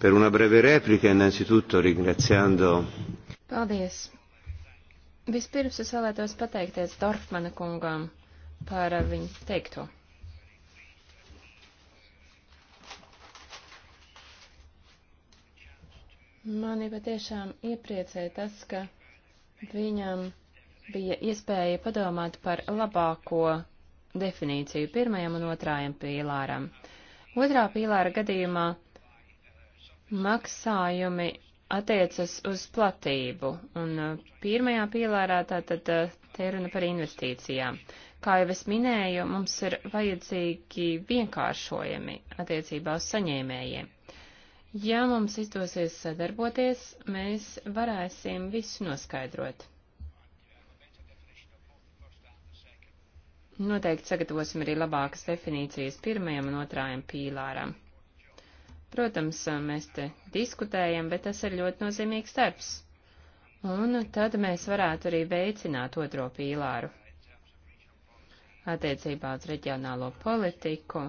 per una breve replika, innanzitutto ringraziando. Paldies! Vispirms es vēlētos pateikties Dorfmana kungam par viņu teikto. Mani patiešām iepriecē tas, ka viņam bija iespēja padomāt par labāko definīciju pirmajam un otrajam pīlāram. Otrā pīlāra gadījumā maksājumi attiecas uz platību, un uh, pirmajā pīlārā tātad uh, te runa par investīcijām. Kā jau es minēju, mums ir vajadzīgi vienkāršojami attiecībā uz saņēmējiem. Ja mums izdosies sadarboties, mēs varēsim visu noskaidrot. Noteikti sagatavosim arī labākas definīcijas pirmajam un otrajam pīlāram. Protams, mēs te diskutējam, bet tas ir ļoti nozīmīgs darbs. Un tad mēs varētu arī veicināt otro pīlāru attiecībā uz reģionālo politiku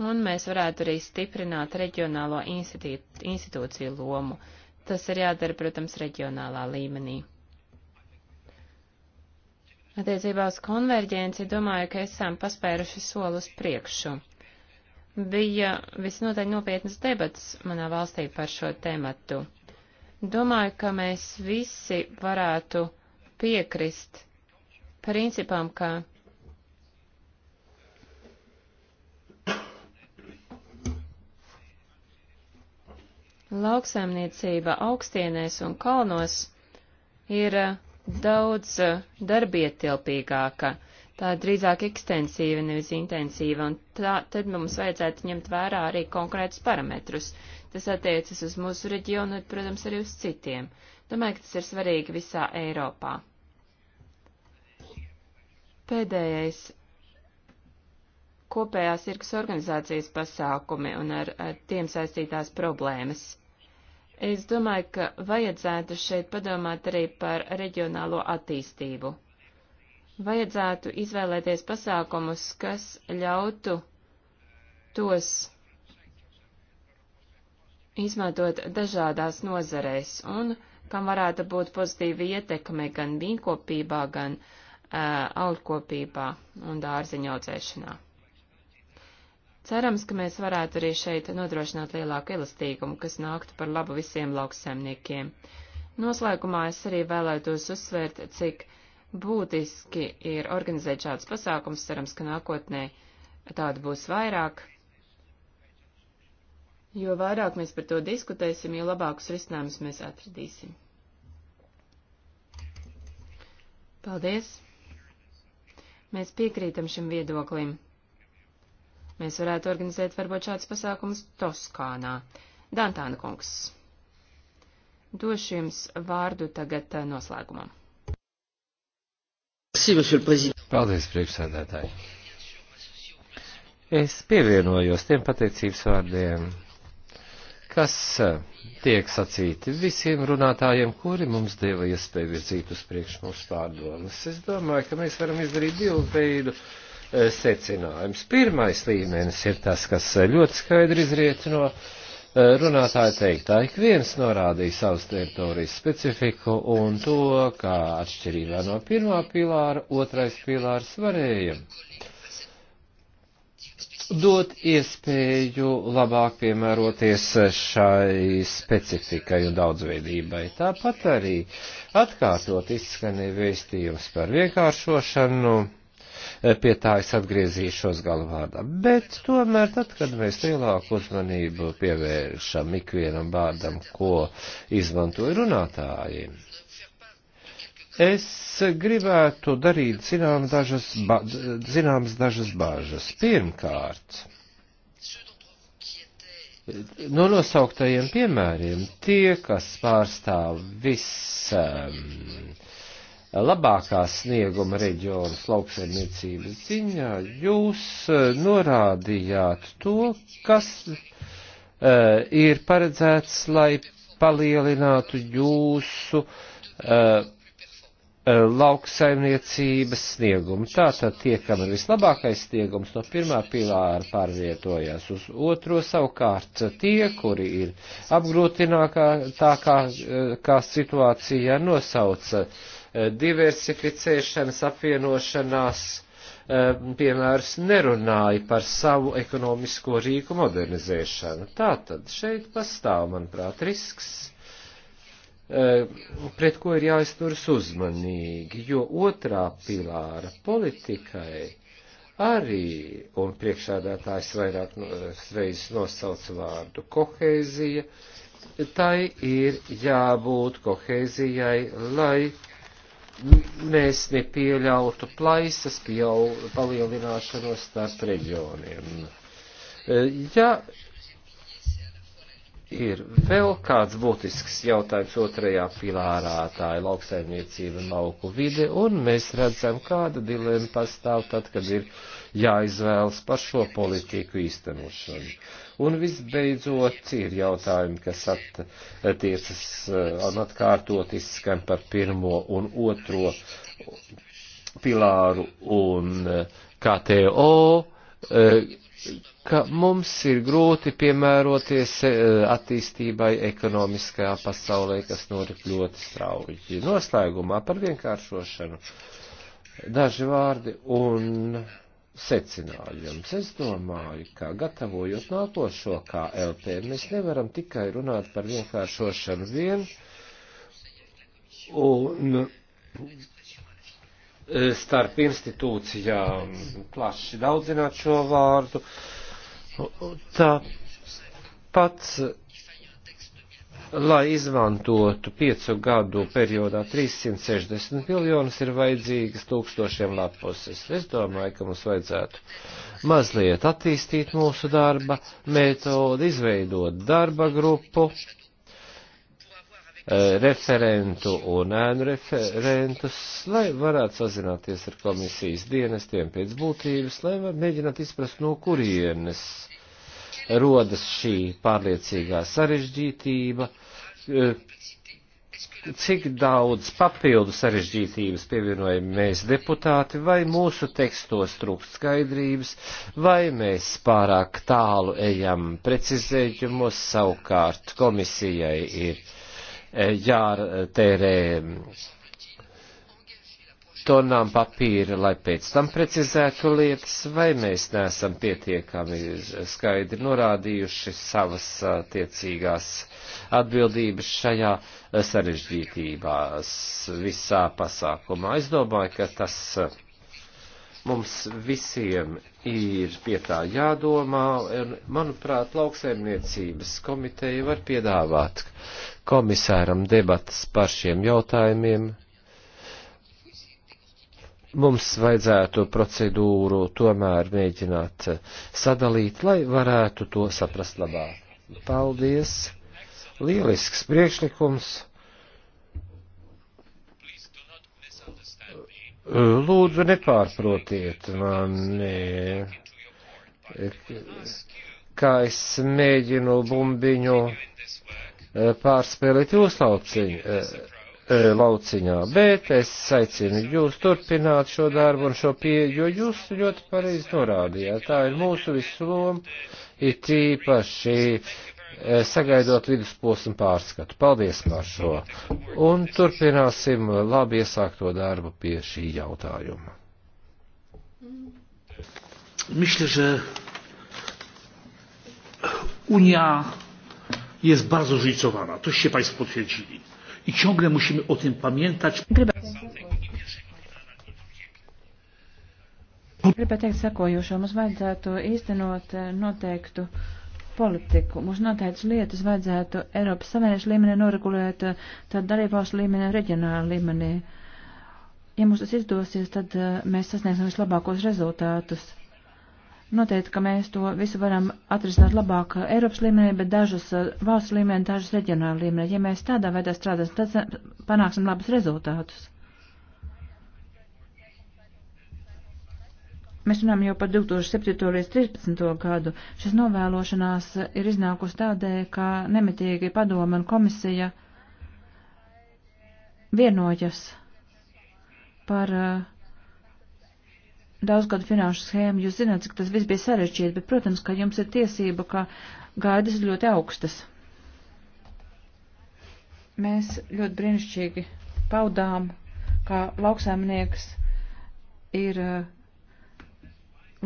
un mēs varētu arī stiprināt reģionālo institūciju lomu. Tas ir jādara, protams, reģionālā līmenī. Attiecībā uz konverģenci domāju, ka esam paspēruši soli uz priekšu. Bija visnotaļ nopietnas debats manā valstī par šo tematu. Domāju, ka mēs visi varētu piekrist principam, ka Lauksaimniecība augstienēs un kalnos ir eh, daudz eh, darbietilpīgāka, tā drīzāk ekstensīva, nevis intensīva, un tā, tad mums vajadzētu ņemt vērā arī konkrētus parametrus. Tas attiecas uz mūsu reģionu, bet, protams, arī uz citiem. Domāju, ka tas ir svarīgi visā Eiropā. Pēdējais kopējās tirgus organizācijas pasākumi un ar, ar tiem saistītās problēmas. Es domāju, ka vajadzētu šeit padomāt arī par reģionālo attīstību. Vajadzētu izvēlēties pasākumus, kas ļautu tos izmantot dažādās nozarēs un kam varētu būt pozitīva ietekme gan vīnkopībā, gan uh, augkopībā un dārziņaudzēšanā. Cerams, ka mēs varētu arī šeit nodrošināt lielāku elastīgumu, kas nāktu par labu visiem lauksaimniekiem. Noslēgumā es arī vēlētos uzsvērt, cik būtiski ir organizēt šādus pasākumus. Cerams, ka nākotnē tādu būs vairāk. Jo vairāk mēs par to diskutēsim, jo labākus risinājumus mēs atradīsim. Paldies! Mēs piekrītam šim viedoklim. Mēs varētu organizēt varbūt šādus pasākumus Toskānā. Dantāna kungs. Došu jums vārdu tagad eh, noslēgumam. Paldies, priekšsēdētāji. Es pievienojos tiem pateicības vārdiem, kas eh, tiek sacīti visiem runātājiem, kuri mums deva iespēju virzīt uz priekšu mūsu pārdomas. Es domāju, ka mēs varam izdarīt divu veidu Eh, secinājums. Pirmais līmenis ir tas, kas eh, ļoti skaidri izriet no eh, runātāja teiktā. Ik viens norādīja savas teritorijas specifiku un to, kā atšķirībā no pirmā pilāra, otrais pilārs varēja dot iespēju labāk piemēroties šai specifikai un daudzveidībai. Tāpat arī atkārtot izskanēja vēstījums par vienkāršošanu pie tā es atgriezīšos galvārdā. Bet tomēr tad, kad mēs lielāku uzmanību pievēršam ikvienam vārdam, ko izmantoja runātāji, es gribētu darīt zinām dažas, ba zināmas dažas bāžas. Pirmkārt, no nosauktajiem piemēriem tie, kas pārstāv visam. Um, labākās snieguma reģionus lauksaimniecības ziņā, jūs eh, norādījāt to, kas uh, ir paredzēts, lai palielinātu jūsu uh, lauksaimniecības sniegumu. Tātad tie, kam ir vislabākais sniegums, no pirmā pilāra pārvietojās uz otro savukārt tie, kuri ir apgrūtinākā tā kā, kā situācijā nosauca uh, Eh, diversificēšanas, apvienošanās eh, piemērs nerunāja par savu ekonomisko rīku modernizēšanu. Tātad šeit pastāv, manuprāt, risks, eh, pret ko ir jāizturas uzmanīgi, jo otrā pilāra politikai arī, un priekšādātājs vairāk reizes nosauca vārdu kohēzija, tai ir jābūt kohēzijai, lai mēs nepieļautu plaisas pieaug, palielināšanos starp reģioniem. E, ja ir vēl kāds būtisks jautājums otrajā pilārā, tā ir lauksaimniecība un lauku vide, un mēs redzam, kāda dilema pastāv tad, kad ir jāizvēlas par šo politiku īstenošanu. Un visbeidzot ir jautājumi, kas attiecas eh, un atkārtot izskan par pirmo un otro pilāru un eh, KTO, eh, ka mums ir grūti piemēroties attīstībai ekonomiskajā pasaulē, kas norit ļoti strauji. Noslēgumā par vienkāršošanu. Daži vārdi un secinājums. Es domāju, ka gatavojot nākošo KLP, mēs nevaram tikai runāt par vienkāršošanu vien un e, starp institūcijām plaši daudzināt šo vārdu. Tāpat lai izmantotu piecu gadu periodā 360 miljonus, ir vajadzīgas tūkstošiem lapuses. Es domāju, ka mums vajadzētu mazliet attīstīt mūsu darba metodu, izveidot darba grupu, eh, referentu un ēnu referentus, lai varētu sazināties ar komisijas dienestiem pēc būtības, lai var mēģināt izprast, no kurienes rodas šī pārliecīgā sarežģītība, Eh, cik daudz papildu sarežģītības pievienojam mēs deputāti, vai mūsu tekstos trūkst skaidrības, vai mēs pārāk tālu ejam precizējumos, savukārt komisijai ir eh, jārtērē tonām papīra, lai pēc tam precizētu lietas, vai mēs neesam pietiekami skaidri norādījuši savas attiecīgās eh, atbildības šajā eh, sarežģītībās visā pasākumā. Es domāju, ka tas eh, mums visiem ir pie tā jādomā, un, manuprāt, lauksaimniecības komiteja var piedāvāt komisāram debatas par šiem jautājumiem. Mums vajadzētu procedūru tomēr mēģināt eh, sadalīt, lai varētu to saprast labāk. Paldies! lielisks priekšlikums. Lūdzu, nepārprotiet mani, kā es mēģinu bumbiņu eh, pārspēlēt jūs lauciņu, eh, eh, lauciņā, bet es aicinu jūs turpināt šo darbu un šo pieeju, jo jūs ļoti pareizi norādījāt. Tā ir mūsu visu loma, ir tīpaši Eh, sagaidot vidusposmu pārskatu. Paldies par šo. Un turpināsim labi iesākto darbu pie šī jautājuma. Myślę, że Unia jest bardzo zróżnicowana. To się Państwo potwierdzili. I ciągle musimy o tym pamiętać. Gribētu teikt sekojošo, mums vajadzētu īstenot eh, noteiktu uh, politiku. Mums noteikts lietas vajadzētu Eiropas Savienības līmenī noregulēt, tad dalībvalstu līmenī, reģionāla līmenī. Ja mums tas izdosies, tad eh, mēs sasniegsim vislabākos rezultātus. Noteikti, ka mēs to visu varam atrisināt labāk Eiropas līmenī, bet dažus eh, valsts līmenī, dažus reģionāla līmenī. Ja mēs tādā veidā strādāsim, tad panāksim labus rezultātus. Mēs runājam jau par 2007. līdz 2013. gadu. Šis novēlošanās ir iznākusi tādēļ, ka nemitīgi padoma un komisija vienojas par uh, daudzgadu finanšu schēmu. Jūs zināt, cik tas viss bija sarežģīti, bet, protams, ka jums ir tiesība, ka gaidas ir ļoti augstas. Mēs ļoti brīnišķīgi paudām, kā lauksaimnieks ir uh,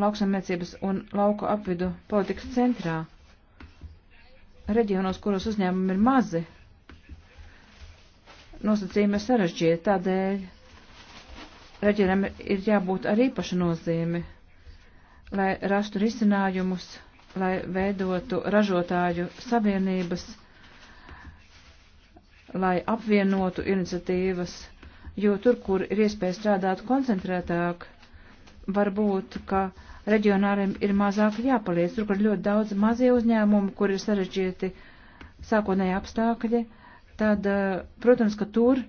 lauksamniecības un lauku apvidu politikas centrā. Reģionos, kuros uzņēmumi ir mazi, nosacījumi ir sarežģīti, tādēļ reģionam ir jābūt ar īpašu nozīmi, lai rastu risinājumus, lai veidotu ražotāju savienības, lai apvienotu iniciatīvas, jo tur, kur ir iespēja strādāt koncentrētāk, varbūt, ka reģionāriem ir mazāk jāpaliec. Tur, kur ļoti daudz mazie uzņēmumi, kur ir sarežģīti sākotnēji apstākļi, tad, eh, protams, ka tur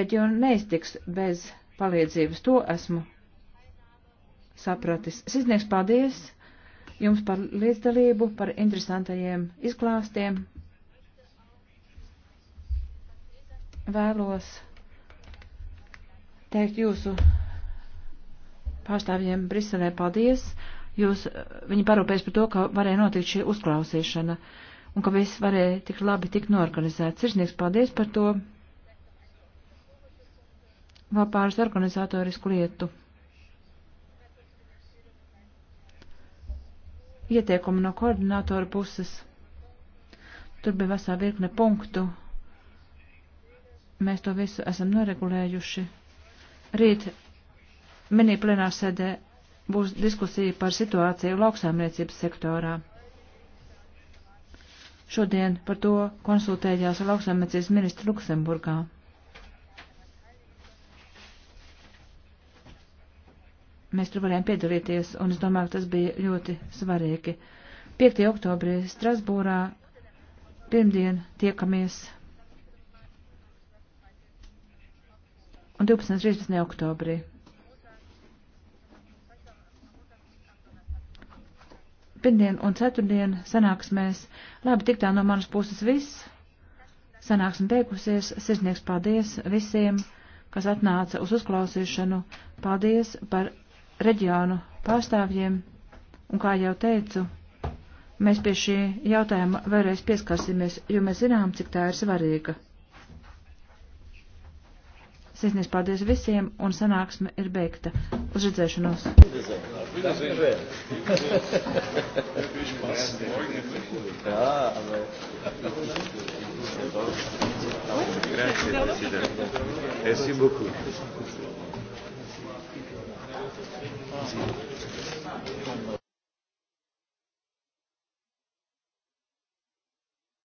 reģioni neiztiks bez palīdzības. To esmu sapratis. Sizniegs, paldies jums par līdzdalību, par interesantajiem izklāstiem. Vēlos teikt jūsu pārstāvjiem Briselē paldies. Jūs, viņi parūpēs par to, ka varēja notikt šī uzklausīšana un ka viss varēja tik labi tik norganizēt. Sirsnieks paldies par to. Vēl pāris organizatorisku lietu. Ieteikumi no koordinātora puses. Tur bija vesā virkne punktu. Mēs to visu esam noregulējuši. Rīt Minī plenārsēdē būs diskusija par situāciju lauksaimniecības sektorā. Šodien par to konsultējās lauksaimniecības ministru Luksemburgā. Mēs tur varējām piedalīties, un es domāju, ka tas bija ļoti svarīgi. 5. oktobrī Strasbūrā pirmdien tiekamies, un 12. un 13. oktobrī pirmdien un ceturtdien sanāksmēs. Labi, tik tā no manas puses viss. Sanāksme beigusies. Sirsnieks paldies visiem, kas atnāca uz uzklausīšanu. Paldies par reģionu pārstāvjiem. Un kā jau teicu, mēs pie šī jautājuma vēlreiz pieskarsimies, jo mēs zinām, cik tā ir svarīga. Sirsnīgs paldies visiem, un sanāksme ir beigta. Uz redzēšanos! Ja, aber Grazie, Presidente. Merci beaucoup.